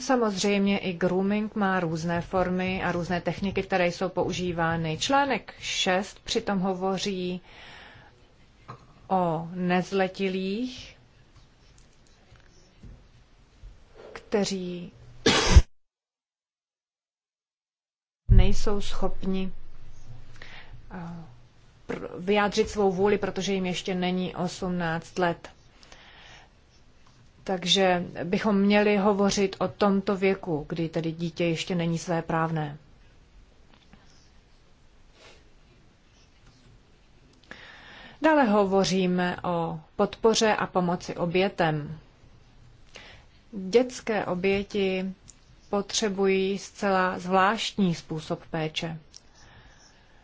Samozřejmě i grooming má různé formy a různé techniky, které jsou používány. Článek 6 přitom hovoří o nezletilých, kteří nejsou schopni eh, vyjádřit svou vůli, protože jim ještě není 18 let. Takže bychom měli hovořit o tomto věku, kdy tedy dítě ještě není své právné. Dále hovoříme o podpoře a pomoci obětem. Dětské oběti potřebují zcela zvláštní způsob péče.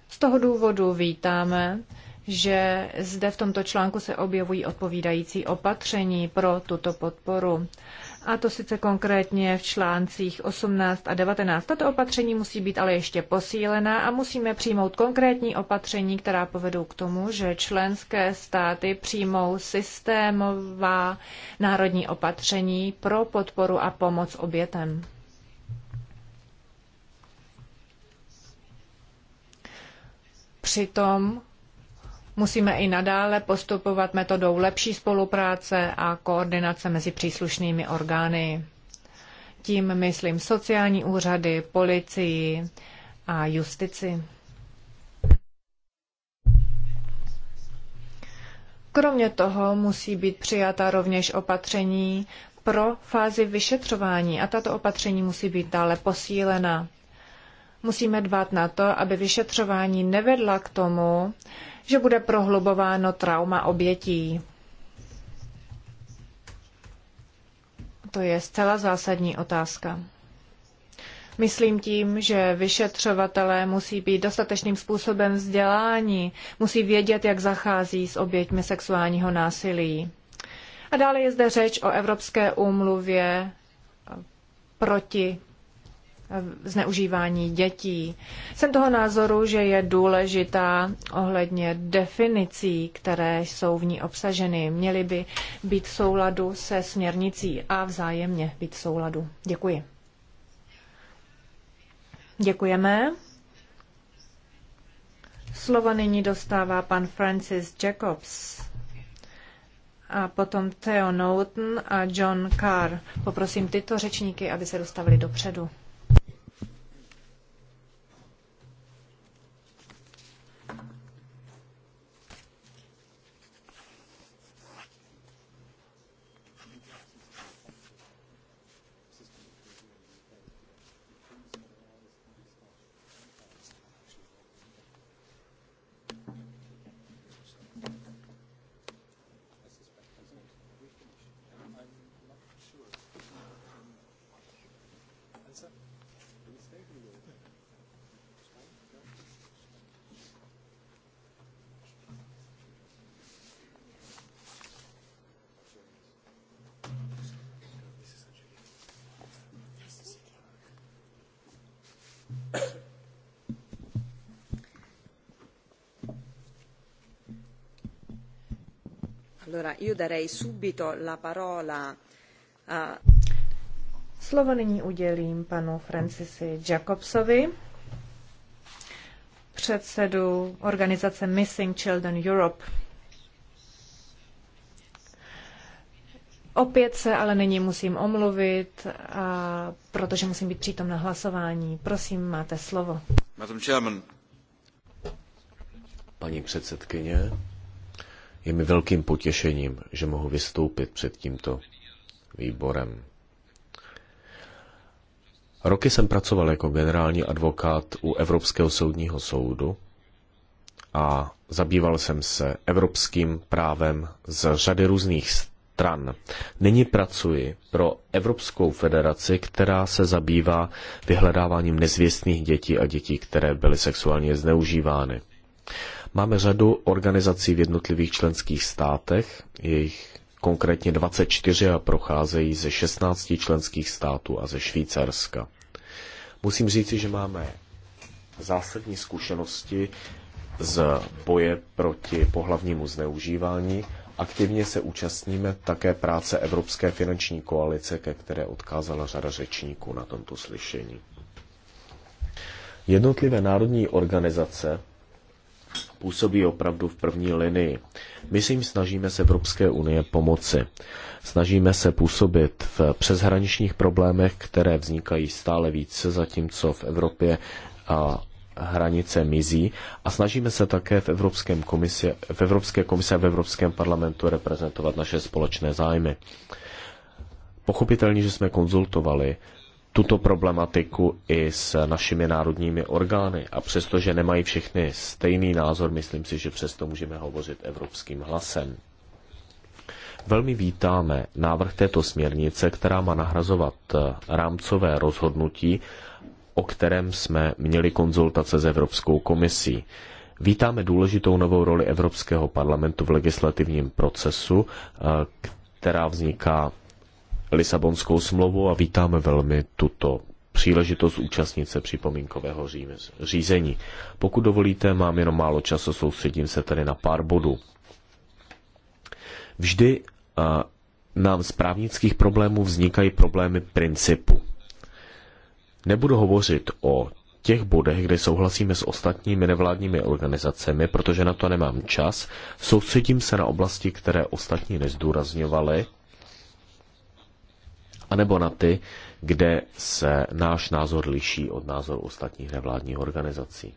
Z toho důvodu vítáme, že zde v tomto článku se objevují odpovídající opatření pro tuto podporu. A to sice konkrétně v článcích 18 a 19. Tato opatření musí být ale ještě posílená a musíme přijmout konkrétní opatření, která povedou k tomu, že členské státy přijmou systémová národní opatření pro podporu a pomoc obětem. Přitom Musíme i nadále postupovat metodou lepší spolupráce a koordinace mezi příslušnými orgány. Tím myslím sociální úřady, policii a justici. Kromě toho musí být přijata rovněž opatření pro fázi vyšetřování a tato opatření musí být dále posílena. Musíme dbát na to, aby vyšetřování nevedla k tomu, že bude prohlubováno trauma obětí. To je zcela zásadní otázka. Myslím tím, že vyšetřovatelé musí být dostatečným způsobem vzdělání, musí vědět, jak zachází s oběťmi sexuálního násilí. A dále je zde řeč o Evropské úmluvě proti zneužívání dětí. Jsem toho názoru, že je důležitá ohledně definicí, které jsou v ní obsaženy. Měly by být v souladu se směrnicí a vzájemně být v souladu. Děkuji. Děkujeme. Slovo nyní dostává pan Francis Jacobs a potom Theo Noughton a John Carr. Poprosím tyto řečníky, aby se dostavili dopředu. Allora, Slovo nyní udělím panu Francisi Jacobsovi, předsedu organizace Missing Children Europe. Opět se ale nyní musím omluvit, a, protože musím být přítomna hlasování. Prosím, máte slovo. Madam Chairman. Paní předsedkyně, je mi velkým potěšením, že mohu vystoupit před tímto výborem. Roky jsem pracoval jako generální advokát u Evropského soudního soudu a zabýval jsem se evropským právem z řady různých stran. Nyní pracuji pro Evropskou federaci, která se zabývá vyhledáváním nezvěstných dětí a dětí, které byly sexuálně zneužívány. Máme řadu organizací v jednotlivých členských státech, jejich konkrétně 24 a procházejí ze 16 členských států a ze Švýcarska. Musím říci, že máme zásadní zkušenosti z boje proti pohlavnímu zneužívání. Aktivně se účastníme také práce Evropské finanční koalice, ke které odkázala řada řečníků na tomto slyšení. Jednotlivé národní organizace působí opravdu v první linii. My si jim snažíme z Evropské unie pomoci. Snažíme se působit v přeshraničních problémech, které vznikají stále více, zatímco v Evropě a hranice mizí a snažíme se také v, Evropském komisi, v Evropské komise a v Evropském parlamentu reprezentovat naše společné zájmy. Pochopitelně, že jsme konzultovali tuto problematiku i s našimi národními orgány. A přestože nemají všechny stejný názor, myslím si, že přesto můžeme hovořit evropským hlasem. Velmi vítáme návrh této směrnice, která má nahrazovat eh, rámcové rozhodnutí, o kterém jsme měli konzultace s Evropskou komisí. Vítáme důležitou novou roli Evropského parlamentu v legislativním procesu, eh, která vzniká Lisabonskou smlouvu a vítáme velmi tuto příležitost účastnit se připomínkového řízení. Pokud dovolíte, mám jenom málo času, soustředím se tady na pár bodů. Vždy nám z právnických problémů vznikají problémy principu. Nebudu hovořit o těch bodech, kde souhlasíme s ostatními nevládními organizacemi, protože na to nemám čas, soustředím se na oblasti, které ostatní nezdůrazňovaly anebo na ty, kde se náš názor liší od názoru ostatních nevládních organizací.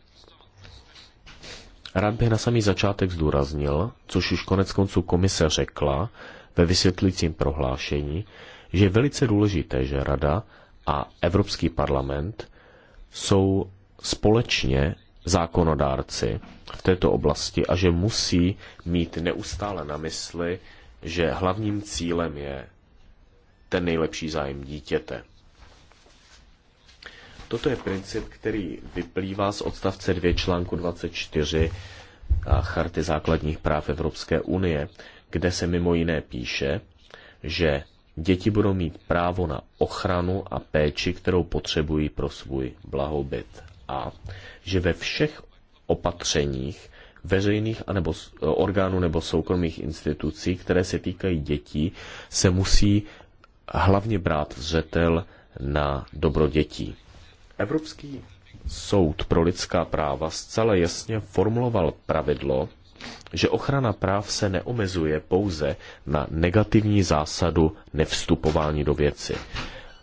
Rád bych na samý začátek zdůraznil, což už konec konců komise řekla ve vysvětlujícím prohlášení, že je velice důležité, že Rada a Evropský parlament jsou společně zákonodárci v této oblasti a že musí mít neustále na mysli, že hlavním cílem je ten nejlepší zájem dítěte. Toto je princip, který vyplývá z odstavce 2 článku 24 Charty základních práv Evropské unie, kde se mimo jiné píše, že děti budou mít právo na ochranu a péči, kterou potřebují pro svůj blahobyt a že ve všech opatřeních veřejných anebo orgánů nebo soukromých institucí, které se týkají dětí, se musí hlavně brát zřetel na dobro dětí. Evropský soud pro lidská práva zcela jasně formuloval pravidlo, že ochrana práv se neomezuje pouze na negativní zásadu nevstupování do věci.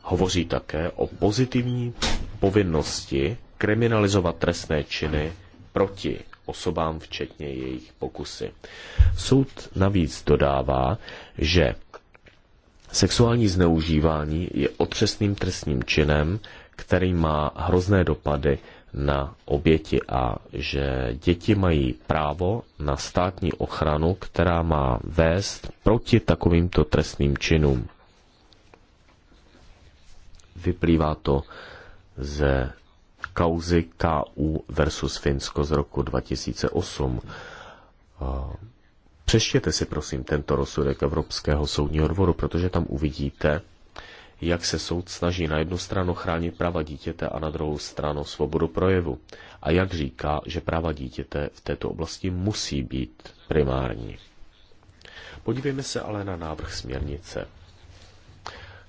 Hovoří také o pozitivní povinnosti kriminalizovat trestné činy proti osobám, včetně jejich pokusy. Soud navíc dodává, že Sexuální zneužívání je otřesným trestním činem, který má hrozné dopady na oběti a že děti mají právo na státní ochranu, která má vést proti takovýmto trestným činům. Vyplývá to ze kauzy KU versus Finsko z roku 2008. Přeštěte si prosím tento rozsudek Evropského soudního dvoru, protože tam uvidíte, jak se soud snaží na jednu stranu chránit práva dítěte a na druhou stranu svobodu projevu. A jak říká, že práva dítěte v této oblasti musí být primární. Podívejme se ale na návrh směrnice.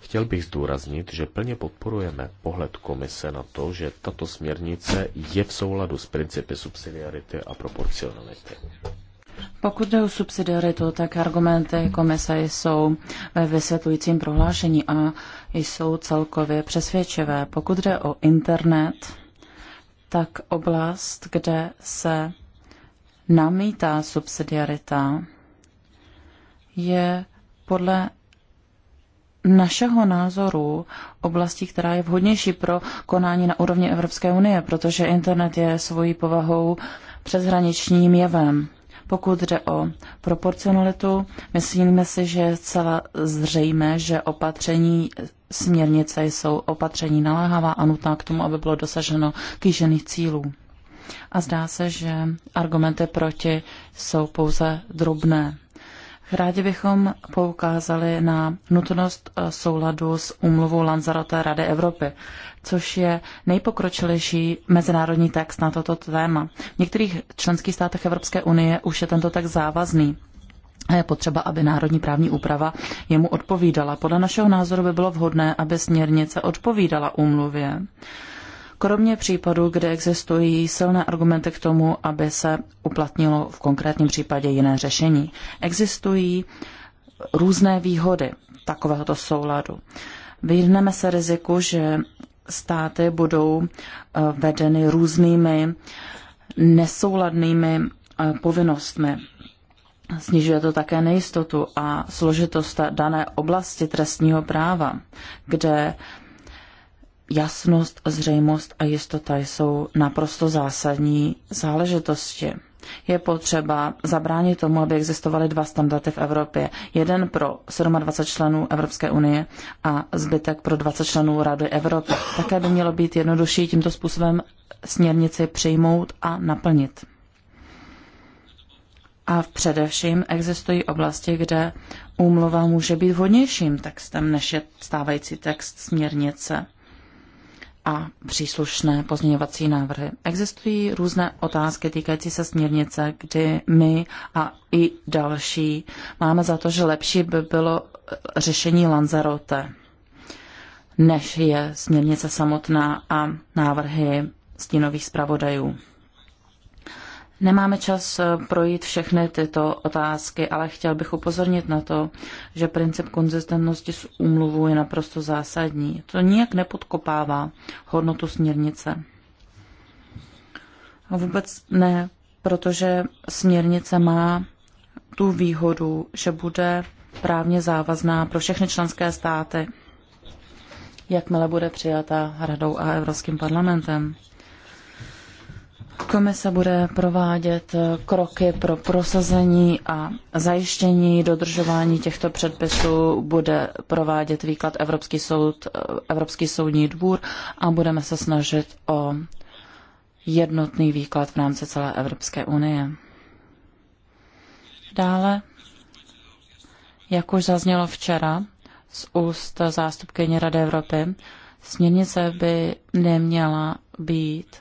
Chtěl bych zdůraznit, že plně podporujeme pohled komise na to, že tato směrnice je v souladu s principy subsidiarity a proporcionality. Pokud jde o subsidiaritu, tak argumenty komise jsou ve vysvětlujícím prohlášení a jsou celkově přesvědčivé. Pokud jde o internet, tak oblast, kde se namítá subsidiarita, je podle našeho názoru oblastí, která je vhodnější pro konání na úrovni Evropské unie, protože internet je svojí povahou přeshraničním jevem. Pokud jde o proporcionalitu, myslíme si, že je celá zřejmé, že opatření směrnice jsou opatření naléhavá a nutná k tomu, aby bylo dosaženo kýžených cílů. A zdá se, že argumenty proti jsou pouze drobné. Rádi bychom poukázali na nutnost eh, souladu s úmluvou Lanzarote Rady Evropy, což je nejpokročilejší mezinárodní text na toto téma. V některých členských státech Evropské unie už je tento text závazný. A je potřeba, aby národní právní úprava jemu odpovídala. Podle našeho názoru by bylo vhodné, aby směrnice odpovídala úmluvě kromě případů, kde existují silné argumenty k tomu, aby se uplatnilo v konkrétním případě jiné řešení. Existují různé výhody takovéhoto souladu. Vyhneme se riziku, že státy budou eh, vedeny různými nesouladnými eh, povinnostmi. Snižuje to také nejistotu a složitost dané oblasti trestního práva, kde jasnost, zřejmost a jistota jsou naprosto zásadní záležitosti. Je potřeba zabránit tomu, aby existovaly dva standardy v Evropě. Jeden pro 27 členů Evropské unie a zbytek pro 20 členů Rady Evropy. Také by mělo být jednodušší tímto způsobem směrnici přijmout a naplnit. A v především existují oblasti, kde úmluva může být vhodnějším textem, než je stávající text směrnice a příslušné pozměňovací návrhy. Existují různé otázky týkající se směrnice, kdy my a i další máme za to, že lepší by bylo řešení Lanzarote, než je směrnice samotná a návrhy stínových zpravodajů. Nemáme čas eh, projít všechny tyto otázky, ale chtěl bych upozornit na to, že princip konzistentnosti s úmluvou je naprosto zásadní. To nijak nepodkopává hodnotu směrnice. A vůbec ne, protože směrnice má tu výhodu, že bude právně závazná pro všechny členské státy, jakmile bude přijata Radou a Evropským parlamentem. Komise bude provádět eh, kroky pro prosazení a zajištění dodržování těchto předpisů, bude provádět výklad Evropský, soud, eh, Evropský soudní dvůr a budeme se snažit o jednotný výklad v rámci celé Evropské unie. Dále, jak už zaznělo včera z úst zástupkyně Rady Evropy, směrnice by neměla být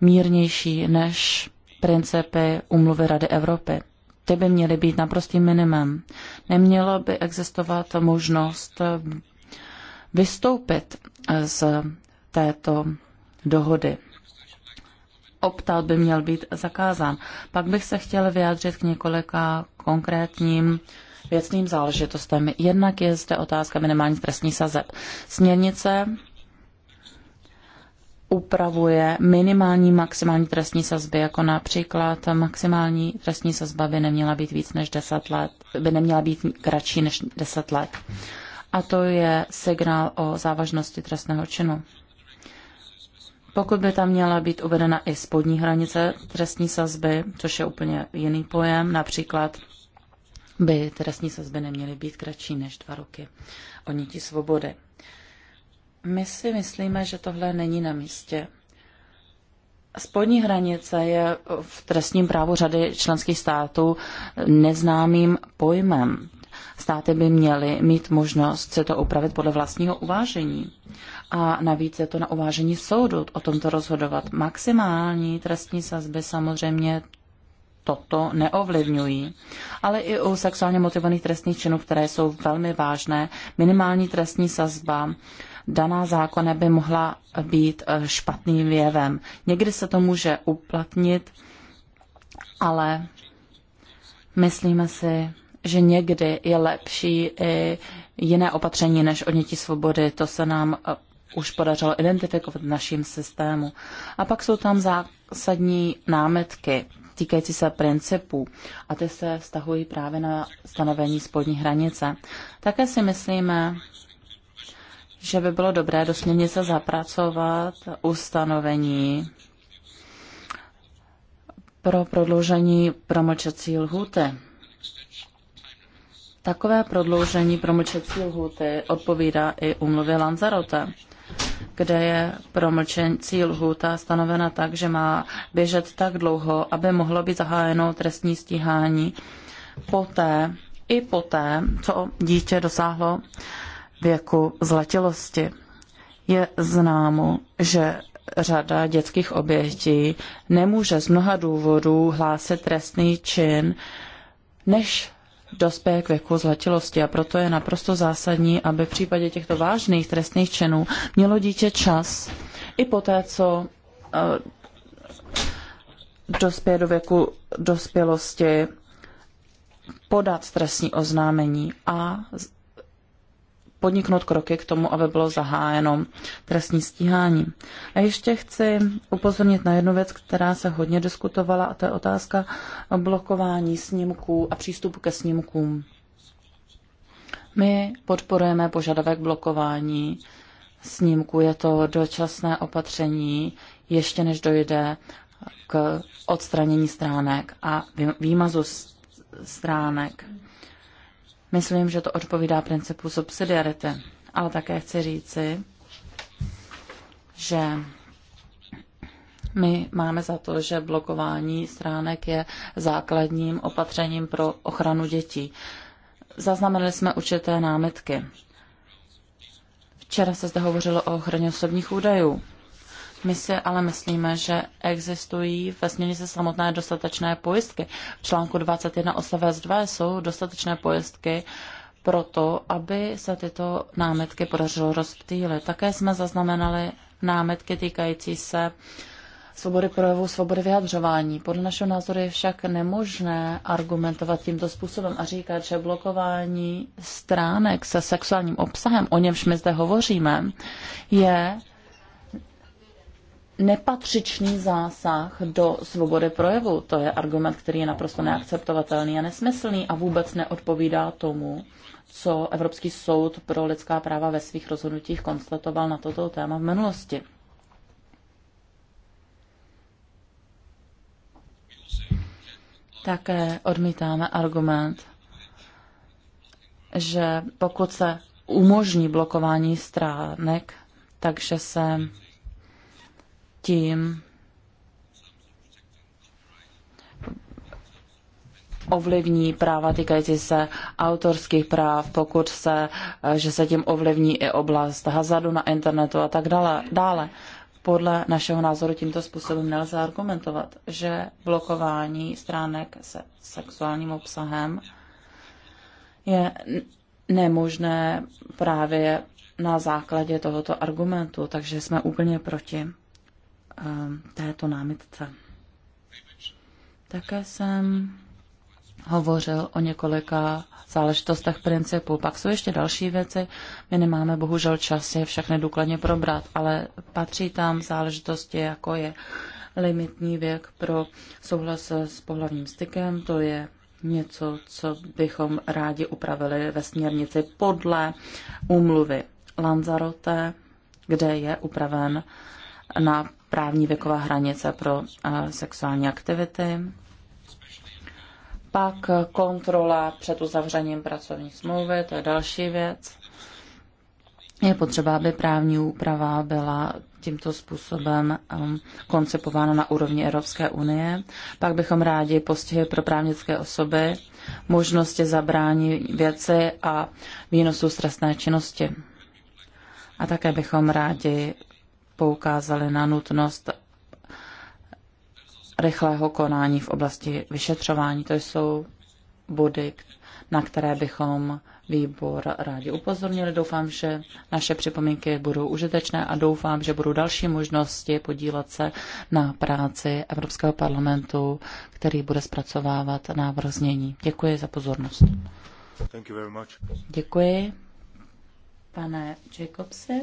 mírnější než principy umluvy Rady Evropy. Ty by měly být naprostým minimem. Neměla by existovat možnost vystoupit z této dohody. Optal by měl být zakázán. Pak bych se chtěl vyjádřit k několika konkrétním věcným záležitostem. Jednak je zde otázka minimální trestní sazeb. Směrnice upravuje minimální maximální trestní sazby, jako například maximální trestní sazba by neměla být víc než 10 let, by neměla být kratší než 10 let. A to je signál o závažnosti trestného činu. Pokud by tam měla být uvedena i spodní hranice trestní sazby, což je úplně jiný pojem, například by trestní sazby neměly být kratší než dva roky odnětí svobody. My si myslíme, že tohle není na místě. Spodní hranice je v trestním právu řady členských států neznámým pojmem. Státy by měly mít možnost se to upravit podle vlastního uvážení. A navíc je to na uvážení soudu o tomto rozhodovat. Maximální trestní sazby samozřejmě toto neovlivňují. Ale i u sexuálně motivovaných trestných činů, které jsou velmi vážné, minimální trestní sazba daná zákona by mohla být eh, špatným věvem. Někdy se to může uplatnit, ale myslíme si, že někdy je lepší i jiné opatření než odnětí svobody. To se nám eh, už podařilo identifikovat v našem systému. A pak jsou tam zásadní námetky týkající se principů a ty se vztahují právě na stanovení spodní hranice. Také si myslíme, že by bylo dobré do směrnice zapracovat ustanovení pro prodloužení promlčecí lhuty. Takové prodloužení promlčecí lhuty odpovídá i umluvě Lanzarote, kde je promlčecí lhuta stanovena tak, že má běžet tak dlouho, aby mohlo být zahájeno trestní stíhání poté, i poté, co dítě dosáhlo věku zlatilosti Je známo, že řada dětských obětí nemůže z mnoha důvodů hlásit trestný čin, než dospěje k věku zlatilosti, a proto je naprosto zásadní, aby v případě těchto vážných trestných činů mělo dítě čas i poté, co eh, dospěje do věku dospělosti podat trestní oznámení a podniknout kroky k tomu, aby bylo zahájeno trestní stíhání. A ještě chci upozornit na jednu věc, která se hodně diskutovala, a to je otázka blokování snímků a přístupu ke snímkům. My podporujeme požadavek blokování snímku. Je to dočasné opatření, ještě než dojde k odstranění stránek a výmazu stránek. Myslím, že to odpovídá principu subsidiarity. Ale také chci říci, že my máme za to, že blokování stránek je základním opatřením pro ochranu dětí. Zaznamenali jsme určité námitky. Včera se zde hovořilo o ochraně osobních údajů. My si ale myslíme, že existují ve směrnici samotné dostatečné pojistky. V článku 21 odstavec 2 jsou dostatečné pojistky pro to, aby se tyto námetky podařilo rozptýlit. Také jsme zaznamenali námetky týkající se svobody projevu, svobody vyjadřování. Podle našeho názoru je však nemožné argumentovat tímto způsobem a říkat, že blokování stránek se sexuálním obsahem, o němž my zde hovoříme, je nepatřičný zásah do svobody projevu. To je argument, který je naprosto neakceptovatelný a nesmyslný a vůbec neodpovídá tomu, co Evropský soud pro lidská práva ve svých rozhodnutích konstatoval na toto téma v minulosti. Také odmítáme argument, že pokud se umožní blokování stránek, takže se tím ovlivní práva týkající se autorských práv, pokud se, eh, že se tím ovlivní i oblast hazardu na internetu a tak dále. dále. Podle našeho názoru tímto způsobem nelze argumentovat, že blokování stránek se sexuálním obsahem je nemožné právě na základě tohoto argumentu, takže jsme úplně proti. Eh, této námitce. Také jsem hovořil o několika záležitostech principu. Pak jsou ještě další věci. My nemáme bohužel čas je všechny důkladně probrat, ale patří tam záležitosti, jako je limitní věk pro souhlas s pohlavním stykem. To je něco, co bychom rádi upravili ve směrnici podle úmluvy Lanzarote, kde je upraven na správní věková hranice pro eh, sexuální aktivity. Pak kontrola před uzavřením pracovní smlouvy, to je další věc. Je potřeba, aby právní úprava byla tímto způsobem ehm, koncipována na úrovni Evropské unie. Pak bychom rádi postihy pro právnické osoby, možnosti zabrání věci a výnosu stresné činnosti. A také bychom rádi poukázali na nutnost rychlého konání v oblasti vyšetřování. To jsou body, na které bychom výbor rádi upozornili. Doufám, že naše připomínky budou užitečné a doufám, že budou další možnosti podílet se na práci Evropského parlamentu, který bude zpracovávat návrh znění. Děkuji za pozornost. Děkuji, pane Jacobsi.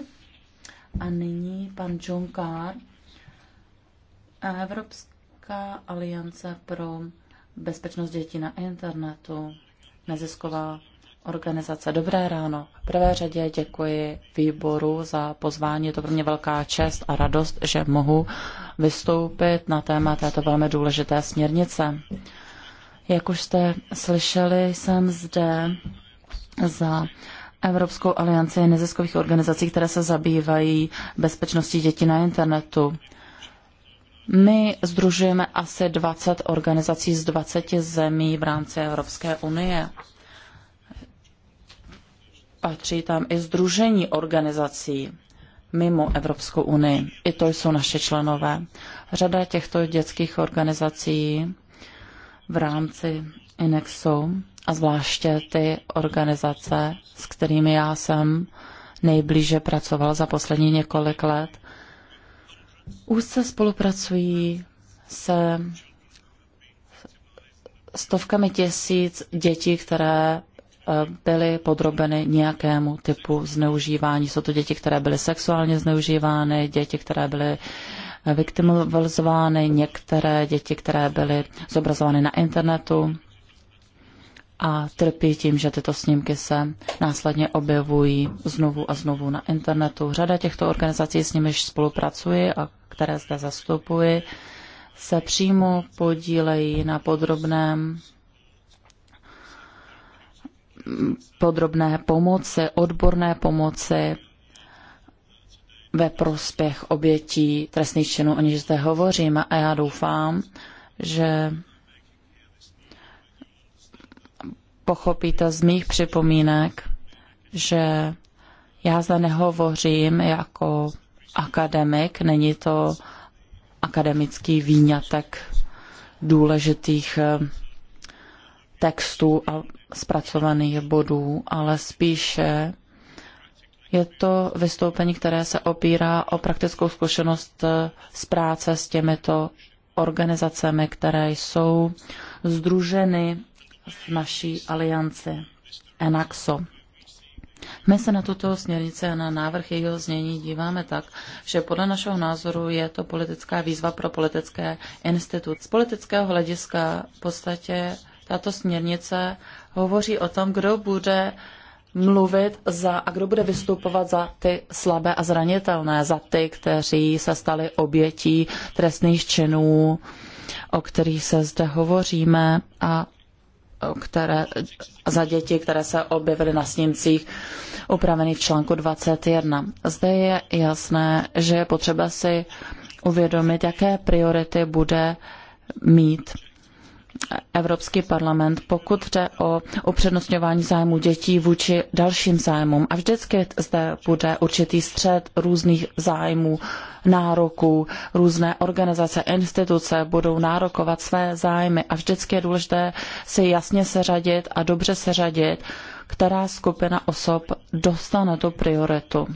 A nyní pan John Carr, Evropská aliance pro bezpečnost dětí na internetu, nezisková organizace. Dobré ráno. V prvé řadě děkuji výboru za pozvání. Je to pro mě velká čest a radost, že mohu vystoupit na téma této velmi důležité směrnice. Jak už jste slyšeli, jsem zde za Evropskou alianci neziskových organizací, které se zabývají bezpečností dětí na internetu. My združujeme asi 20 organizací z 20 zemí v rámci Evropské unie. Patří tam i združení organizací mimo Evropskou unii. I to jsou naše členové. Řada těchto dětských organizací v rámci INEXu a zvláště ty organizace, s kterými já jsem nejblíže pracoval za poslední několik let, úzce spolupracují se stovkami tisíc dětí, které eh, byly podrobeny nějakému typu zneužívání. Jsou to děti, které byly sexuálně zneužívány, děti, které byly eh, viktimizovány, některé děti, které byly zobrazovány na internetu a trpí tím, že tyto snímky se následně objevují znovu a znovu na internetu. Řada těchto organizací, s nimiž spolupracuji a které zde zastupuji, se přímo podílejí na podrobném podrobné pomoci, odborné pomoci ve prospěch obětí trestných činů, o nich zde hovoříme a já doufám, že pochopíte z mých připomínek, že já zde nehovořím jako akademik, není to akademický výňatek důležitých eh, textů a zpracovaných bodů, ale spíše je to vystoupení, které se opírá o praktickou zkušenost eh, z práce s těmito organizacemi, které jsou združeny v naší alianci ENAXO. My se na tuto směrnici a na návrh jejího znění díváme tak, že podle našeho názoru je to politická výzva pro politické institut. Z politického hlediska v podstatě tato směrnice hovoří o tom, kdo bude mluvit za a kdo bude vystupovat za ty slabé a zranitelné, za ty, kteří se stali obětí trestných činů, o kterých se zde hovoříme a které, za děti, které se objevily na snímcích upravených v článku 21. Zde je jasné, že je potřeba si uvědomit, jaké priority bude mít Evropský parlament, pokud jde o upřednostňování zájmu dětí vůči dalším zájmům. A vždycky zde bude určitý střed různých zájmů, nároků, různé organizace, instituce budou nárokovat své zájmy a vždycky je důležité si jasně seřadit a dobře seřadit, která skupina osob dostane tu prioritu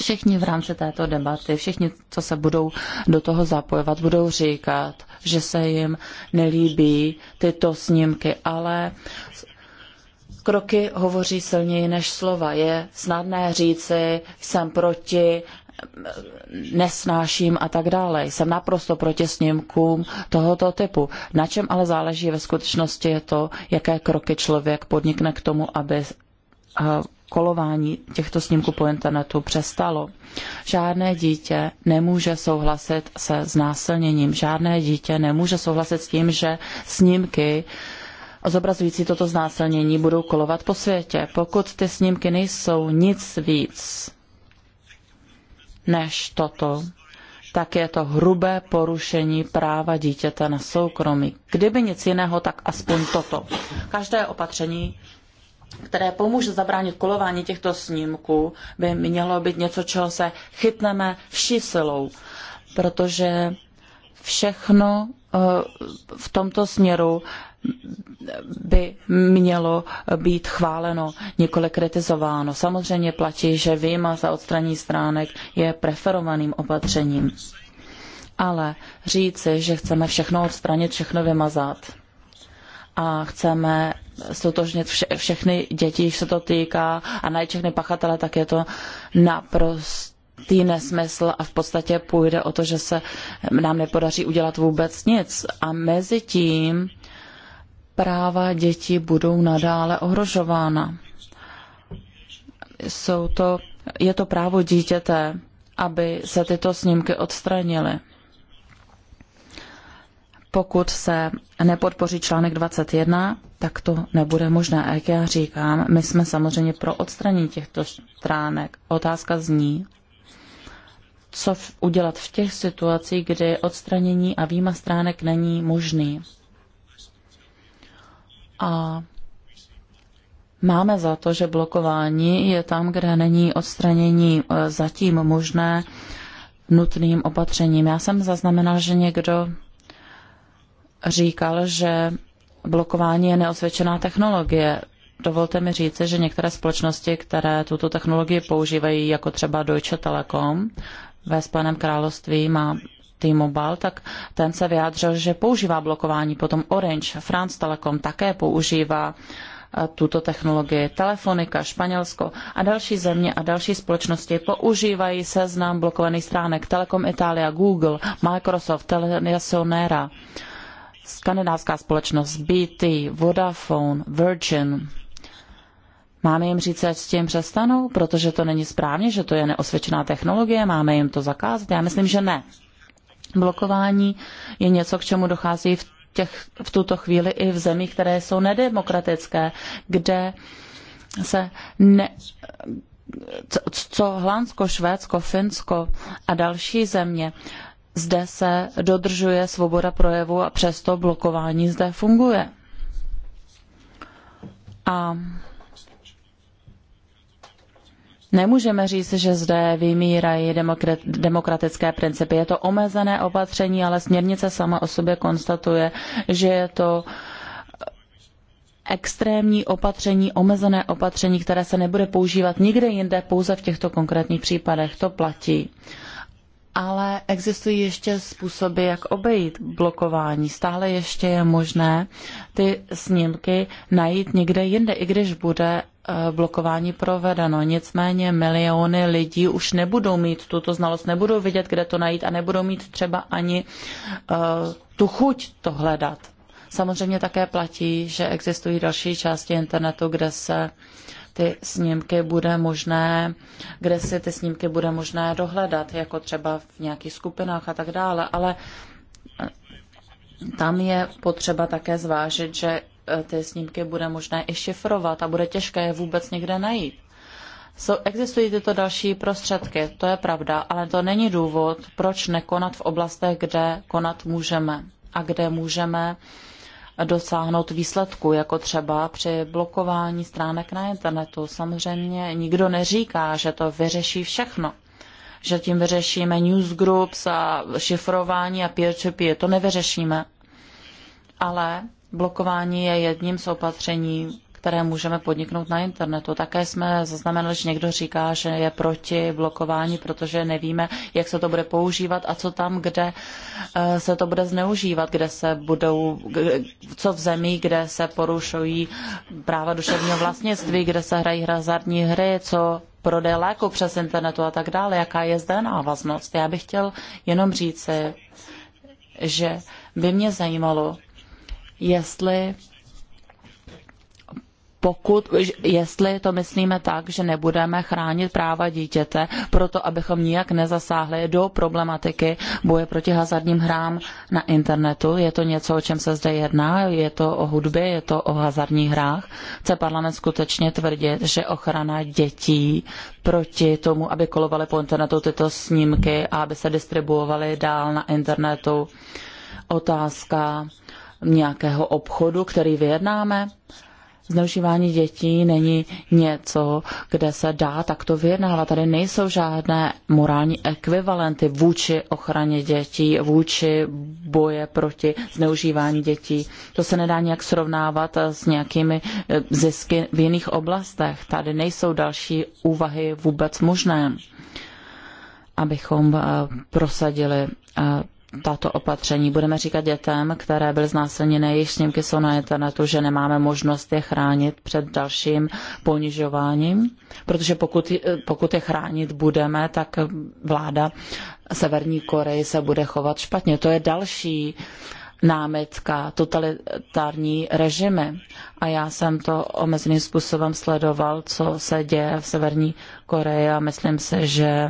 všichni v rámci této debaty, všichni, co se budou do toho zapojovat, budou říkat, že se jim nelíbí tyto snímky, ale kroky hovoří silněji než slova. Je snadné říci, jsem proti, nesnáším a tak dále. Jsem naprosto proti snímkům tohoto typu. Na čem ale záleží ve skutečnosti je to, jaké kroky člověk podnikne k tomu, aby eh, kolování těchto snímků po internetu přestalo. Žádné dítě nemůže souhlasit se znásilněním. Žádné dítě nemůže souhlasit s tím, že snímky zobrazující toto znásilnění budou kolovat po světě. Pokud ty snímky nejsou nic víc než toto, tak je to hrubé porušení práva dítěte na soukromí. Kdyby nic jiného, tak aspoň toto. Každé opatření které pomůže zabránit kolování těchto snímků, by mělo být něco, čeho se chytneme vší silou, protože všechno eh, v tomto směru by mělo být chváleno, nikoli kritizováno. Samozřejmě platí, že výjima za odstraní stránek je preferovaným opatřením. Ale říci, že chceme všechno odstranit, všechno vymazat, a chceme stotožnit vše, všechny děti, když se to týká a najít všechny pachatele, tak je to naprostý nesmysl a v podstatě půjde o to, že se nám nepodaří udělat vůbec nic. A mezi tím práva dětí budou nadále ohrožována. Jsou to, je to právo dítěte, aby se tyto snímky odstranily pokud se nepodpoří článek 21, tak to nebude možné. A jak já říkám, my jsme samozřejmě pro odstranění těchto stránek. Otázka zní, co v, udělat v těch situacích, kdy odstranění a výma stránek není možný. A máme za to, že blokování je tam, kde není odstranění e, zatím možné nutným opatřením. Já jsem zaznamenal, že někdo říkal, že blokování je neosvědčená technologie. Dovolte mi říci, že některé společnosti, které tuto technologii používají, jako třeba Deutsche Telekom ve Spojeném království, má T-Mobile, tak ten se vyjádřil, že používá blokování. Potom Orange, France Telecom také používá eh, tuto technologii. Telefonika, Španělsko a další země a další společnosti používají seznam blokovaných stránek Telekom Italia, Google, Microsoft, Telia Sonera skandinávská společnost BT, Vodafone, Virgin. Máme jim říct, ať s tím přestanou, protože to není správně, že to je neosvědčená technologie, máme jim to zakázat? Já myslím, že ne. Blokování je něco, k čemu dochází v, těch, v tuto chvíli i v zemích, které jsou nedemokratické, kde se ne, co Holandsko, Švédsko, Finsko a další země zde se dodržuje svoboda projevu a přesto blokování zde funguje. A Nemůžeme říct, že zde vymírají demokratické principy. Je to omezené opatření, ale směrnice sama o sobě konstatuje, že je to extrémní opatření, omezené opatření, které se nebude používat nikde jinde, pouze v těchto konkrétních případech. To platí. Uh, ale existují ještě způsoby, jak obejít blokování. Stále ještě je možné ty snímky najít někde jinde, i když bude eh, blokování provedeno. Nicméně miliony lidí už nebudou mít tuto znalost, nebudou vidět, kde to najít a nebudou mít třeba ani uh, tu chuť to hledat. Samozřejmě také platí, že existují další části internetu, kde se ty snímky bude možné, kde si ty snímky bude možné dohledat, jako třeba v nějakých skupinách a tak dále, ale eh, tam je potřeba také zvážit, že eh, ty snímky bude možné i šifrovat a bude těžké je vůbec někde najít. So, existují tyto další prostředky, to je pravda, ale to není důvod, proč nekonat v oblastech, kde konat můžeme a kde můžeme uh, dosáhnout výsledku, jako třeba při blokování stránek na internetu. Samozřejmě nikdo neříká, že to vyřeší všechno že tím vyřešíme newsgroups a šifrování a peer-to-peer. To nevyřešíme. Ale blokování je jedním z opatření které můžeme podniknout na internetu. Také jsme zaznamenali, že někdo říká, že je proti blokování, protože nevíme, jak se to bude používat a co tam, kde eh, se to bude zneužívat, kde se budou, co v zemí, kde se porušují práva duševního vlastnictví, kde se hrají hazardní hry, co prodej léku přes internetu a tak dále, jaká je zde návaznost. Já bych chtěl jenom říci, že by mě zajímalo, jestli pokud, jestli to myslíme tak, že nebudeme chránit práva dítěte, proto abychom nijak nezasáhli do problematiky boje proti hazardním hrám na internetu. Je to něco, o čem se zde jedná, je to o hudbě, je to o hazardních hrách. Chce parlament skutečně tvrdit, že ochrana dětí proti tomu, aby kolovaly po internetu tyto snímky a aby se distribuovaly dál na internetu. Otázka nějakého obchodu, který vyjednáme zneužívání dětí není něco, kde se dá takto vyjednávat. Tady nejsou žádné morální ekvivalenty vůči ochraně dětí, vůči boje proti zneužívání dětí. To se nedá nějak srovnávat s nějakými eh, zisky v jiných oblastech. Tady nejsou další úvahy vůbec možné, abychom eh, prosadili eh, tato opatření. Budeme říkat dětem, které byly znásilněny, jejich snímky jsou na internetu, že nemáme možnost je chránit před dalším ponižováním, protože pokud, pokud je chránit budeme, tak vláda Severní Koreji se bude chovat špatně. To je další námitka totalitární režimy. A já jsem to omezeným způsobem sledoval, co se děje v Severní Koreji a myslím si, že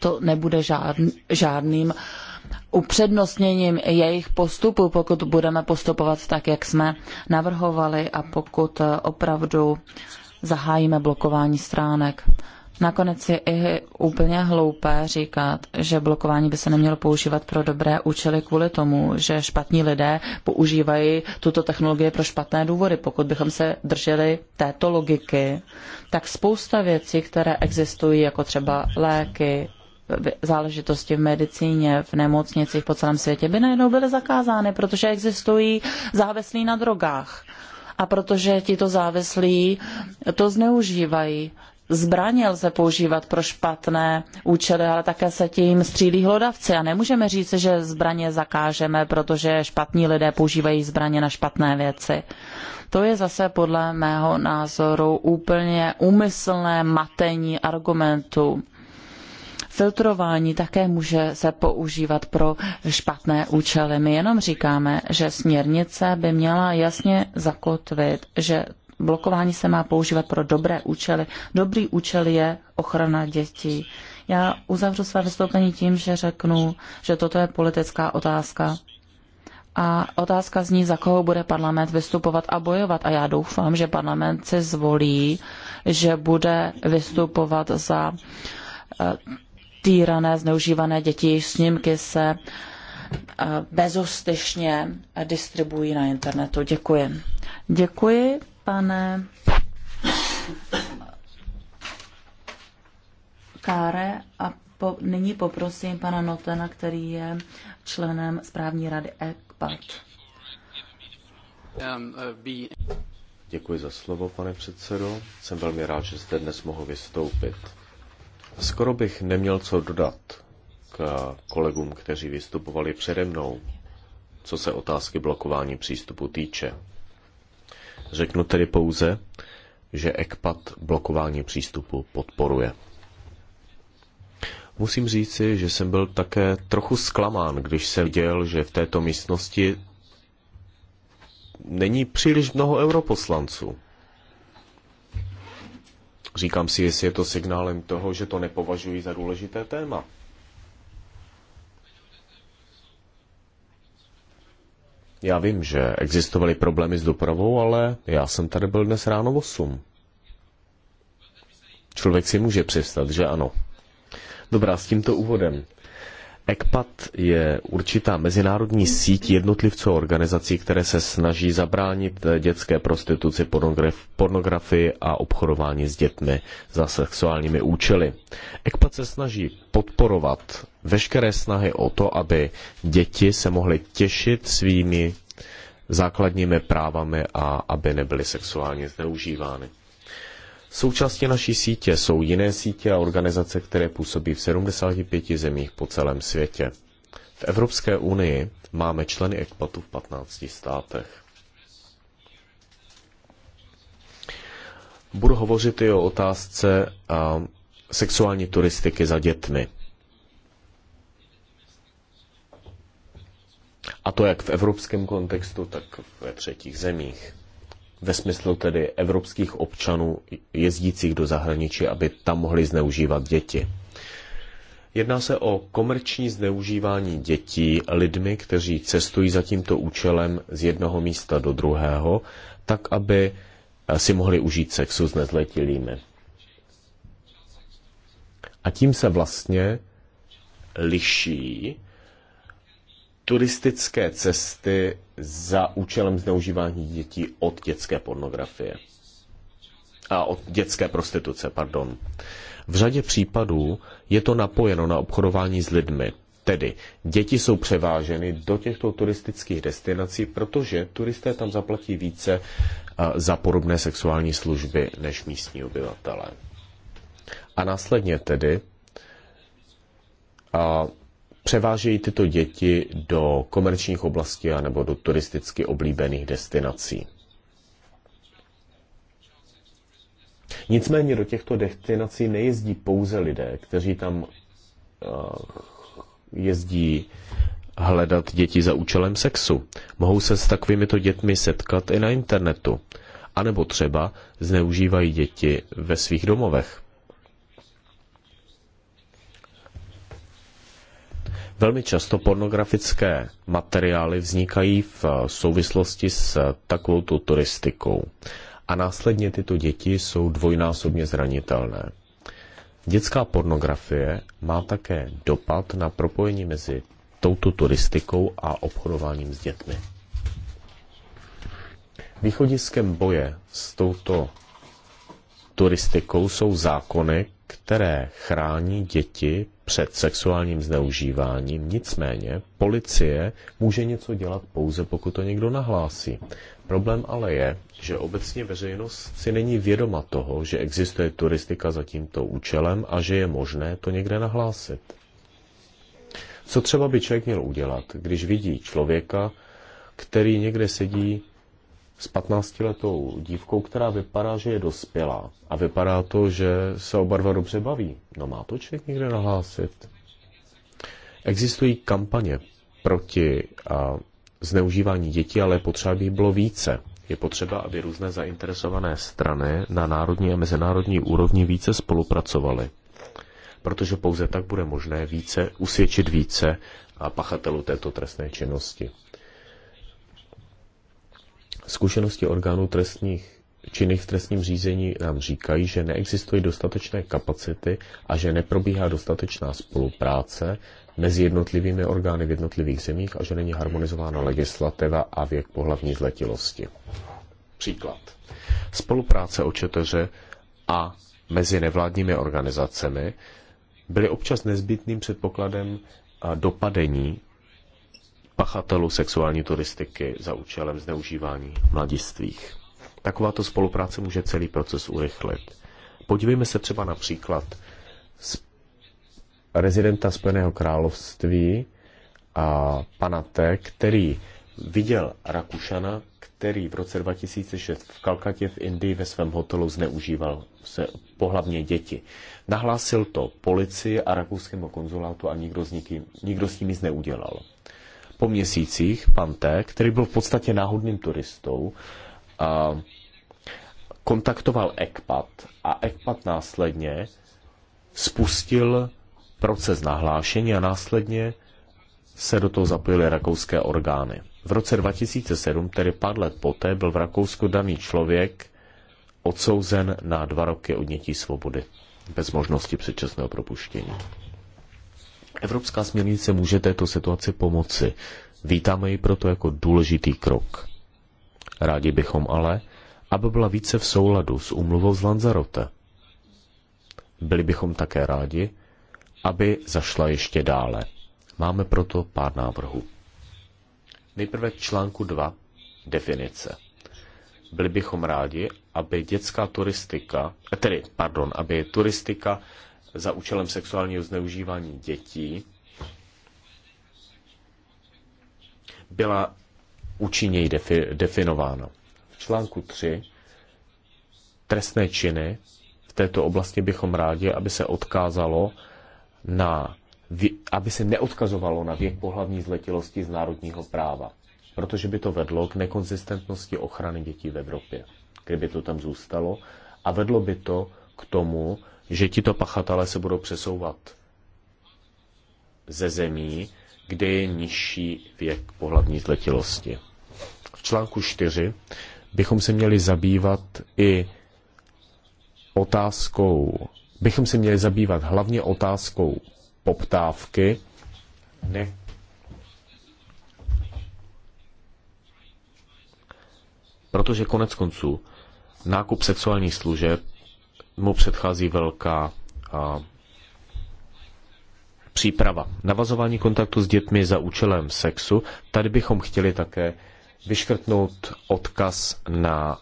to nebude žádný, žádným upřednostněním jejich postupu, pokud budeme postupovat tak, jak jsme navrhovali a pokud eh, opravdu zahájíme blokování stránek. Nakonec je i úplně hloupé říkat, že blokování by se nemělo používat pro dobré účely kvůli tomu, že špatní lidé používají tuto technologii pro špatné důvody. Pokud bychom se drželi této logiky, tak spousta věcí, které existují, jako třeba léky, záležitosti v medicíně, v nemocnicích po celém světě by najednou byly zakázány, protože existují závislí na drogách. A protože tito závislí to zneužívají. Zbraně lze používat pro špatné účely, ale také se tím střílí hlodavci. A nemůžeme říct, že zbraně zakážeme, protože špatní lidé používají zbraně na špatné věci. To je zase podle mého názoru úplně úmyslné matení argumentů filtrování také může se používat pro špatné účely. My jenom říkáme, že směrnice by měla jasně zakotvit, že blokování se má používat pro dobré účely. Dobrý účel je ochrana dětí. Já uzavřu své vystoupení tím, že řeknu, že toto je politická otázka. A otázka zní, za koho bude parlament vystupovat a bojovat. A já doufám, že parlament si zvolí, že bude vystupovat za eh, týrané, zneužívané děti, snímky se eh, bezostyšně distribuují na internetu. Děkuji. Děkuji, pane Káre a po, nyní poprosím pana Notena, který je členem správní rady ECPAT. Um, uh, Děkuji za slovo, pane předsedo. Jsem velmi rád, že zde dnes mohu vystoupit. Skoro bych neměl co dodat k kolegům, kteří vystupovali přede mnou, co se otázky blokování přístupu týče. Řeknu tedy pouze, že ECPAT blokování přístupu podporuje. Musím říci, že jsem byl také trochu zklamán, když jsem viděl, že v této místnosti není příliš mnoho europoslanců. Říkám si, jestli je to signálem toho, že to nepovažuji za důležité téma. Já vím, že existovaly problémy s dopravou, ale já jsem tady byl dnes ráno v 8. Člověk si může přestat, že ano. Dobrá, s tímto úvodem ECPAT je určitá mezinárodní síť jednotlivců a organizací, které se snaží zabránit dětské prostituci, pornografii a obchodování s dětmi za sexuálními účely. ECPAT se snaží podporovat veškeré snahy o to, aby děti se mohly těšit svými základními právami a aby nebyly sexuálně zneužívány. Součástí naší sítě jsou jiné sítě a organizace, které působí v 75 zemích po celém světě. V Evropské unii máme členy ekpatu v 15 státech. Budu hovořit i o otázce a, sexuální turistiky za dětmi. A to jak v evropském kontextu, tak ve třetích zemích ve smyslu tedy evropských občanů jezdících do zahraničí, aby tam mohli zneužívat děti. Jedná se o komerční zneužívání dětí lidmi, kteří cestují za tímto účelem z jednoho místa do druhého, tak aby eh, si mohli užít sexu s nezletilými. A tím se vlastně liší turistické cesty za účelem zneužívání dětí od dětské pornografie. A od dětské prostituce, pardon. V řadě případů je to napojeno na obchodování s lidmi. Tedy děti jsou převáženy do těchto turistických destinací, protože turisté tam zaplatí více za podobné sexuální služby než místní obyvatelé. A následně tedy a převážejí tyto děti do komerčních oblastí nebo do turisticky oblíbených destinací. Nicméně do těchto destinací nejezdí pouze lidé, kteří tam eh, jezdí hledat děti za účelem sexu. Mohou se s takovýmito dětmi setkat i na internetu. A nebo třeba zneužívají děti ve svých domovech. Velmi často pornografické materiály vznikají v eh, souvislosti s eh, takovou turistikou a následně tyto děti jsou dvojnásobně zranitelné. Dětská pornografie má také dopad na propojení mezi touto turistikou a obchodováním s dětmi. Východiskem boje s touto turistikou jsou zákony, které chrání děti před sexuálním zneužíváním, nicméně policie může něco dělat pouze, pokud to někdo nahlásí. Problém ale je, že obecně veřejnost si není vědoma toho, že existuje turistika za tímto účelem a že je možné to někde nahlásit. Co třeba by člověk měl udělat, když vidí člověka, který někde sedí s 15-letou dívkou, která vypadá, že je dospělá. A vypadá to, že se oba dva dobře baví. No má to člověk někde nahlásit. Existují kampaně proti a, zneužívání dětí, ale potřeba by bylo více. Je potřeba, aby různé zainteresované strany na národní a mezinárodní úrovni více spolupracovaly. Protože pouze tak bude možné více usvědčit více a pachatelů této trestné činnosti. Zkušenosti orgánů trestních činných v trestním řízení nám říkají, že neexistují dostatečné kapacity a že neprobíhá dostatečná spolupráce mezi jednotlivými orgány v jednotlivých zemích a že není harmonizována legislativa a věk pohlavní zletilosti. Příklad. Spolupráce o četeře a mezi nevládními organizacemi byly občas nezbytným předpokladem dopadení pachatelů sexuální turistiky za účelem zneužívání mladistvých. Takováto spolupráce může celý proces urychlit. Podívejme se třeba například z rezidenta Spojeného království a pana T, který viděl Rakušana, který v roce 2006 v Kalkatě v Indii ve svém hotelu zneužíval se pohlavně děti. Nahlásil to policii a rakouskému konzulátu a nikdo s, nikým, nikdo s tím nic neudělal po měsících, T, který byl v podstatě náhodným turistou, a kontaktoval ECPAT a ECPAT následně spustil proces nahlášení a následně se do toho zapojily rakouské orgány. V roce 2007, tedy pár let poté, byl v Rakousku daný člověk odsouzen na dva roky odnětí svobody bez možnosti předčasného propuštění. Evropská směrnice může této situaci pomoci. Vítáme ji proto jako důležitý krok. Rádi bychom ale, aby byla více v souladu s úmluvou z Lanzarote. Byli bychom také rádi, aby zašla ještě dále. Máme proto pár návrhů. Nejprve k článku 2 definice. Byli bychom rádi, aby dětská turistika, tedy, pardon, aby turistika za účelem sexuálního zneužívání dětí byla účinněji defi- definována. V článku 3 trestné činy v této oblasti bychom rádi, aby se odkázalo na, aby se neodkazovalo na věk pohlavní zletilosti z národního práva, protože by to vedlo k nekonzistentnosti ochrany dětí v Evropě, kdyby to tam zůstalo a vedlo by to k tomu, že tito pachatelé se budou přesouvat ze zemí, kde je nižší věk pohlavní zletilosti. V článku 4 bychom se měli zabývat i otázkou, bychom se měli zabývat hlavně otázkou poptávky, ne Protože konec konců nákup sexuálních služeb mu předchází velká a, příprava. Navazování kontaktu s dětmi za účelem sexu. Tady bychom chtěli také vyškrtnout odkaz na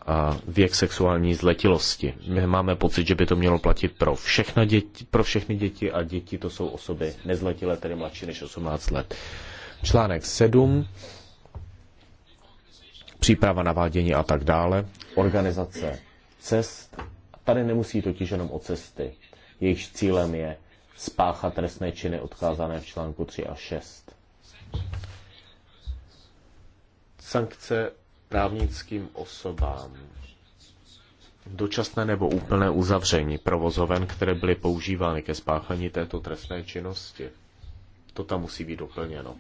věk sexuální zletilosti. My máme pocit, že by to mělo platit pro, všechna děti, pro všechny děti a děti to jsou osoby nezletilé, tedy mladší než 18 let. Článek 7, příprava navádění a tak dále, organizace cest Tady nemusí totiž jenom o cesty. Jejichž cílem je spáchat trestné činy odkázané v článku 3 a 6. Sankce právnickým osobám. Dočasné nebo úplné uzavření provozoven, které byly používány ke spáchání této trestné činnosti. To tam musí být doplněno.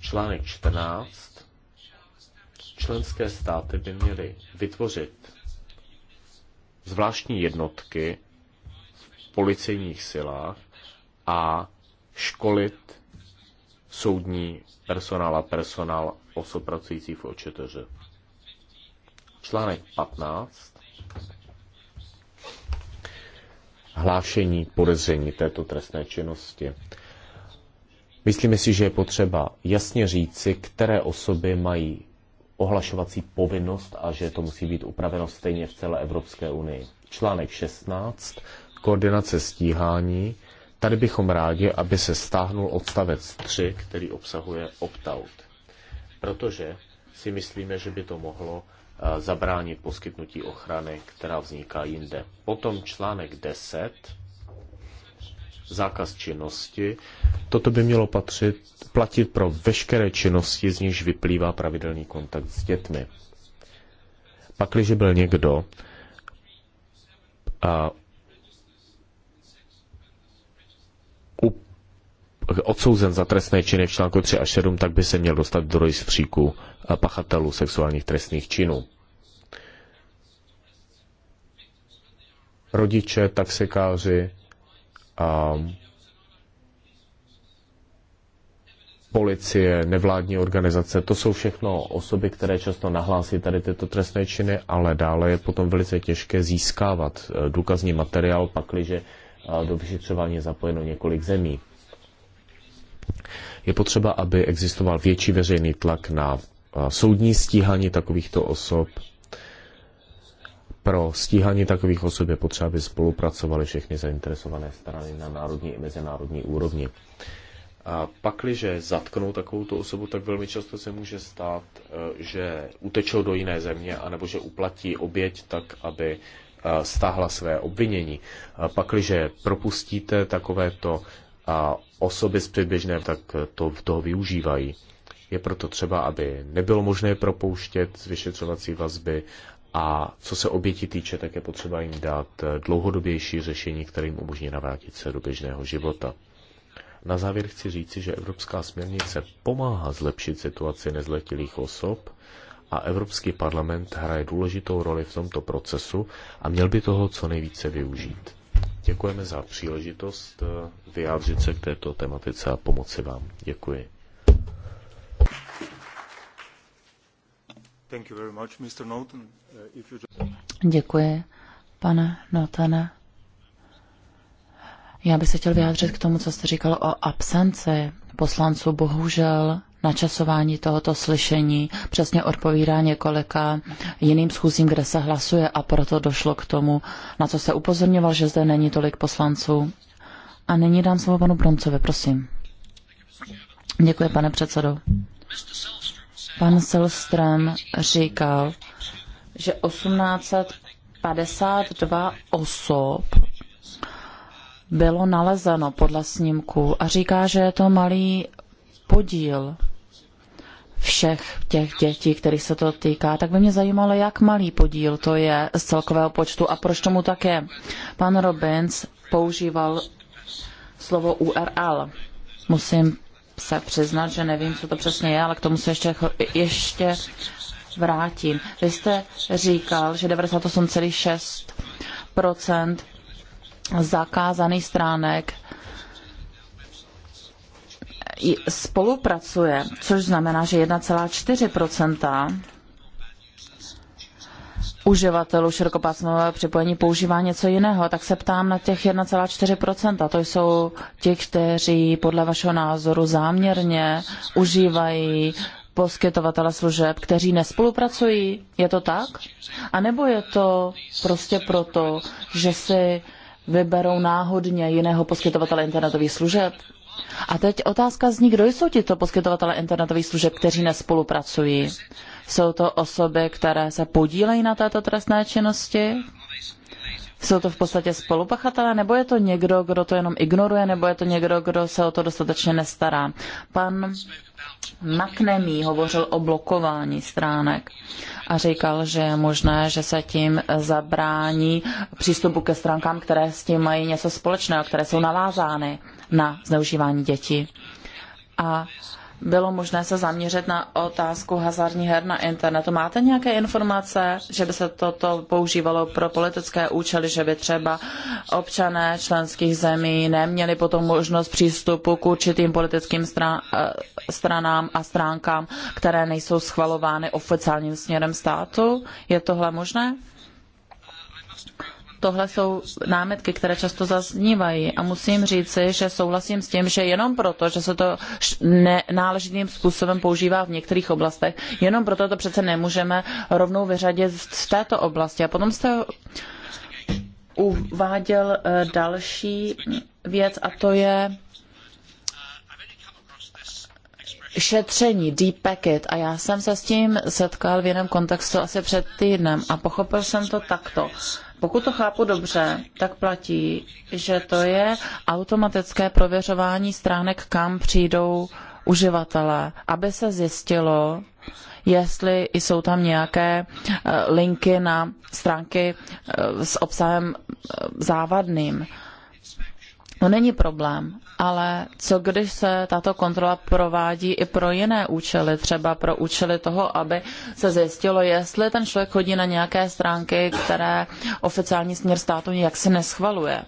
Článek 14 členské státy by měly vytvořit zvláštní jednotky v policejních silách a školit soudní personál a personál osob pracující v očeteř. Článek 15. Hlášení podezření této trestné činnosti. Myslíme si, že je potřeba jasně říci, které osoby mají ohlašovací povinnost a že to musí být upraveno stejně v celé Evropské unii. Článek 16. Koordinace stíhání. Tady bychom rádi, aby se stáhnul odstavec 3, který obsahuje opt-out. Protože si myslíme, že by to mohlo eh, zabránit poskytnutí ochrany, která vzniká jinde. Potom článek 10 zákaz činnosti. Toto by mělo patřit, platit pro veškeré činnosti, z nichž vyplývá pravidelný kontakt s dětmi. Pakliže byl někdo a odsouzen za trestné činy v článku 3 a 7, tak by se měl dostat do rejstříku pachatelů sexuálních trestných činů. Rodiče, taxikáři, policie, nevládní organizace, to jsou všechno osoby, které často nahlásí tady tyto trestné činy, ale dále je potom velice těžké získávat eh, důkazní materiál, pakliže eh, do vyšetřování je zapojeno několik zemí. Je potřeba, aby existoval větší veřejný tlak na eh, soudní stíhání takovýchto osob pro stíhání takových osob je potřeba, aby spolupracovali všechny zainteresované strany na národní i mezinárodní úrovni. A pakliže zatknou takovou osobu, tak velmi často se může stát, e, že utečou do jiné země, anebo že uplatí oběť tak, aby e, stáhla své obvinění. A pakliže propustíte takovéto osoby z předběžné, tak to, v toho využívají. Je proto třeba, aby nebylo možné propouštět z vyšetřovací vazby, a co se oběti týče, tak je potřeba jim dát eh, dlouhodobější řešení, kterým umožní navrátit se do běžného života. Na závěr chci říci, že Evropská směrnice pomáhá zlepšit situaci nezletilých osob a Evropský parlament hraje důležitou roli v tomto procesu a měl by toho co nejvíce využít. Děkujeme za příležitost eh, vyjádřit se k této tematice a pomoci vám. Děkuji. Uh, Děkuji, pane Notane. Já bych se chtěl vyjádřit k tomu, co jste říkal o absenci poslanců. Bohužel načasování tohoto slyšení přesně odpovídá několika jiným schůzím, kde se hlasuje a proto došlo k tomu, na co se upozorňoval, že zde není tolik poslanců. A nyní dám slovo panu Broncovi, prosím. Děkuji, pane předsedo. Pan Selström říkal, že 1852 osob bylo nalezeno podle snímku a říká, že je to malý podíl všech těch dětí, kterých se to týká, tak by mě zajímalo, jak malý podíl to je z celkového počtu a proč tomu tak je. Pan Robbins používal slovo URL. Musím se přiznat, že nevím, co to přesně je, ale k tomu se ještě, ještě vrátím. Vy jste říkal, že 98,6% zakázaných stránek spolupracuje, což znamená, že 1,4% uživatelů širokopásmového připojení používá něco jiného, tak se ptám na těch 1,4%. To jsou ti, kteří podle vašeho názoru záměrně užívají poskytovatele služeb, kteří nespolupracují. Je to tak? A nebo je to prostě proto, že si vyberou náhodně jiného poskytovatele internetových služeb? A teď otázka z nich, kdo jsou tito poskytovatele internetových služeb, kteří nespolupracují. Jsou to osoby, které se podílejí na této trestné činnosti? Jsou to v podstatě spolupachatelé, nebo je to někdo, kdo to jenom ignoruje, nebo je to někdo, kdo se o to dostatečně nestará? Pan Maknemí hovořil o blokování stránek a říkal, že je možné, že se tím zabrání přístupu ke stránkám, které s tím mají něco společného, které jsou navázány na zneužívání dětí. A bylo možné se zaměřit na otázku hazardní her na internetu. Máte nějaké informace, že by se toto používalo pro politické účely, že by třeba občané členských zemí neměli potom možnost přístupu k určitým politickým eh, stranám a stránkám, které nejsou schvalovány oficiálním směrem státu? Je tohle možné? Tohle jsou námetky, které často zaznívají a musím říci, že souhlasím s tím, že jenom proto, že se to náležitým způsobem používá v některých oblastech, jenom proto to přece nemůžeme rovnou vyřadit z této oblasti. A potom jste uváděl eh, další věc a to je šetření, deep packet a já jsem se s tím setkal v jiném kontextu asi před týdnem a pochopil jsem to takto. Pokud to chápu dobře, tak platí, že to je automatické prověřování stránek, kam přijdou uživatelé, aby se zjistilo, jestli jsou tam nějaké eh, linky na stránky eh, s obsahem eh, závadným. No není problém, ale co když se tato kontrola provádí i pro jiné účely, třeba pro účely toho, aby se zjistilo, jestli ten člověk chodí na nějaké stránky, které oficiální směr státu jaksi neschvaluje.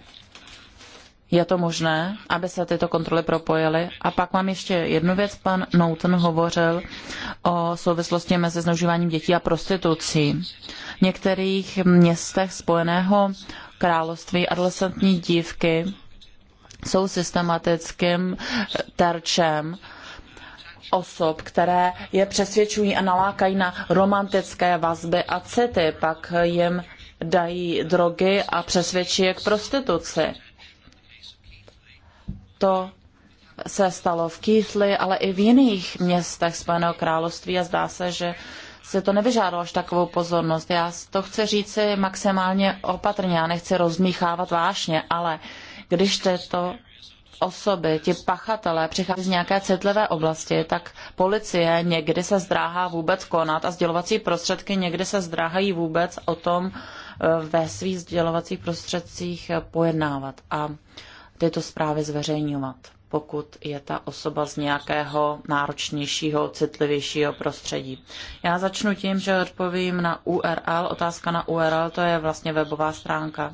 Je to možné, aby se tyto kontroly propojily? A pak mám ještě jednu věc. Pan Nouton hovořil o souvislosti mezi zneužíváním dětí a prostitucí. V některých městech Spojeného království adolescentní dívky jsou systematickým terčem osob, které je přesvědčují a nalákají na romantické vazby a city, pak jim dají drogy a přesvědčí je k prostituci. To se stalo v Kýtli, ale i v jiných městech Spojeného království a zdá se, že se to nevyžádalo až takovou pozornost. Já to chci říci maximálně opatrně, já nechci rozmíchávat vášně, ale uh, když této osoby, ti pachatelé přichází z nějaké citlivé oblasti, tak policie někdy se zdráhá vůbec konat a sdělovací prostředky někdy se zdráhají vůbec o tom eh, ve svých sdělovacích prostředcích pojednávat a tyto zprávy zveřejňovat, pokud je ta osoba z nějakého náročnějšího, citlivějšího prostředí. Já začnu tím, že odpovím na URL. Otázka na URL to je vlastně webová stránka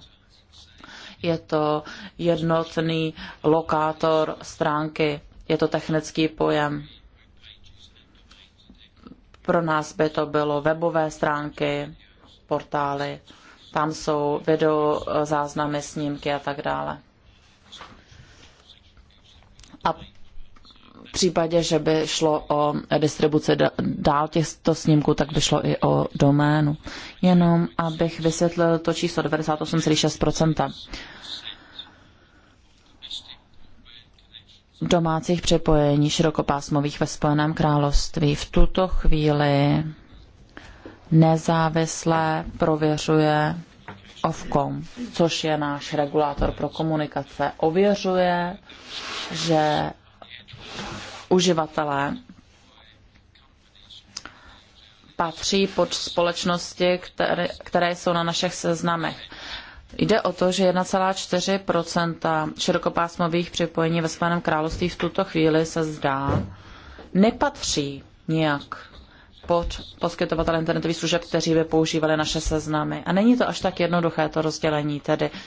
je to jednotný lokátor stránky, je to technický pojem. Pro nás by to bylo webové stránky, portály, tam jsou video záznamy, snímky a tak dále. v případě, že by šlo o distribuci dál těchto snímků, tak by šlo i o doménu. Jenom abych vysvětlil to číslo 98,6% domácích přepojení širokopásmových ve Spojeném království. V tuto chvíli nezávisle prověřuje Ofcom, což je náš regulátor pro komunikace, ověřuje, že uživatelé patří pod společnosti, které, které jsou na našich seznamech. Jde o to, že 1,4 širokopásmových připojení ve Spojeném království v tuto chvíli se zdá nepatří nijak pod poskytovatele internetových služeb, kteří by používali naše seznamy. A není to až tak jednoduché, to rozdělení tedy. Uh,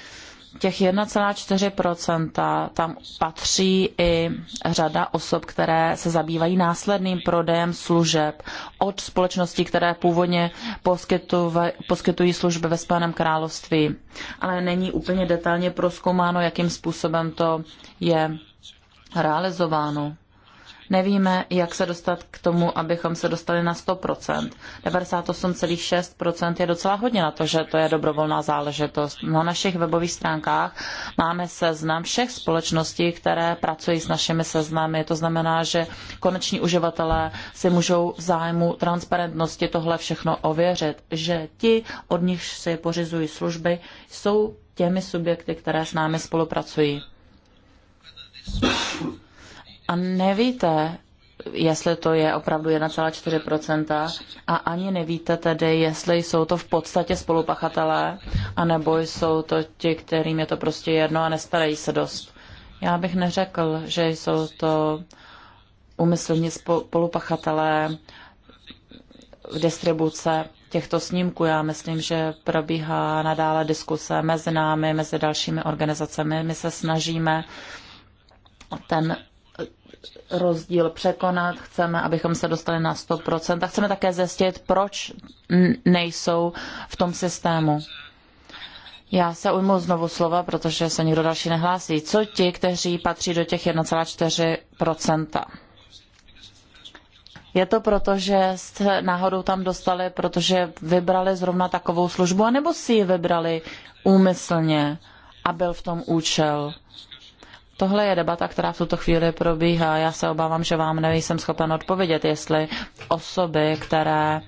těch 1,4% tam patří i řada osob, které se zabývají následným prodejem služeb od společností, které původně poskytují služby ve Spojeném království. Ale není úplně detailně proskoumáno, jakým způsobem to je realizováno. Nevíme, jak se dostat k tomu, abychom se dostali na 100%. 98,6% je docela hodně na to, že to je dobrovolná záležitost. Na našich webových stránkách máme seznam všech společností, které pracují s našimi seznamy. To znamená, že koneční uživatelé si můžou v zájmu transparentnosti tohle všechno ověřit, že ti, od nich si pořizují služby, jsou těmi subjekty, které s námi spolupracují a nevíte, jestli to je opravdu 1,4% a ani nevíte tedy, jestli jsou to v podstatě spolupachatelé, anebo jsou to ti, kterým je to prostě jedno a nestarají se dost. Já bych neřekl, že jsou to umyslně spolupachatelé v distribuce těchto snímků. Já myslím, že probíhá nadále diskuse mezi námi, mezi dalšími organizacemi. My se snažíme ten rozdíl překonat, chceme, abychom se dostali na 100% a chceme také zjistit, proč nejsou v tom systému. Já se ujmu znovu slova, protože se nikdo další nehlásí. Co ti, kteří patří do těch 1,4%? Je to proto, že jste náhodou tam dostali, protože vybrali zrovna takovou službu, anebo si ji vybrali úmyslně a byl v tom účel? Tohle je debata, která v tuto chvíli probíhá. Já se obávám, že vám nejsem schopen odpovědět, jestli osoby, které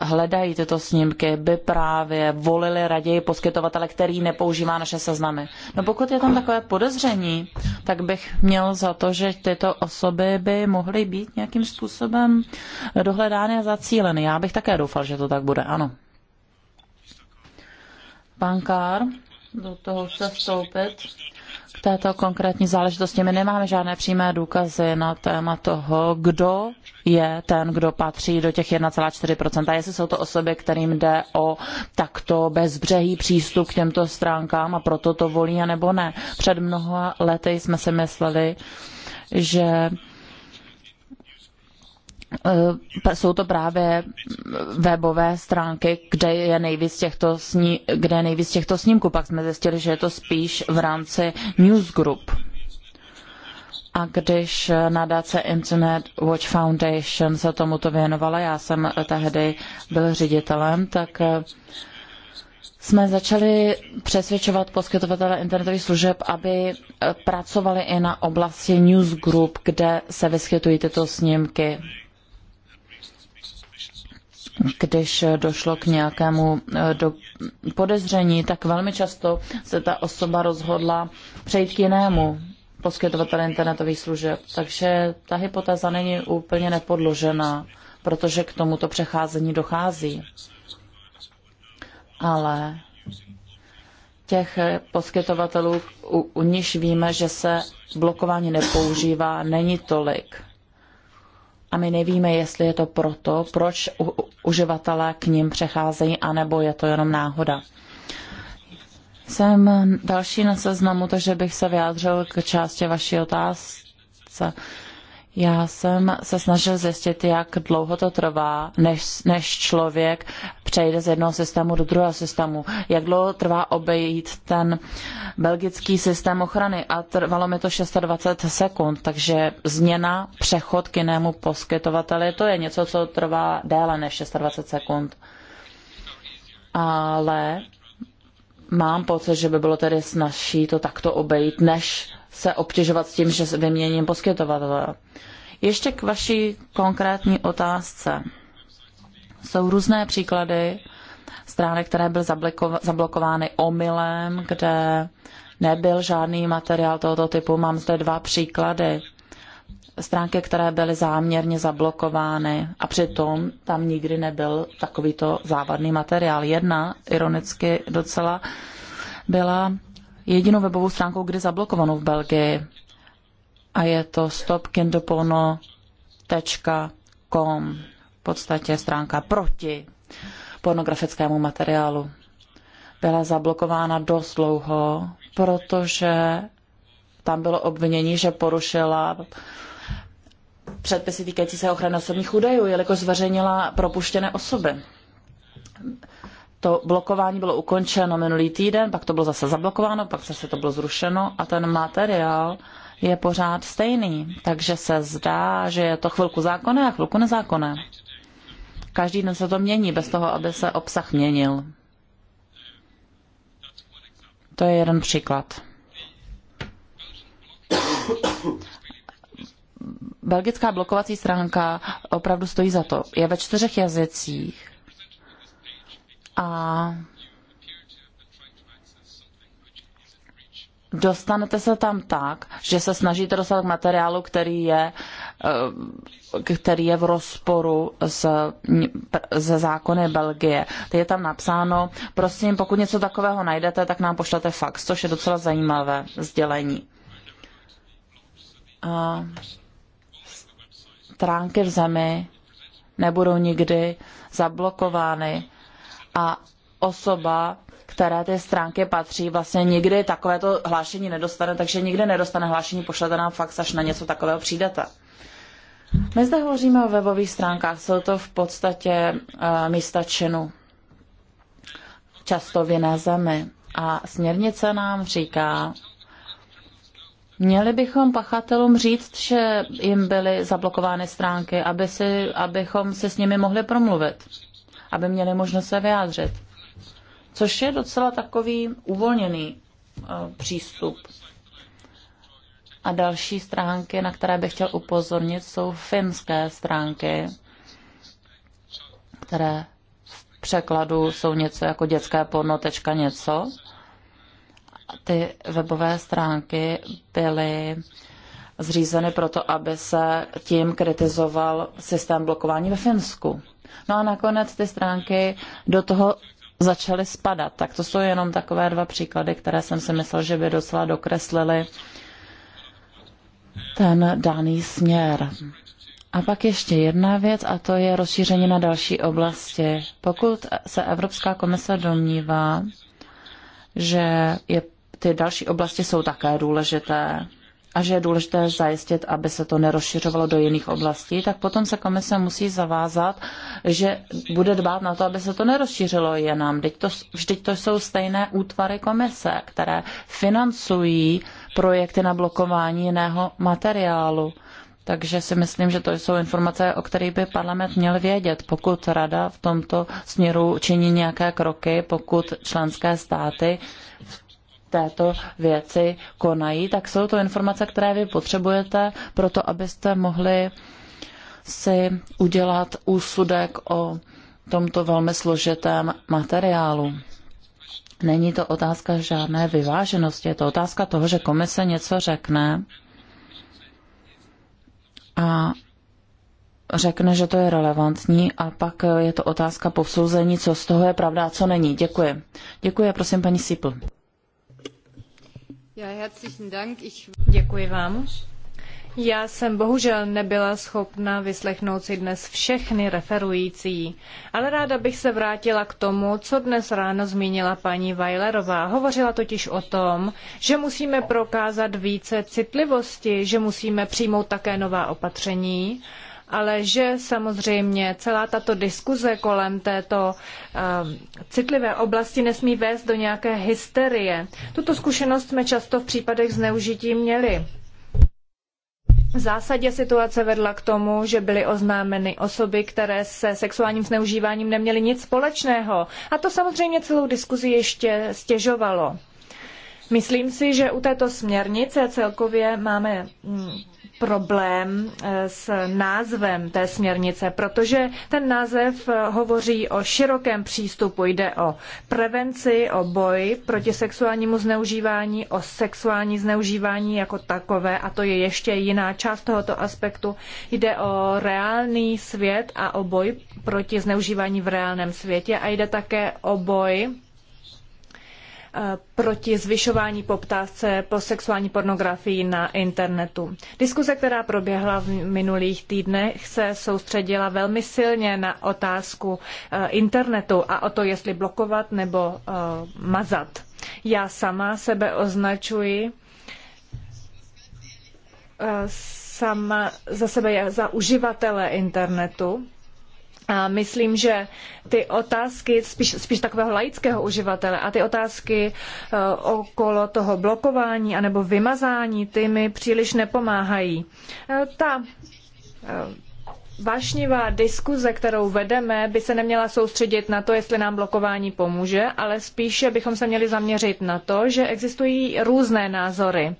hledají tyto snímky, by právě volili raději poskytovatele, který nepoužívá naše seznamy. No pokud je tam takové podezření, tak bych měl za to, že tyto osoby by mohly být nějakým způsobem dohledány a zacíleny. Já bych také doufal, že to tak bude, ano. Pankár, do toho chce vstoupit. K této konkrétní záležitosti my nemáme žádné přímé důkazy na téma toho, kdo je ten, kdo patří do těch 1,4%. A jestli jsou to osoby, kterým jde o takto bezbřehý přístup k těmto stránkám a proto to volí, anebo ne. Před mnoha lety jsme si mysleli, že Eh, jsou to právě webové stránky, kde je nejvíc těchto, sní, kde je nejvíc těchto snímků. Pak jsme zjistili, že je to spíš v rámci newsgroup. A když nadace Internet Watch Foundation se tomuto věnovala, já jsem tehdy byl ředitelem, tak eh, jsme začali přesvědčovat poskytovatele internetových služeb, aby eh, pracovali i na oblasti newsgroup, kde se vyskytují tyto snímky když došlo k nějakému eh, do podezření, tak velmi často se ta osoba rozhodla přejít k jinému poskytovateli internetových služeb. Takže ta hypotéza není úplně nepodložená, protože k tomuto přecházení dochází. Ale těch poskytovatelů, u, u níž víme, že se blokování nepoužívá, není tolik a my nevíme, jestli je to proto, proč u, u, uživatelé k ním přecházejí, anebo je to jenom náhoda. Jsem další na seznamu, takže bych se vyjádřil k části vaší otázce. Já jsem se snažil zjistit, jak dlouho to trvá, než, než člověk přejde z jednoho systému do druhého systému. Jak dlouho trvá obejít ten belgický systém ochrany a trvalo mi to 620 sekund, takže změna, přechod k jinému poskytovateli, to je něco, co trvá déle než 620 sekund. Ale mám pocit, že by bylo tedy snažší to takto obejít, než se obtěžovat s tím, že vyměním poskytovatele. Ještě k vaší konkrétní otázce. Jsou různé příklady stránek, které byly zablokovány omylem, kde nebyl žádný materiál tohoto typu. Mám zde dva příklady. Stránky, které byly záměrně zablokovány a přitom tam nikdy nebyl takovýto závadný materiál. Jedna, ironicky docela, byla jedinou webovou stránkou, kde zablokovanou v Belgii. A je to stopkindoporno.com, v podstatě stránka proti pornografickému materiálu. Byla zablokována dost dlouho, protože tam bylo obvinění, že porušila předpisy týkající se ochrany osobních údajů, jelikož zveřejnila propuštěné osoby to blokování bylo ukončeno minulý týden, pak to bylo zase zablokováno, pak zase to bylo zrušeno a ten materiál je pořád stejný. Takže se zdá, že je to chvilku zákonné a chvilku nezákonné. Každý den se to mění bez toho, aby se obsah měnil. To je jeden příklad. Belgická blokovací stránka opravdu stojí za to. Je ve čtyřech jazycích a dostanete se tam tak, že se snažíte dostat k materiálu, který je, eh, který je v rozporu s, se zákony Belgie. Teď je tam napsáno, prosím, pokud něco takového najdete, tak nám pošlete fax, což je docela zajímavé sdělení. A stránky v zemi nebudou nikdy zablokovány a osoba, které ty stránky patří, vlastně nikdy takovéto hlášení nedostane, takže nikdy nedostane hlášení, pošlete nám fax, až na něco takového přijdete. My zde hovoříme o webových stránkách, jsou to v podstatě uh, místa činu, často v jiné zemi. A směrnice nám říká, Měli bychom pachatelům říct, že jim byly zablokovány stránky, aby si, abychom se s nimi mohli promluvit aby měli možnost se vyjádřit. Což je docela takový uvolněný eh, přístup. A další stránky, na které bych chtěl upozornit, jsou finské stránky, které v překladu jsou něco jako dětské pornotečka něco. Ty webové stránky byly zřízeny proto, aby se tím kritizoval systém blokování ve Finsku. No a nakonec ty stránky do toho začaly spadat. Tak to jsou jenom takové dva příklady, které jsem si myslel, že by docela dokreslili ten daný směr. A pak ještě jedna věc, a to je rozšíření na další oblasti. Pokud se Evropská komise domnívá, že je, ty další oblasti jsou také důležité, a že je důležité zajistit, aby se to nerozšiřovalo do jiných oblastí, tak potom se komise musí zavázat, že bude dbát na to, aby se to nerozšířilo jenom. Vždyť to, vždyť to jsou stejné útvary komise, které financují projekty na blokování jiného materiálu. Takže si myslím, že to jsou informace, o kterých by parlament měl vědět, pokud rada v tomto směru činí nějaké kroky, pokud členské státy této věci konají, tak jsou to informace, které vy potřebujete pro to, abyste mohli si udělat úsudek o tomto velmi složitém materiálu. Není to otázka žádné vyváženosti, je to otázka toho, že komise něco řekne a řekne, že to je relevantní a pak je to otázka posouzení, co z toho je pravda a co není. Děkuji. Děkuji a prosím paní Sipl. Děkuji vám. Já jsem bohužel nebyla schopna vyslechnout si dnes všechny referující, ale ráda bych se vrátila k tomu, co dnes ráno zmínila paní Weilerová. Hovořila totiž o tom, že musíme prokázat více citlivosti, že musíme přijmout také nová opatření ale že samozřejmě celá tato diskuze kolem této um, citlivé oblasti nesmí vést do nějaké hysterie. Tuto zkušenost jsme často v případech zneužití měli. V zásadě situace vedla k tomu, že byly oznámeny osoby, které se sexuálním zneužíváním neměly nic společného. A to samozřejmě celou diskuzi ještě stěžovalo. Myslím si, že u této směrnice celkově máme mm, problém eh, s názvem té směrnice, protože ten název eh, hovoří o širokém přístupu. Jde o prevenci, o boj proti sexuálnímu zneužívání, o sexuální zneužívání jako takové, a to je ještě jiná část tohoto aspektu. Jde o reálný svět a o boj proti zneužívání v reálném světě a jde také o boj Eh, proti zvyšování poptávce po sexuální pornografii na internetu. Diskuze, která proběhla v minulých týdnech, se soustředila velmi silně na otázku eh, internetu a o to, jestli blokovat nebo eh, mazat. Já sama sebe označuji sama za sebe za uživatele internetu a myslím, že ty otázky, spíš, spíš takového laického uživatele, a ty otázky uh, okolo toho blokování anebo vymazání, ty mi příliš nepomáhají. Uh, ta uh, vášnivá diskuze, kterou vedeme, by se neměla soustředit na to, jestli nám blokování pomůže, ale spíše bychom se měli zaměřit na to, že existují různé názory. Uh,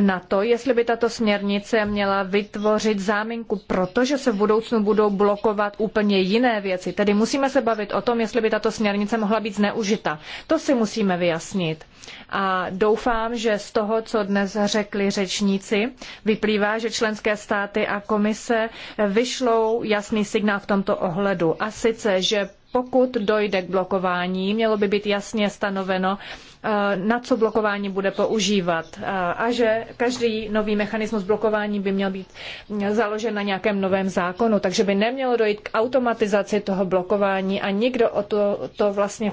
na to, jestli by tato směrnice měla vytvořit záminku, protože se v budoucnu budou blokovat úplně jiné věci. Tedy musíme se bavit o tom, jestli by tato směrnice mohla být zneužita. To si musíme vyjasnit. A doufám, že z toho, co dnes řekli řečníci, vyplývá, že členské státy a komise vyšlou jasný signál v tomto ohledu. A sice, že pokud dojde k blokování, mělo by být jasně stanoveno, eh, na co blokování bude používat eh, a že každý nový mechanismus blokování by měl být založen na nějakém novém zákonu, takže by nemělo dojít k automatizaci toho blokování a nikdo o to, to vlastně,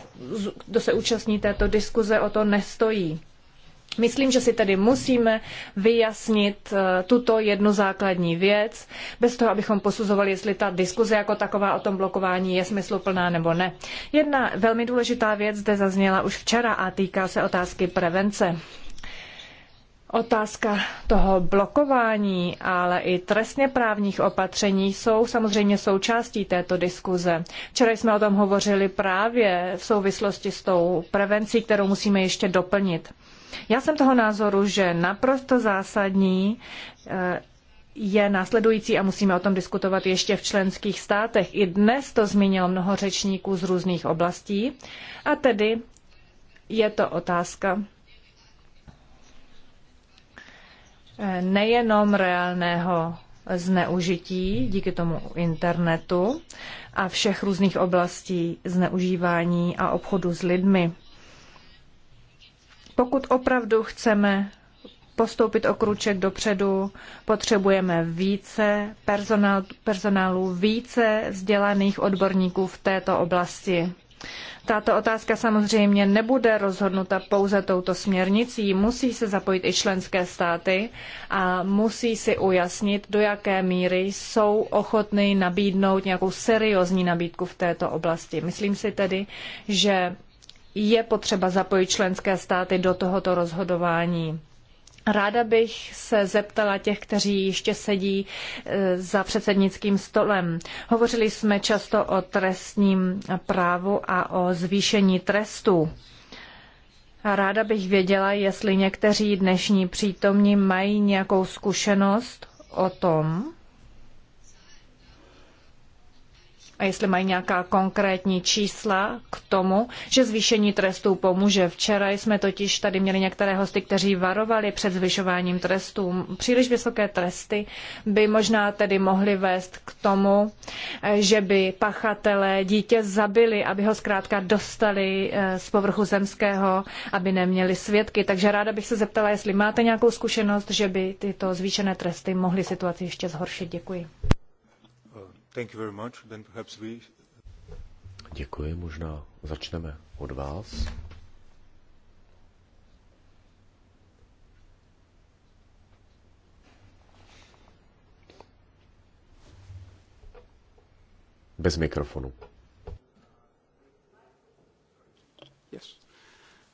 kdo se účastní této diskuze, o to nestojí. Myslím, že si tedy musíme vyjasnit eh, tuto jednu základní věc, bez toho, abychom posuzovali, jestli ta diskuze jako taková o tom blokování je smysluplná nebo ne. Jedna velmi důležitá věc zde zazněla už včera a týká se otázky prevence. Otázka toho blokování, ale i trestně právních opatření jsou samozřejmě součástí této diskuze. Včera jsme o tom hovořili právě v souvislosti s tou prevencí, kterou musíme ještě doplnit. Já jsem toho názoru, že naprosto zásadní eh, je následující a musíme o tom diskutovat ještě v členských státech. I dnes to zmínilo mnoho řečníků z různých oblastí a tedy je to otázka eh, nejenom reálného zneužití díky tomu internetu a všech různých oblastí zneužívání a obchodu s lidmi. Pokud opravdu chceme postoupit o kruček dopředu, potřebujeme více personál, personálu, více vzdělaných odborníků v této oblasti. Tato otázka samozřejmě nebude rozhodnuta pouze touto směrnicí, musí se zapojit i členské státy a musí si ujasnit, do jaké míry jsou ochotny nabídnout nějakou seriózní nabídku v této oblasti. Myslím si tedy, že je potřeba zapojit členské státy do tohoto rozhodování. Ráda bych se zeptala těch, kteří ještě sedí e, za předsednickým stolem. Hovořili jsme často o trestním právu a o zvýšení trestů. Ráda bych věděla, jestli někteří dnešní přítomní mají nějakou zkušenost o tom, a jestli mají nějaká konkrétní čísla k tomu, že zvýšení trestů pomůže. Včera jsme totiž tady měli některé hosty, kteří varovali před zvyšováním trestů. Příliš vysoké tresty by možná tedy mohly vést k tomu, že by pachatelé dítě zabili, aby ho zkrátka dostali eh, z povrchu zemského, aby neměli svědky. Takže ráda bych se zeptala, jestli máte nějakou zkušenost, že by tyto zvýšené tresty mohly situaci ještě zhoršit. Děkuji. Děkuji, možná začneme od vás. Bez mikrofonu. Yes.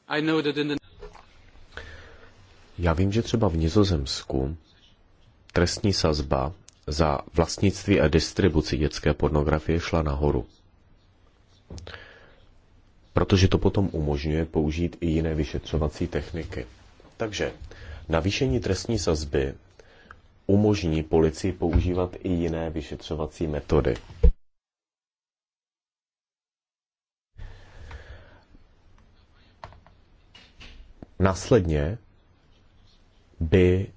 I know that in the... Já vím, že třeba v Nizozemsku trestní sazba za vlastnictví a distribuci dětské pornografie šla nahoru. Protože to potom umožňuje použít i jiné vyšetřovací techniky. Takže navýšení trestní sazby umožní policii používat i jiné vyšetřovací metody. Následně by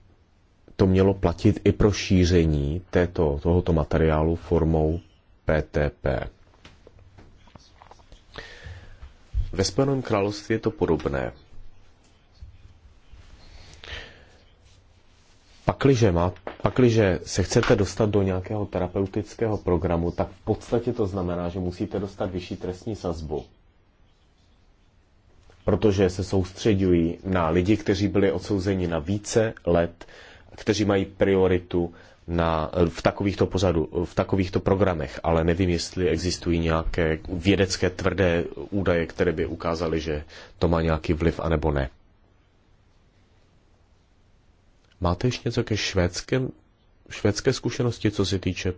to mělo platit i pro šíření této, tohoto materiálu formou PTP. Ve Spojeném království je to podobné. Pakliže, má, pakliže se chcete dostat do nějakého terapeutického programu, tak v podstatě to znamená, že musíte dostat vyšší trestní sazbu. Protože se soustředují na lidi, kteří byli odsouzeni na více let kteří mají prioritu na, v, takovýchto pozadu, v takovýchto programech, ale nevím, jestli existují nějaké vědecké tvrdé údaje, které by ukázaly, že to má nějaký vliv, anebo ne. Máte ještě něco ke švédské švédské zkušenosti, co se týče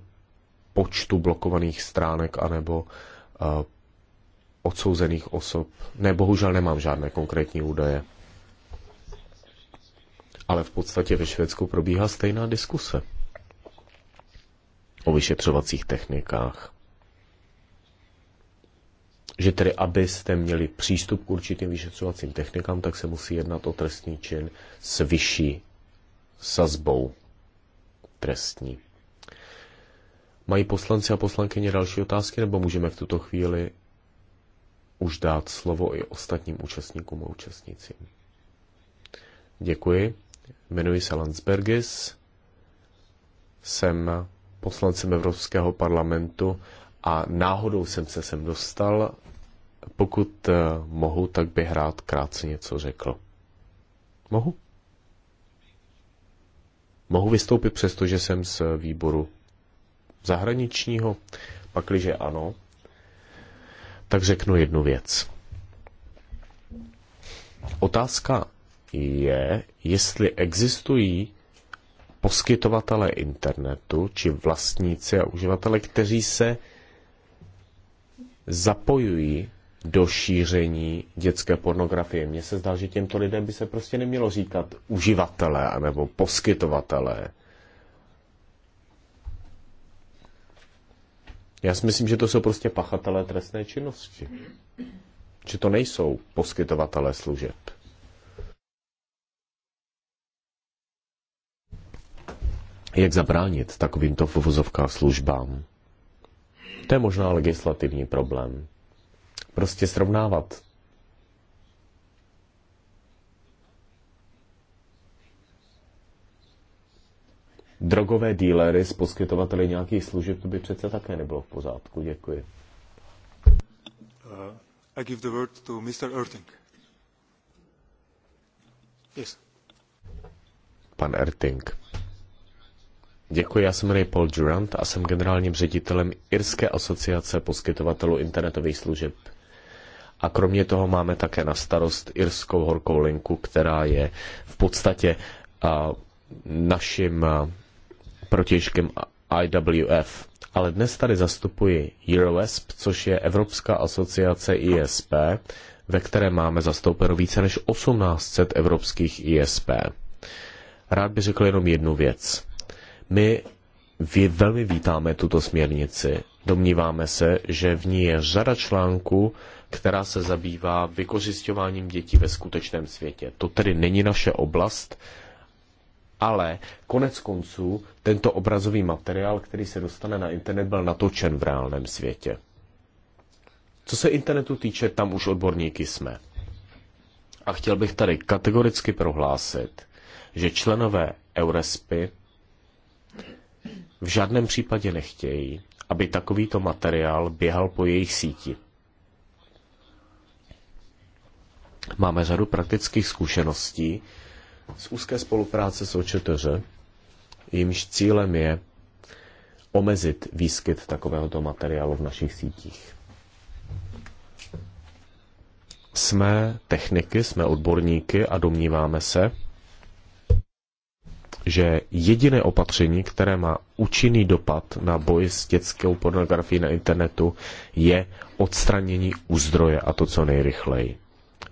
počtu blokovaných stránek anebo uh, odsouzených osob? Ne, bohužel nemám žádné konkrétní údaje ale v podstatě ve Švédsku probíhá stejná diskuse o vyšetřovacích technikách. Že tedy, abyste měli přístup k určitým vyšetřovacím technikám, tak se musí jednat o trestný čin s vyšší sazbou trestní. Mají poslanci a poslankyně další otázky, nebo můžeme v tuto chvíli už dát slovo i ostatním účastníkům a účastnicím? Děkuji. Jmenuji se Landsbergis, jsem poslancem Evropského parlamentu a náhodou jsem se sem dostal. Pokud eh, mohu, tak bych rád krátce něco řekl. Mohu? Mohu vystoupit přesto, že jsem z výboru zahraničního? Pakliže ano, tak řeknu jednu věc. Otázka je, jestli existují poskytovatele internetu či vlastníci a uživatele, kteří se zapojují do šíření dětské pornografie. Mně se zdá, že těmto lidem by se prostě nemělo říkat uživatelé anebo poskytovatelé. Já si myslím, že to jsou prostě pachatelé trestné činnosti. Že to nejsou poskytovatelé služeb. Jak zabránit takovýmto vozovkách službám? To je možná legislativní problém. Prostě srovnávat drogové dílery s poskytovateli nějakých služeb, to by přece také nebylo v pořádku. Děkuji. Uh, I give the word to Mr. Erting. Yes. Pan Erting. Děkuji, já jsem jmenuji Paul Durant a jsem generálním ředitelem Irské asociace poskytovatelů internetových služeb. A kromě toho máme také na starost Irskou horkou linku, která je v podstatě naším protěžkem IWF. Ale dnes tady zastupuji EuroESP, což je Evropská asociace ISP, ve které máme zastoupeno více než 1800 evropských ISP. Rád bych řekl jenom jednu věc. My velmi vítáme tuto směrnici. Domníváme se, že v ní je řada článků, která se zabývá vykořišťováním dětí ve skutečném světě. To tedy není naše oblast, ale konec konců tento obrazový materiál, který se dostane na internet, byl natočen v reálném světě. Co se internetu týče, tam už odborníky jsme. A chtěl bych tady kategoricky prohlásit, že členové Eurespy v žádném případě nechtějí, aby takovýto materiál běhal po jejich síti. Máme řadu praktických zkušeností z úzké spolupráce s OČTŘ, jimž cílem je omezit výskyt takovéhoto materiálu v našich sítích. Jsme techniky, jsme odborníky a domníváme se, že jediné opatření, které má účinný dopad na boj s dětskou pornografií na internetu, je odstranění úzdroje a to co nejrychleji.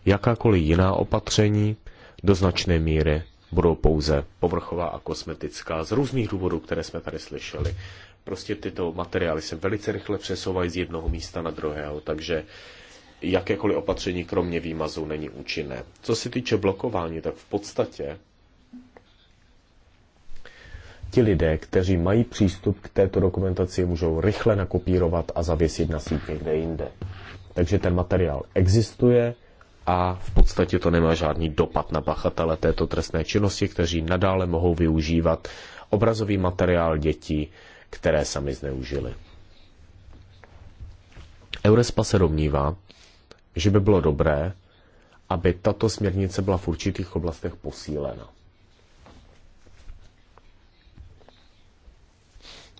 Jakákoliv jiná opatření do značné míry budou pouze povrchová a kosmetická z různých důvodů, které jsme tady slyšeli. Prostě tyto materiály se velice rychle přesouvají z jednoho místa na druhého, takže jakékoliv opatření kromě výmazu není účinné. Co se týče blokování, tak v podstatě ti lidé, kteří mají přístup k této dokumentaci, můžou rychle nakopírovat a zavěsit na síť někde jinde. Takže ten materiál existuje a v podstatě to nemá žádný dopad na pachatele této trestné činnosti, kteří nadále mohou využívat obrazový materiál dětí, které sami zneužili. Eurespa se domnívá, že by bylo dobré, aby tato směrnice byla v určitých oblastech posílena.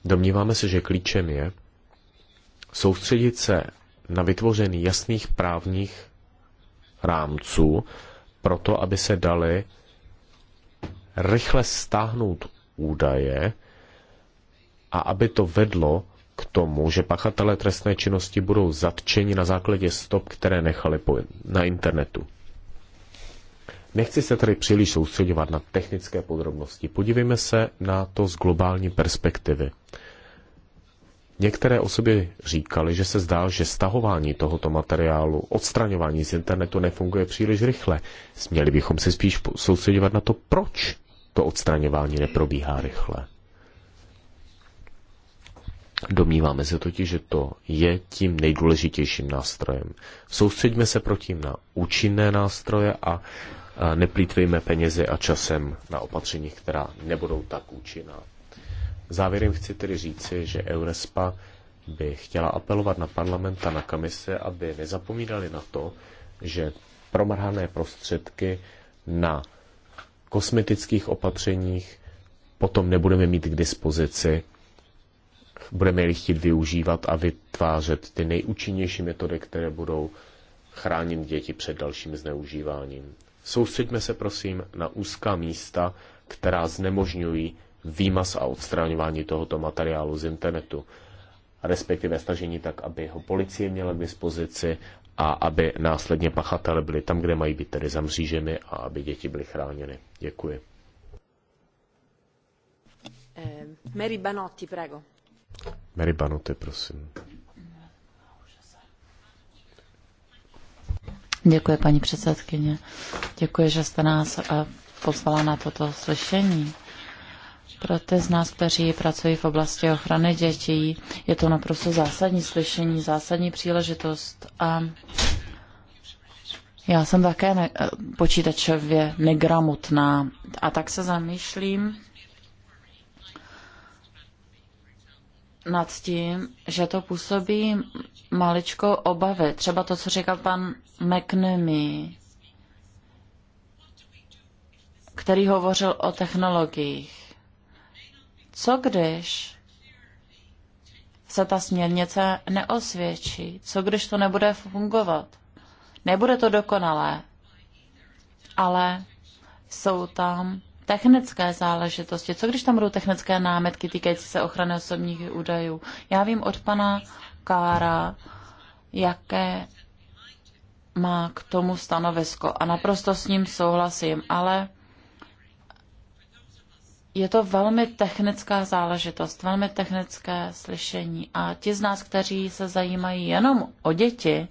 Domníváme se, že klíčem je soustředit se na vytvoření jasných právních rámců pro to, aby se dali rychle stáhnout údaje a aby to vedlo k tomu, že pachatelé trestné činnosti budou zatčeni na základě stop, které nechali na internetu. Nechci se tady příliš soustředovat na technické podrobnosti. Podívejme se na to z globální perspektivy. Některé osoby říkaly, že se zdá, že stahování tohoto materiálu, odstraňování z internetu nefunguje příliš rychle. Směli bychom se spíš soustředovat na to, proč to odstraňování neprobíhá rychle. Domníváme se totiž, že to je tím nejdůležitějším nástrojem. Soustředíme se proti na účinné nástroje a neplýtvejme penězi a časem na opatření, která nebudou tak účinná. Závěrem chci tedy říci, že Eurespa by chtěla apelovat na parlament a na komise, aby nezapomínali na to, že promrhané prostředky na kosmetických opatřeních potom nebudeme mít k dispozici, budeme-li chtít využívat a vytvářet ty nejúčinnější metody, které budou chránit děti před dalším zneužíváním. Soustředíme se prosím na úzká místa, která znemožňují výmaz a odstraňování tohoto materiálu z internetu, respektive stažení tak, aby ho policie měla k dispozici a aby následně pachatele byli tam, kde mají být, tedy zamříženy a aby děti byly chráněny. Děkuji. Eh, Mary Banotti, prego. Mary Banotti, prosím. Děkuji, paní předsedkyně. Děkuji, že jste nás eh, pozvala na toto slyšení. Pro ty z nás, kteří pracují v oblasti ochrany dětí, je to naprosto zásadní slyšení, zásadní příležitost. A já jsem také ne- eh, počítačově negramotná a tak se zamýšlím nad tím, že to působí maličko obavy. Třeba to, co říkal pan McNamee, který hovořil o technologiích. Co když se ta směrnice neosvědčí? Co když to nebude fungovat? Nebude to dokonalé, ale jsou tam technické záležitosti. Co když tam budou technické námetky týkající se ochrany osobních údajů? Já vím od pana Kára, jaké má k tomu stanovisko a naprosto s ním souhlasím, ale je to velmi technická záležitost, velmi technické slyšení a ti z nás, kteří se zajímají jenom o děti,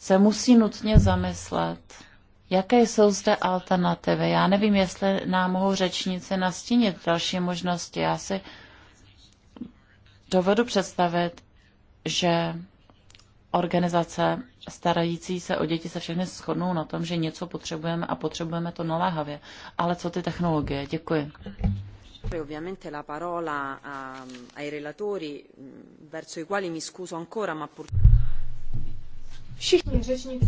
se musí nutně zamyslet Jaké jsou zde alternativy? Já nevím, jestli nám mohou řečnice nastínit další možnosti. Já si dovedu představit, že organizace starající se o děti se všechny shodnou na tom, že něco potřebujeme a potřebujeme to naléhavě. Ale co ty technologie? Děkuji. Ehm, Všichni řečníci.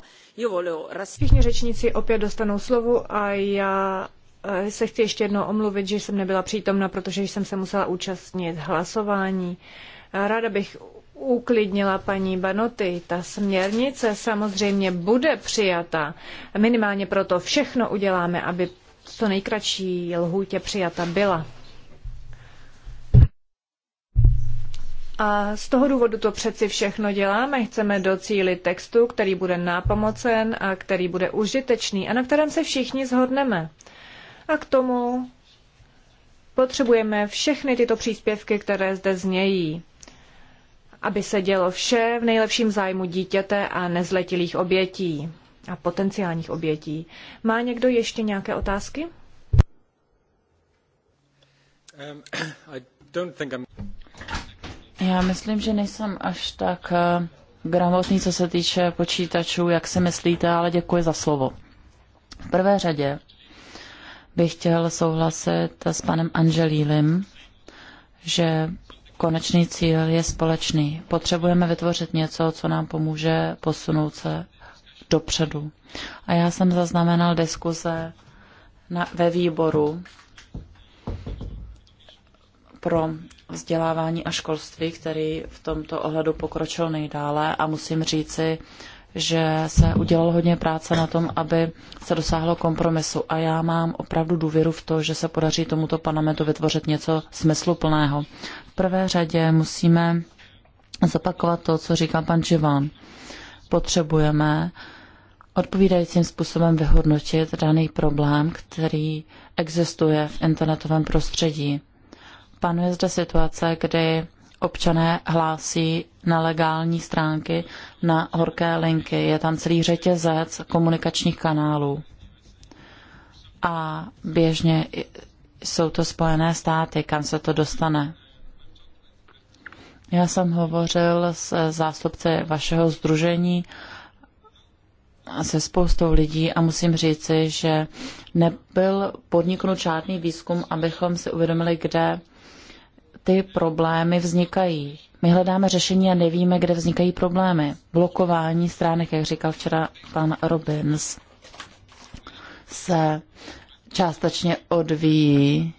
Všichni řečníci opět dostanou slovo a já eh, se chci ještě jednou omluvit, že jsem nebyla přítomna, protože jsem se musela účastnit hlasování. Ráda bych uklidnila paní Banoty. Ta směrnice samozřejmě bude přijata. Minimálně proto všechno uděláme, aby co nejkratší lhůtě přijata byla. A z toho důvodu to přeci všechno děláme. Chceme docílit textu, který bude nápomocen a který bude užitečný a na kterém se všichni zhodneme. A k tomu potřebujeme všechny tyto příspěvky, které zde znějí, aby se dělo vše v nejlepším zájmu dítěte a nezletilých obětí a potenciálních obětí. Má někdo ještě nějaké otázky? Um, Já myslím, že nejsem až tak eh, gramotný, co se týče počítačů, jak si myslíte, ale děkuji za slovo. V prvé řadě bych chtěl souhlasit s panem Angelílim, že konečný cíl je společný. Potřebujeme vytvořit něco, co nám pomůže posunout se dopředu. A já jsem zaznamenal diskuze na, ve výboru pro vzdělávání a školství, který v tomto ohledu pokročil nejdále a musím říci, že se udělalo hodně práce na tom, aby se dosáhlo kompromisu a já mám opravdu důvěru v to, že se podaří tomuto parlamentu vytvořit něco smysluplného. V prvé řadě musíme zopakovat to, co říká pan Živán. Potřebujeme odpovídajícím způsobem vyhodnotit daný problém, který existuje v internetovém prostředí panuje zde situace, kdy občané hlásí nelegální stránky na horké linky. Je tam celý řetězec komunikačních kanálů. A běžně jsou to spojené státy, kam se to dostane. Já jsem hovořil s zástupci vašeho združení se spoustou lidí a musím říci, že nebyl podniknut žádný výzkum, abychom si uvědomili, kde ty problémy vznikají. My hledáme řešení a nevíme, kde vznikají problémy. Blokování stránek, jak říkal včera pan Robbins, se částečně odvíjí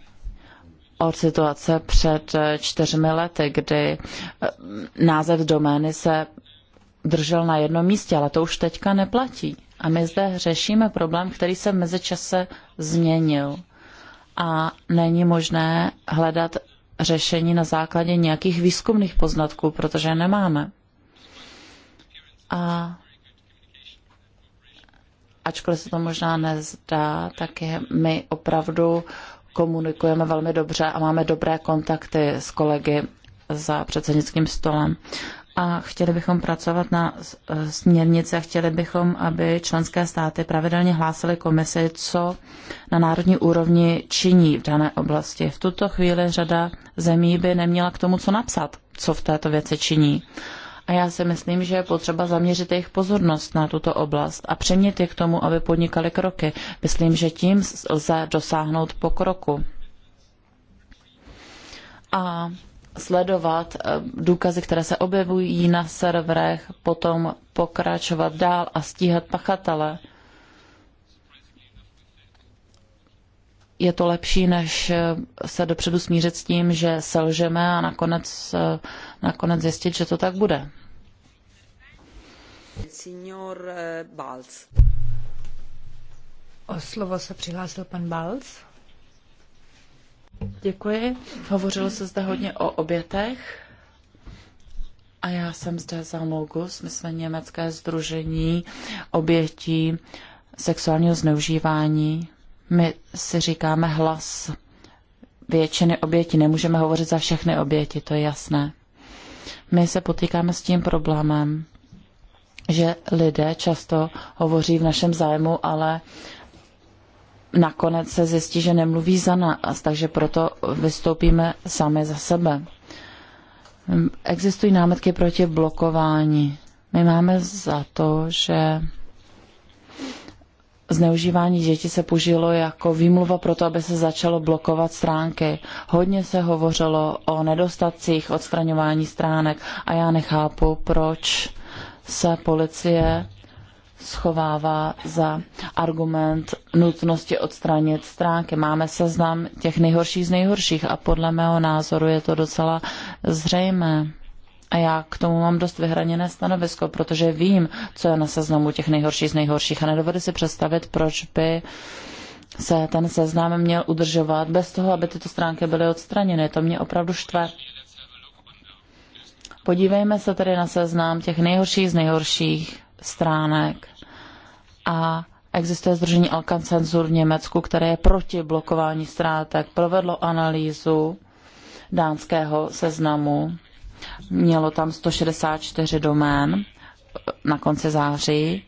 od situace před čtyřmi lety, kdy eh, název domény se držel na jednom místě, ale to už teďka neplatí. A my zde řešíme problém, který se v mezičase změnil. A není možné hledat řešení na základě nějakých výzkumných poznatků, protože nemáme. A ačkoliv se to možná nezdá, tak je, my opravdu komunikujeme velmi dobře a máme dobré kontakty s kolegy za předsednickým stolem a chtěli bychom pracovat na e, směrnice, a chtěli bychom, aby členské státy pravidelně hlásily komisi, co na národní úrovni činí v dané oblasti. V tuto chvíli řada zemí by neměla k tomu, co napsat, co v této věci činí. A já si myslím, že je potřeba zaměřit jejich pozornost na tuto oblast a přemět je k tomu, aby podnikali kroky. Myslím, že tím lze dosáhnout pokroku. A sledovat eh, důkazy, které se objevují na serverech, potom pokračovat dál a stíhat pachatele. Je to lepší, než eh, se dopředu smířit s tím, že selžeme a nakonec, eh, nakonec zjistit, že to tak bude. Signor O slovo se přihlásil pan Balc. Děkuji. Hovořilo se zde hodně o obětech. A já jsem zde za Mogus, my jsme německé združení obětí sexuálního zneužívání. My si říkáme hlas většiny obětí, nemůžeme hovořit za všechny oběti, to je jasné. My se potýkáme s tím problémem, že lidé často hovoří v našem zájmu, ale nakonec se zjistí, že nemluví za nás, takže proto vystoupíme sami za sebe. Existují námetky proti blokování. My máme za to, že zneužívání děti se použilo jako výmluva pro to, aby se začalo blokovat stránky. Hodně se hovořilo o nedostatcích odstraňování stránek a já nechápu, proč se policie schovává za argument nutnosti odstranit stránky. Máme seznam těch nejhorších z nejhorších a podle mého názoru je to docela zřejmé. A já k tomu mám dost vyhraněné stanovisko, protože vím, co je na seznamu těch nejhorších z nejhorších a nedovedu si představit, proč by se ten seznam měl udržovat bez toho, aby tyto stránky byly odstraněny. To mě opravdu štve. Podívejme se tedy na seznam těch nejhorších z nejhorších stránek a existuje združení Alkancensur v Německu, které je proti blokování strátek, provedlo analýzu dánského seznamu, mělo tam 164 domén na konci září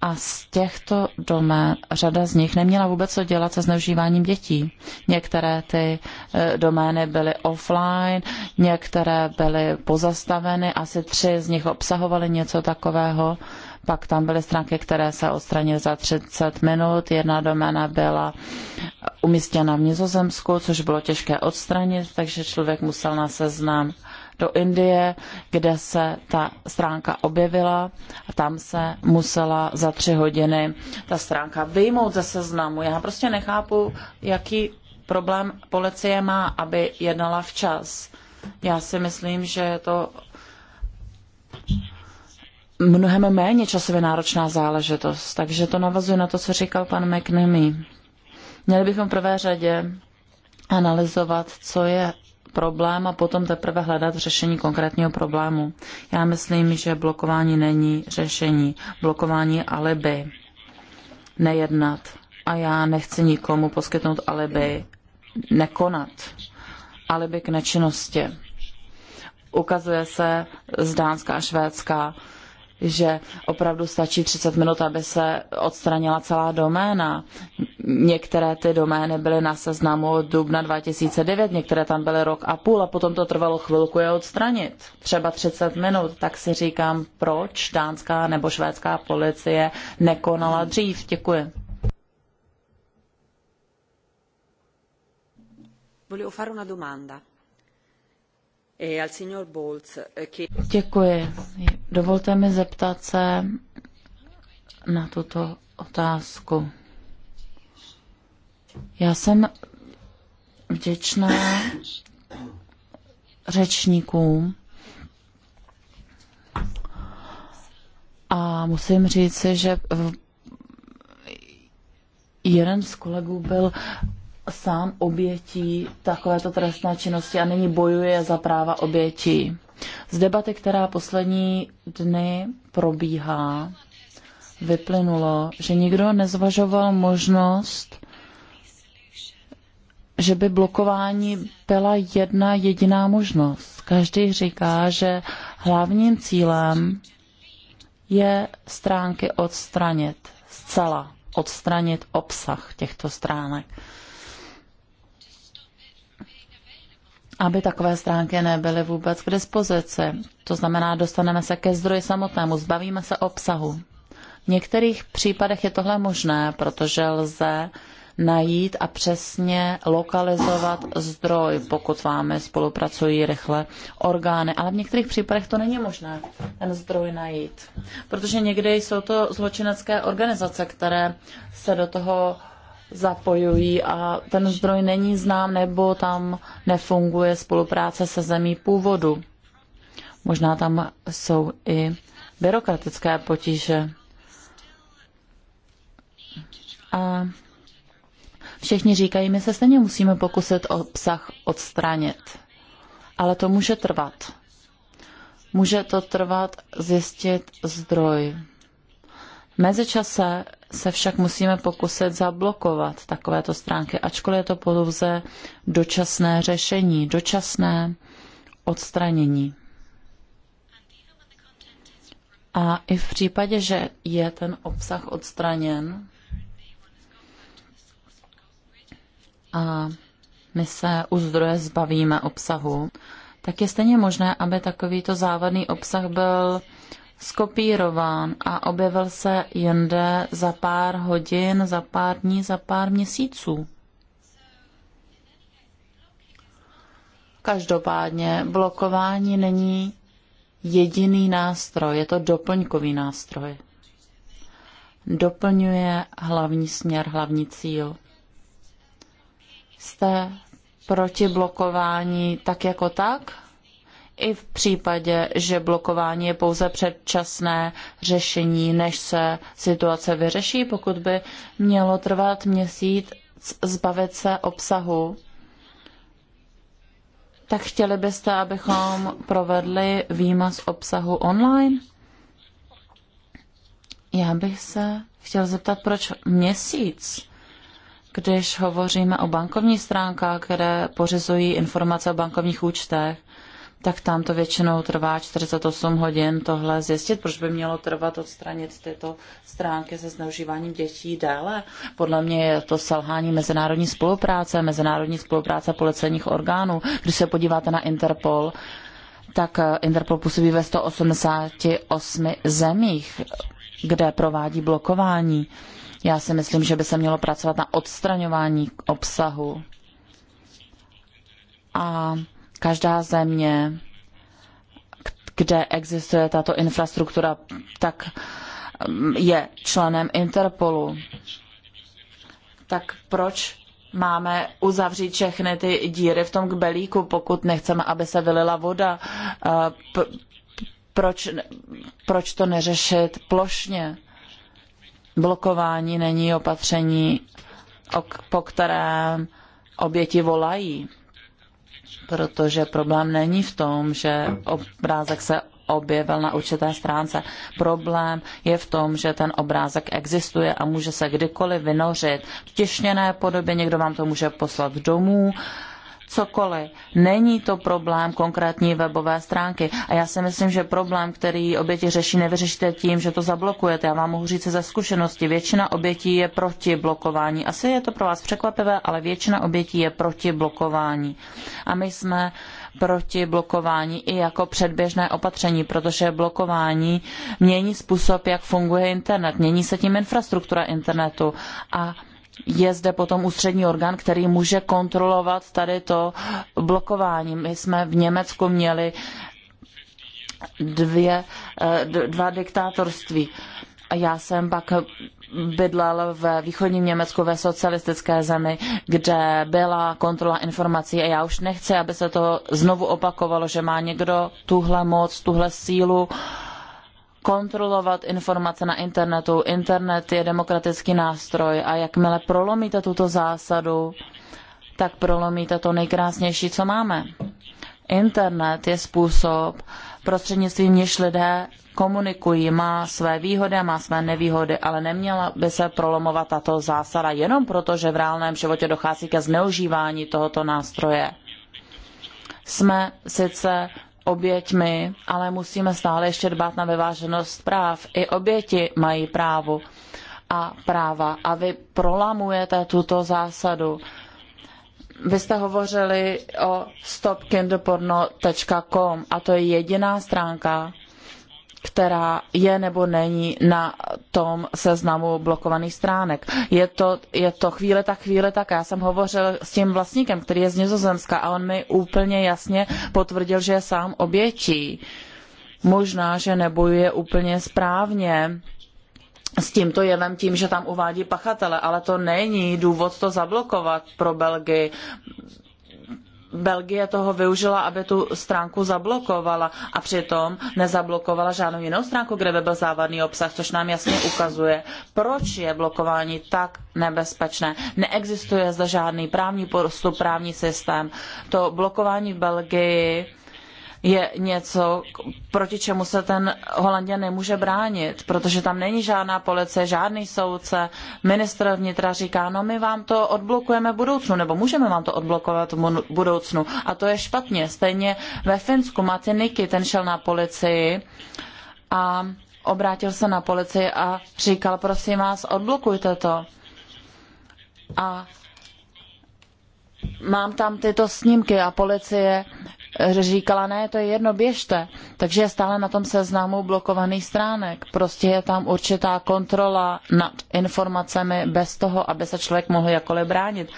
a z těchto domén řada z nich neměla vůbec co dělat se zneužíváním dětí. Některé ty e, domény byly offline, některé byly pozastaveny, asi tři z nich obsahovaly něco takového pak tam byly stránky, které se odstranily za 30 minut. Jedna doména byla umístěna v Nizozemsku, což bylo těžké odstranit, takže člověk musel na seznam do Indie, kde se ta stránka objevila a tam se musela za tři hodiny ta stránka vyjmout ze seznamu. Já prostě nechápu, jaký problém policie má, aby jednala včas. Já si myslím, že je to mnohem méně časově náročná záležitost. Takže to navazuje na to, co říkal pan McNamee. Měli bychom v prvé řadě analyzovat, co je problém a potom teprve hledat řešení konkrétního problému. Já myslím, že blokování není řešení. Blokování alibi. Nejednat. A já nechci nikomu poskytnout alibi. Nekonat. Alibi k nečinnosti. Ukazuje se z Dánska a Švédska, že opravdu stačí 30 minut, aby se odstranila celá doména. Některé ty domény byly na seznamu od dubna 2009, některé tam byly rok a půl a potom to trvalo chvilku je odstranit. Třeba 30 minut, tak si říkám, proč dánská nebo švédská policie nekonala dřív. Děkuji. Volevo fare una domanda. Eh, eh, Děkuji. Dovolte mi zeptat se na tuto otázku. Já jsem vděčná řečníkům a musím říci, že jeden z kolegů byl sám obětí takovéto trestné činnosti a nyní bojuje za práva obětí. Z debaty, která poslední dny probíhá, vyplynulo, že nikdo nezvažoval možnost, že by blokování byla jedna jediná možnost. Každý říká, že hlavním cílem je stránky odstranit, zcela odstranit obsah těchto stránek. aby takové stránky nebyly vůbec k dispozici. To znamená, dostaneme se ke zdroji samotnému, zbavíme se obsahu. V některých případech je tohle možné, protože lze najít a přesně lokalizovat zdroj, pokud vámi spolupracují rychle orgány. Ale v některých případech to není možné ten zdroj najít. Protože někdy jsou to zločinecké organizace, které se do toho zapojují a ten zdroj není znám nebo tam nefunguje spolupráce se zemí původu. Možná tam jsou i byrokratické potíže. A všichni říkají, my se stejně musíme pokusit obsah odstranit. Ale to může trvat. Může to trvat zjistit zdroj mezičase se však musíme pokusit zablokovat takovéto stránky, ačkoliv je to pouze dočasné řešení, dočasné odstranění. A i v případě, že je ten obsah odstraněn a my se u zdroje zbavíme obsahu, tak je stejně možné, aby takovýto závadný obsah byl skopírován a objevil se jinde za pár hodin, za pár dní, za pár měsíců. Každopádně blokování není jediný nástroj, je to doplňkový nástroj. Doplňuje hlavní směr, hlavní cíl. Jste proti blokování tak jako tak? i v případě, že blokování je pouze předčasné řešení, než se situace vyřeší, pokud by mělo trvat měsíc zbavit se obsahu, tak chtěli byste, abychom provedli výmaz obsahu online? Já bych se chtěl zeptat, proč měsíc? Když hovoříme o bankovních stránkách, které pořizují informace o bankovních účtech, tak tam to většinou trvá 48 hodin tohle zjistit. Proč by mělo trvat odstranit tyto stránky se zneužíváním dětí déle? Podle mě je to selhání mezinárodní spolupráce, mezinárodní spolupráce policejních orgánů. Když se podíváte na Interpol, tak eh, Interpol působí ve 188 zemích, kde provádí blokování. Já si myslím, že by se mělo pracovat na odstraňování obsahu. A Každá země, kde existuje tato infrastruktura, tak mm, je členem Interpolu. Tak proč máme uzavřít všechny ty díry v tom kbelíku, pokud nechceme, aby se vylila voda? Proč, proč to neřešit plošně? Blokování není opatření, po kterém oběti volají protože problém není v tom, že obrázek se objevil na určité stránce. Problém je v tom, že ten obrázek existuje a může se kdykoliv vynořit v těšněné podobě. Někdo vám to může poslat domů cokoliv. Není to problém konkrétní webové stránky. A já si myslím, že problém, který oběti řeší, nevyřešíte tím, že to zablokujete. Já vám mohu říct ze zkušenosti, většina obětí je proti blokování. Asi je to pro vás překvapivé, ale většina obětí je proti blokování. A my jsme proti blokování i jako předběžné opatření, protože blokování mění způsob, jak funguje internet, mění se tím infrastruktura internetu a je zde potom ústřední orgán, který může kontrolovat tady to blokování. My jsme v Německu měli dvě, eh, dva diktátorství. Já jsem pak bydlel v východním Německu ve socialistické zemi, kde byla kontrola informací a já už nechci, aby se to znovu opakovalo, že má někdo tuhle moc, tuhle sílu kontrolovat informace na internetu. Internet je demokratický nástroj a jakmile prolomíte tuto zásadu, tak prolomíte to nejkrásnější, co máme. Internet je způsob, prostřednictvím nějž lidé komunikují, má své výhody a má své nevýhody, ale neměla by se prolomovat tato zásada jenom proto, že v reálném životě dochází ke zneužívání tohoto nástroje. Jsme sice oběťmi, ale musíme stále ještě dbát na vyváženost práv. I oběti mají právo a práva a vy prolamujete tuto zásadu. Vy jste hovořili o stopkindoporno.com a to je jediná stránka, která je nebo není na tom seznamu blokovaných stránek. Je to, je to chvíle tak chvíle tak. Já jsem hovořil s tím vlastníkem, který je z Nizozemska a on mi úplně jasně potvrdil, že je sám obětí. Možná, že nebojuje úplně správně s tímto jevem tím, že tam uvádí pachatele, ale to není důvod to zablokovat pro Belgii. Belgie toho využila, aby tu stránku zablokovala a přitom nezablokovala žádnou jinou stránku, kde by byl závadný obsah, což nám jasně ukazuje, proč je blokování tak nebezpečné. Neexistuje zde žádný právní postup, právní systém. To blokování v Belgii je něco, proti čemu se ten Holanděn nemůže bránit, protože tam není žádná policie, žádný soudce. Ministr vnitra říká, no my vám to odblokujeme v budoucnu, nebo můžeme vám to odblokovat v budoucnu. A to je špatně. Stejně ve Finsku Maty Niky, ten šel na policii a obrátil se na policii a říkal, prosím vás, odblokujte to. A mám tam tyto snímky a policie říkala, ne, to je jedno, běžte. Takže je stále na tom seznamu blokovaných stránek. Prostě je tam určitá kontrola nad informacemi bez toho, aby se člověk mohl jakkoliv bránit.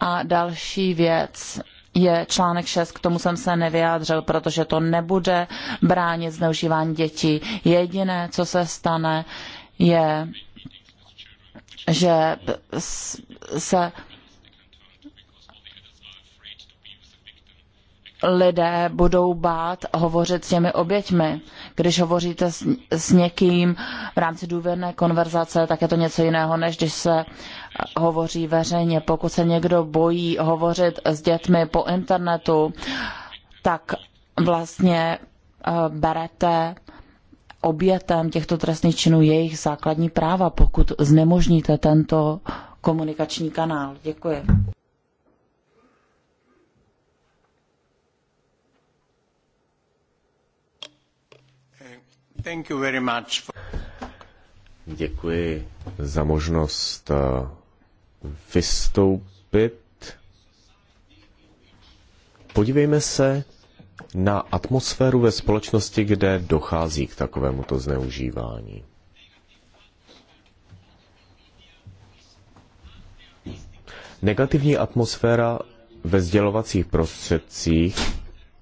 A další věc je článek 6, k tomu jsem se nevyjádřil, protože to nebude bránit zneužívání dětí. Jediné, co se stane, je, že se lidé budou bát hovořit s těmi oběťmi. Když hovoříte s, s někým v rámci důvěrné konverzace, tak je to něco jiného, než když se hovoří veřejně. Pokud se někdo bojí hovořit s dětmi po internetu, tak vlastně eh, berete obětem těchto trestných činů jejich základní práva, pokud znemožníte tento komunikační kanál. Děkuji. Děkuji za možnost eh, vystoupit. Podívejme se na atmosféru ve společnosti, kde dochází k takovémuto zneužívání. Negativní atmosféra ve sdělovacích prostředcích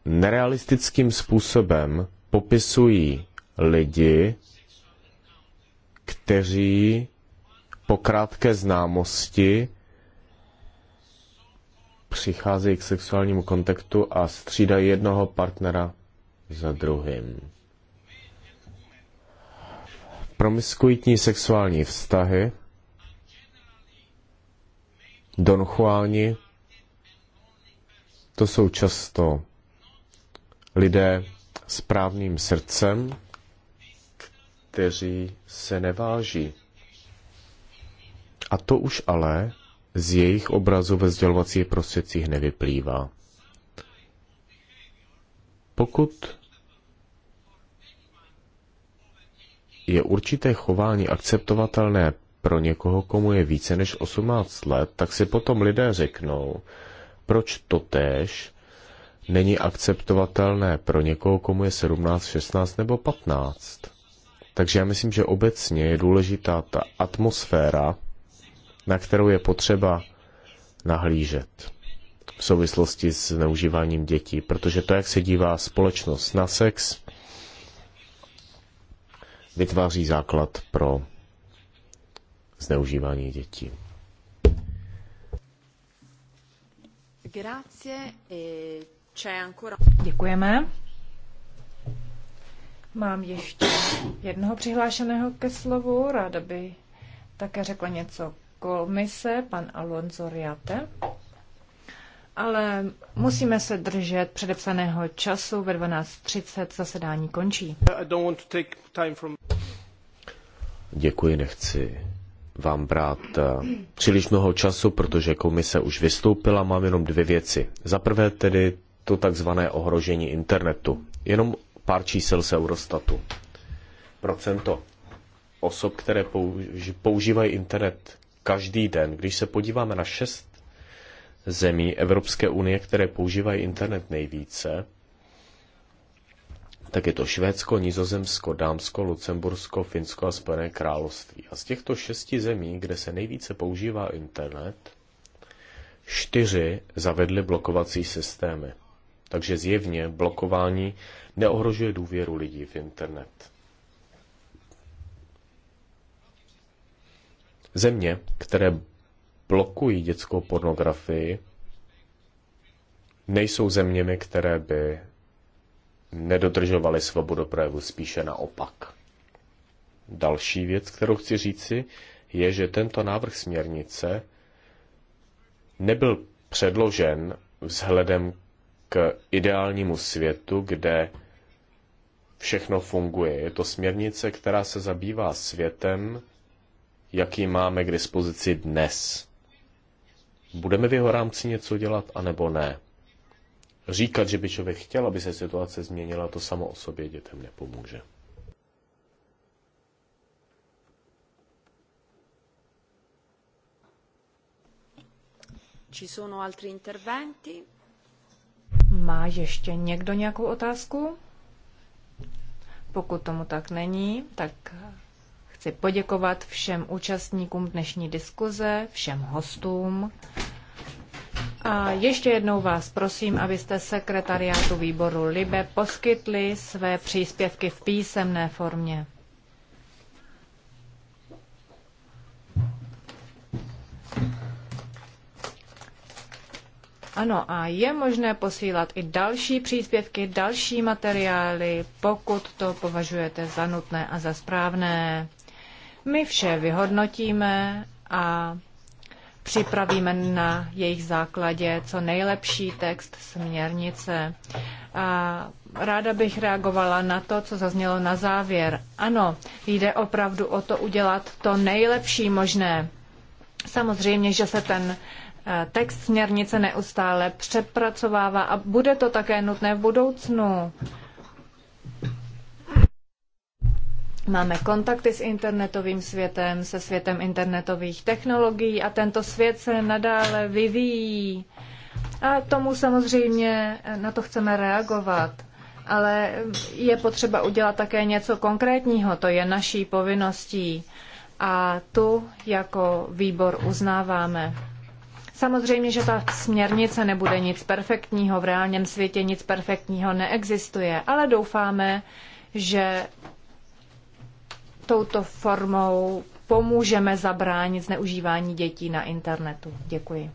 nerealistickým způsobem popisují lidi, kteří po krátké známosti přicházejí k sexuálnímu kontaktu a střídají jednoho partnera za druhým. Promiskuitní sexuální vztahy, Juani to jsou často lidé s právným srdcem, kteří se neváží. A to už ale z jejich obrazu ve sdělovacích prostředcích nevyplývá. Pokud je určité chování akceptovatelné pro někoho, komu je více než 18 let, tak si potom lidé řeknou, proč to též není akceptovatelné pro někoho, komu je 17, 16 nebo 15. Takže já myslím, že obecně je důležitá ta atmosféra, na kterou je potřeba nahlížet v souvislosti s neužíváním dětí, protože to, jak se dívá společnost na sex, vytváří základ pro zneužívání dětí. E Děkujeme. Mám ještě jednoho přihlášeného ke slovu. Ráda by také řekla něco komise, pan Alonso Riate. Ale musíme se držet předepsaného času. Ve 12.30 zasedání končí. Děkuji, nechci vám brát eh, příliš mnoho času, protože komise už vystoupila. Mám jenom dvě věci. Za prvé tedy to takzvané ohrožení internetu. Jenom pár čísel z Eurostatu. Procento osob, které používají internet každý den, když se podíváme na šest zemí Evropské unie, které používají internet nejvíce, tak je to Švédsko, Nizozemsko, Dámsko, Lucembursko, Finsko a Spojené království. A z těchto šesti zemí, kde se nejvíce používá internet, čtyři zavedly blokovací systémy. Takže zjevně blokování neohrožuje důvěru lidí v internet. Země, které blokují dětskou pornografii, nejsou zeměmi, které by nedodržovaly svobodu projevu, spíše naopak. Další věc, kterou chci říci, je, že tento návrh směrnice nebyl předložen vzhledem k ideálnímu světu, kde všechno funguje. Je to směrnice, která se zabývá světem, jaký máme k dispozici dnes. Budeme v jeho rámci něco dělat, anebo ne? Říkat, že by člověk chtěl, aby se situace změnila, to samo o sobě dětem nepomůže. Ci sono altri interventi? Má ještě někdo nějakou otázku? Pokud tomu tak není, tak chci poděkovat všem účastníkům dnešní diskuze, všem hostům. A ještě jednou vás prosím, abyste sekretariátu výboru LIBE poskytli své příspěvky v písemné formě. Ano, a je možné posílat i další příspěvky, další materiály, pokud to považujete za nutné a za správné. My vše vyhodnotíme a připravíme na jejich základě co nejlepší text směrnice. A ráda bych reagovala na to, co zaznělo na závěr. Ano, jde opravdu o to udělat to nejlepší možné. Samozřejmě, že se ten Eh, text směrnice neustále přepracovává a bude to také nutné v budoucnu. Máme kontakty s internetovým světem, se světem internetových technologií a tento svět se nadále vyvíjí. A tomu samozřejmě eh, na to chceme reagovat. Ale je potřeba udělat také něco konkrétního, to je naší povinností. A tu jako výbor uznáváme. Samozřejmě, že ta směrnice nebude nic perfektního, v reálném světě nic perfektního neexistuje, ale doufáme, že touto formou pomůžeme zabránit zneužívání dětí na internetu. Děkuji.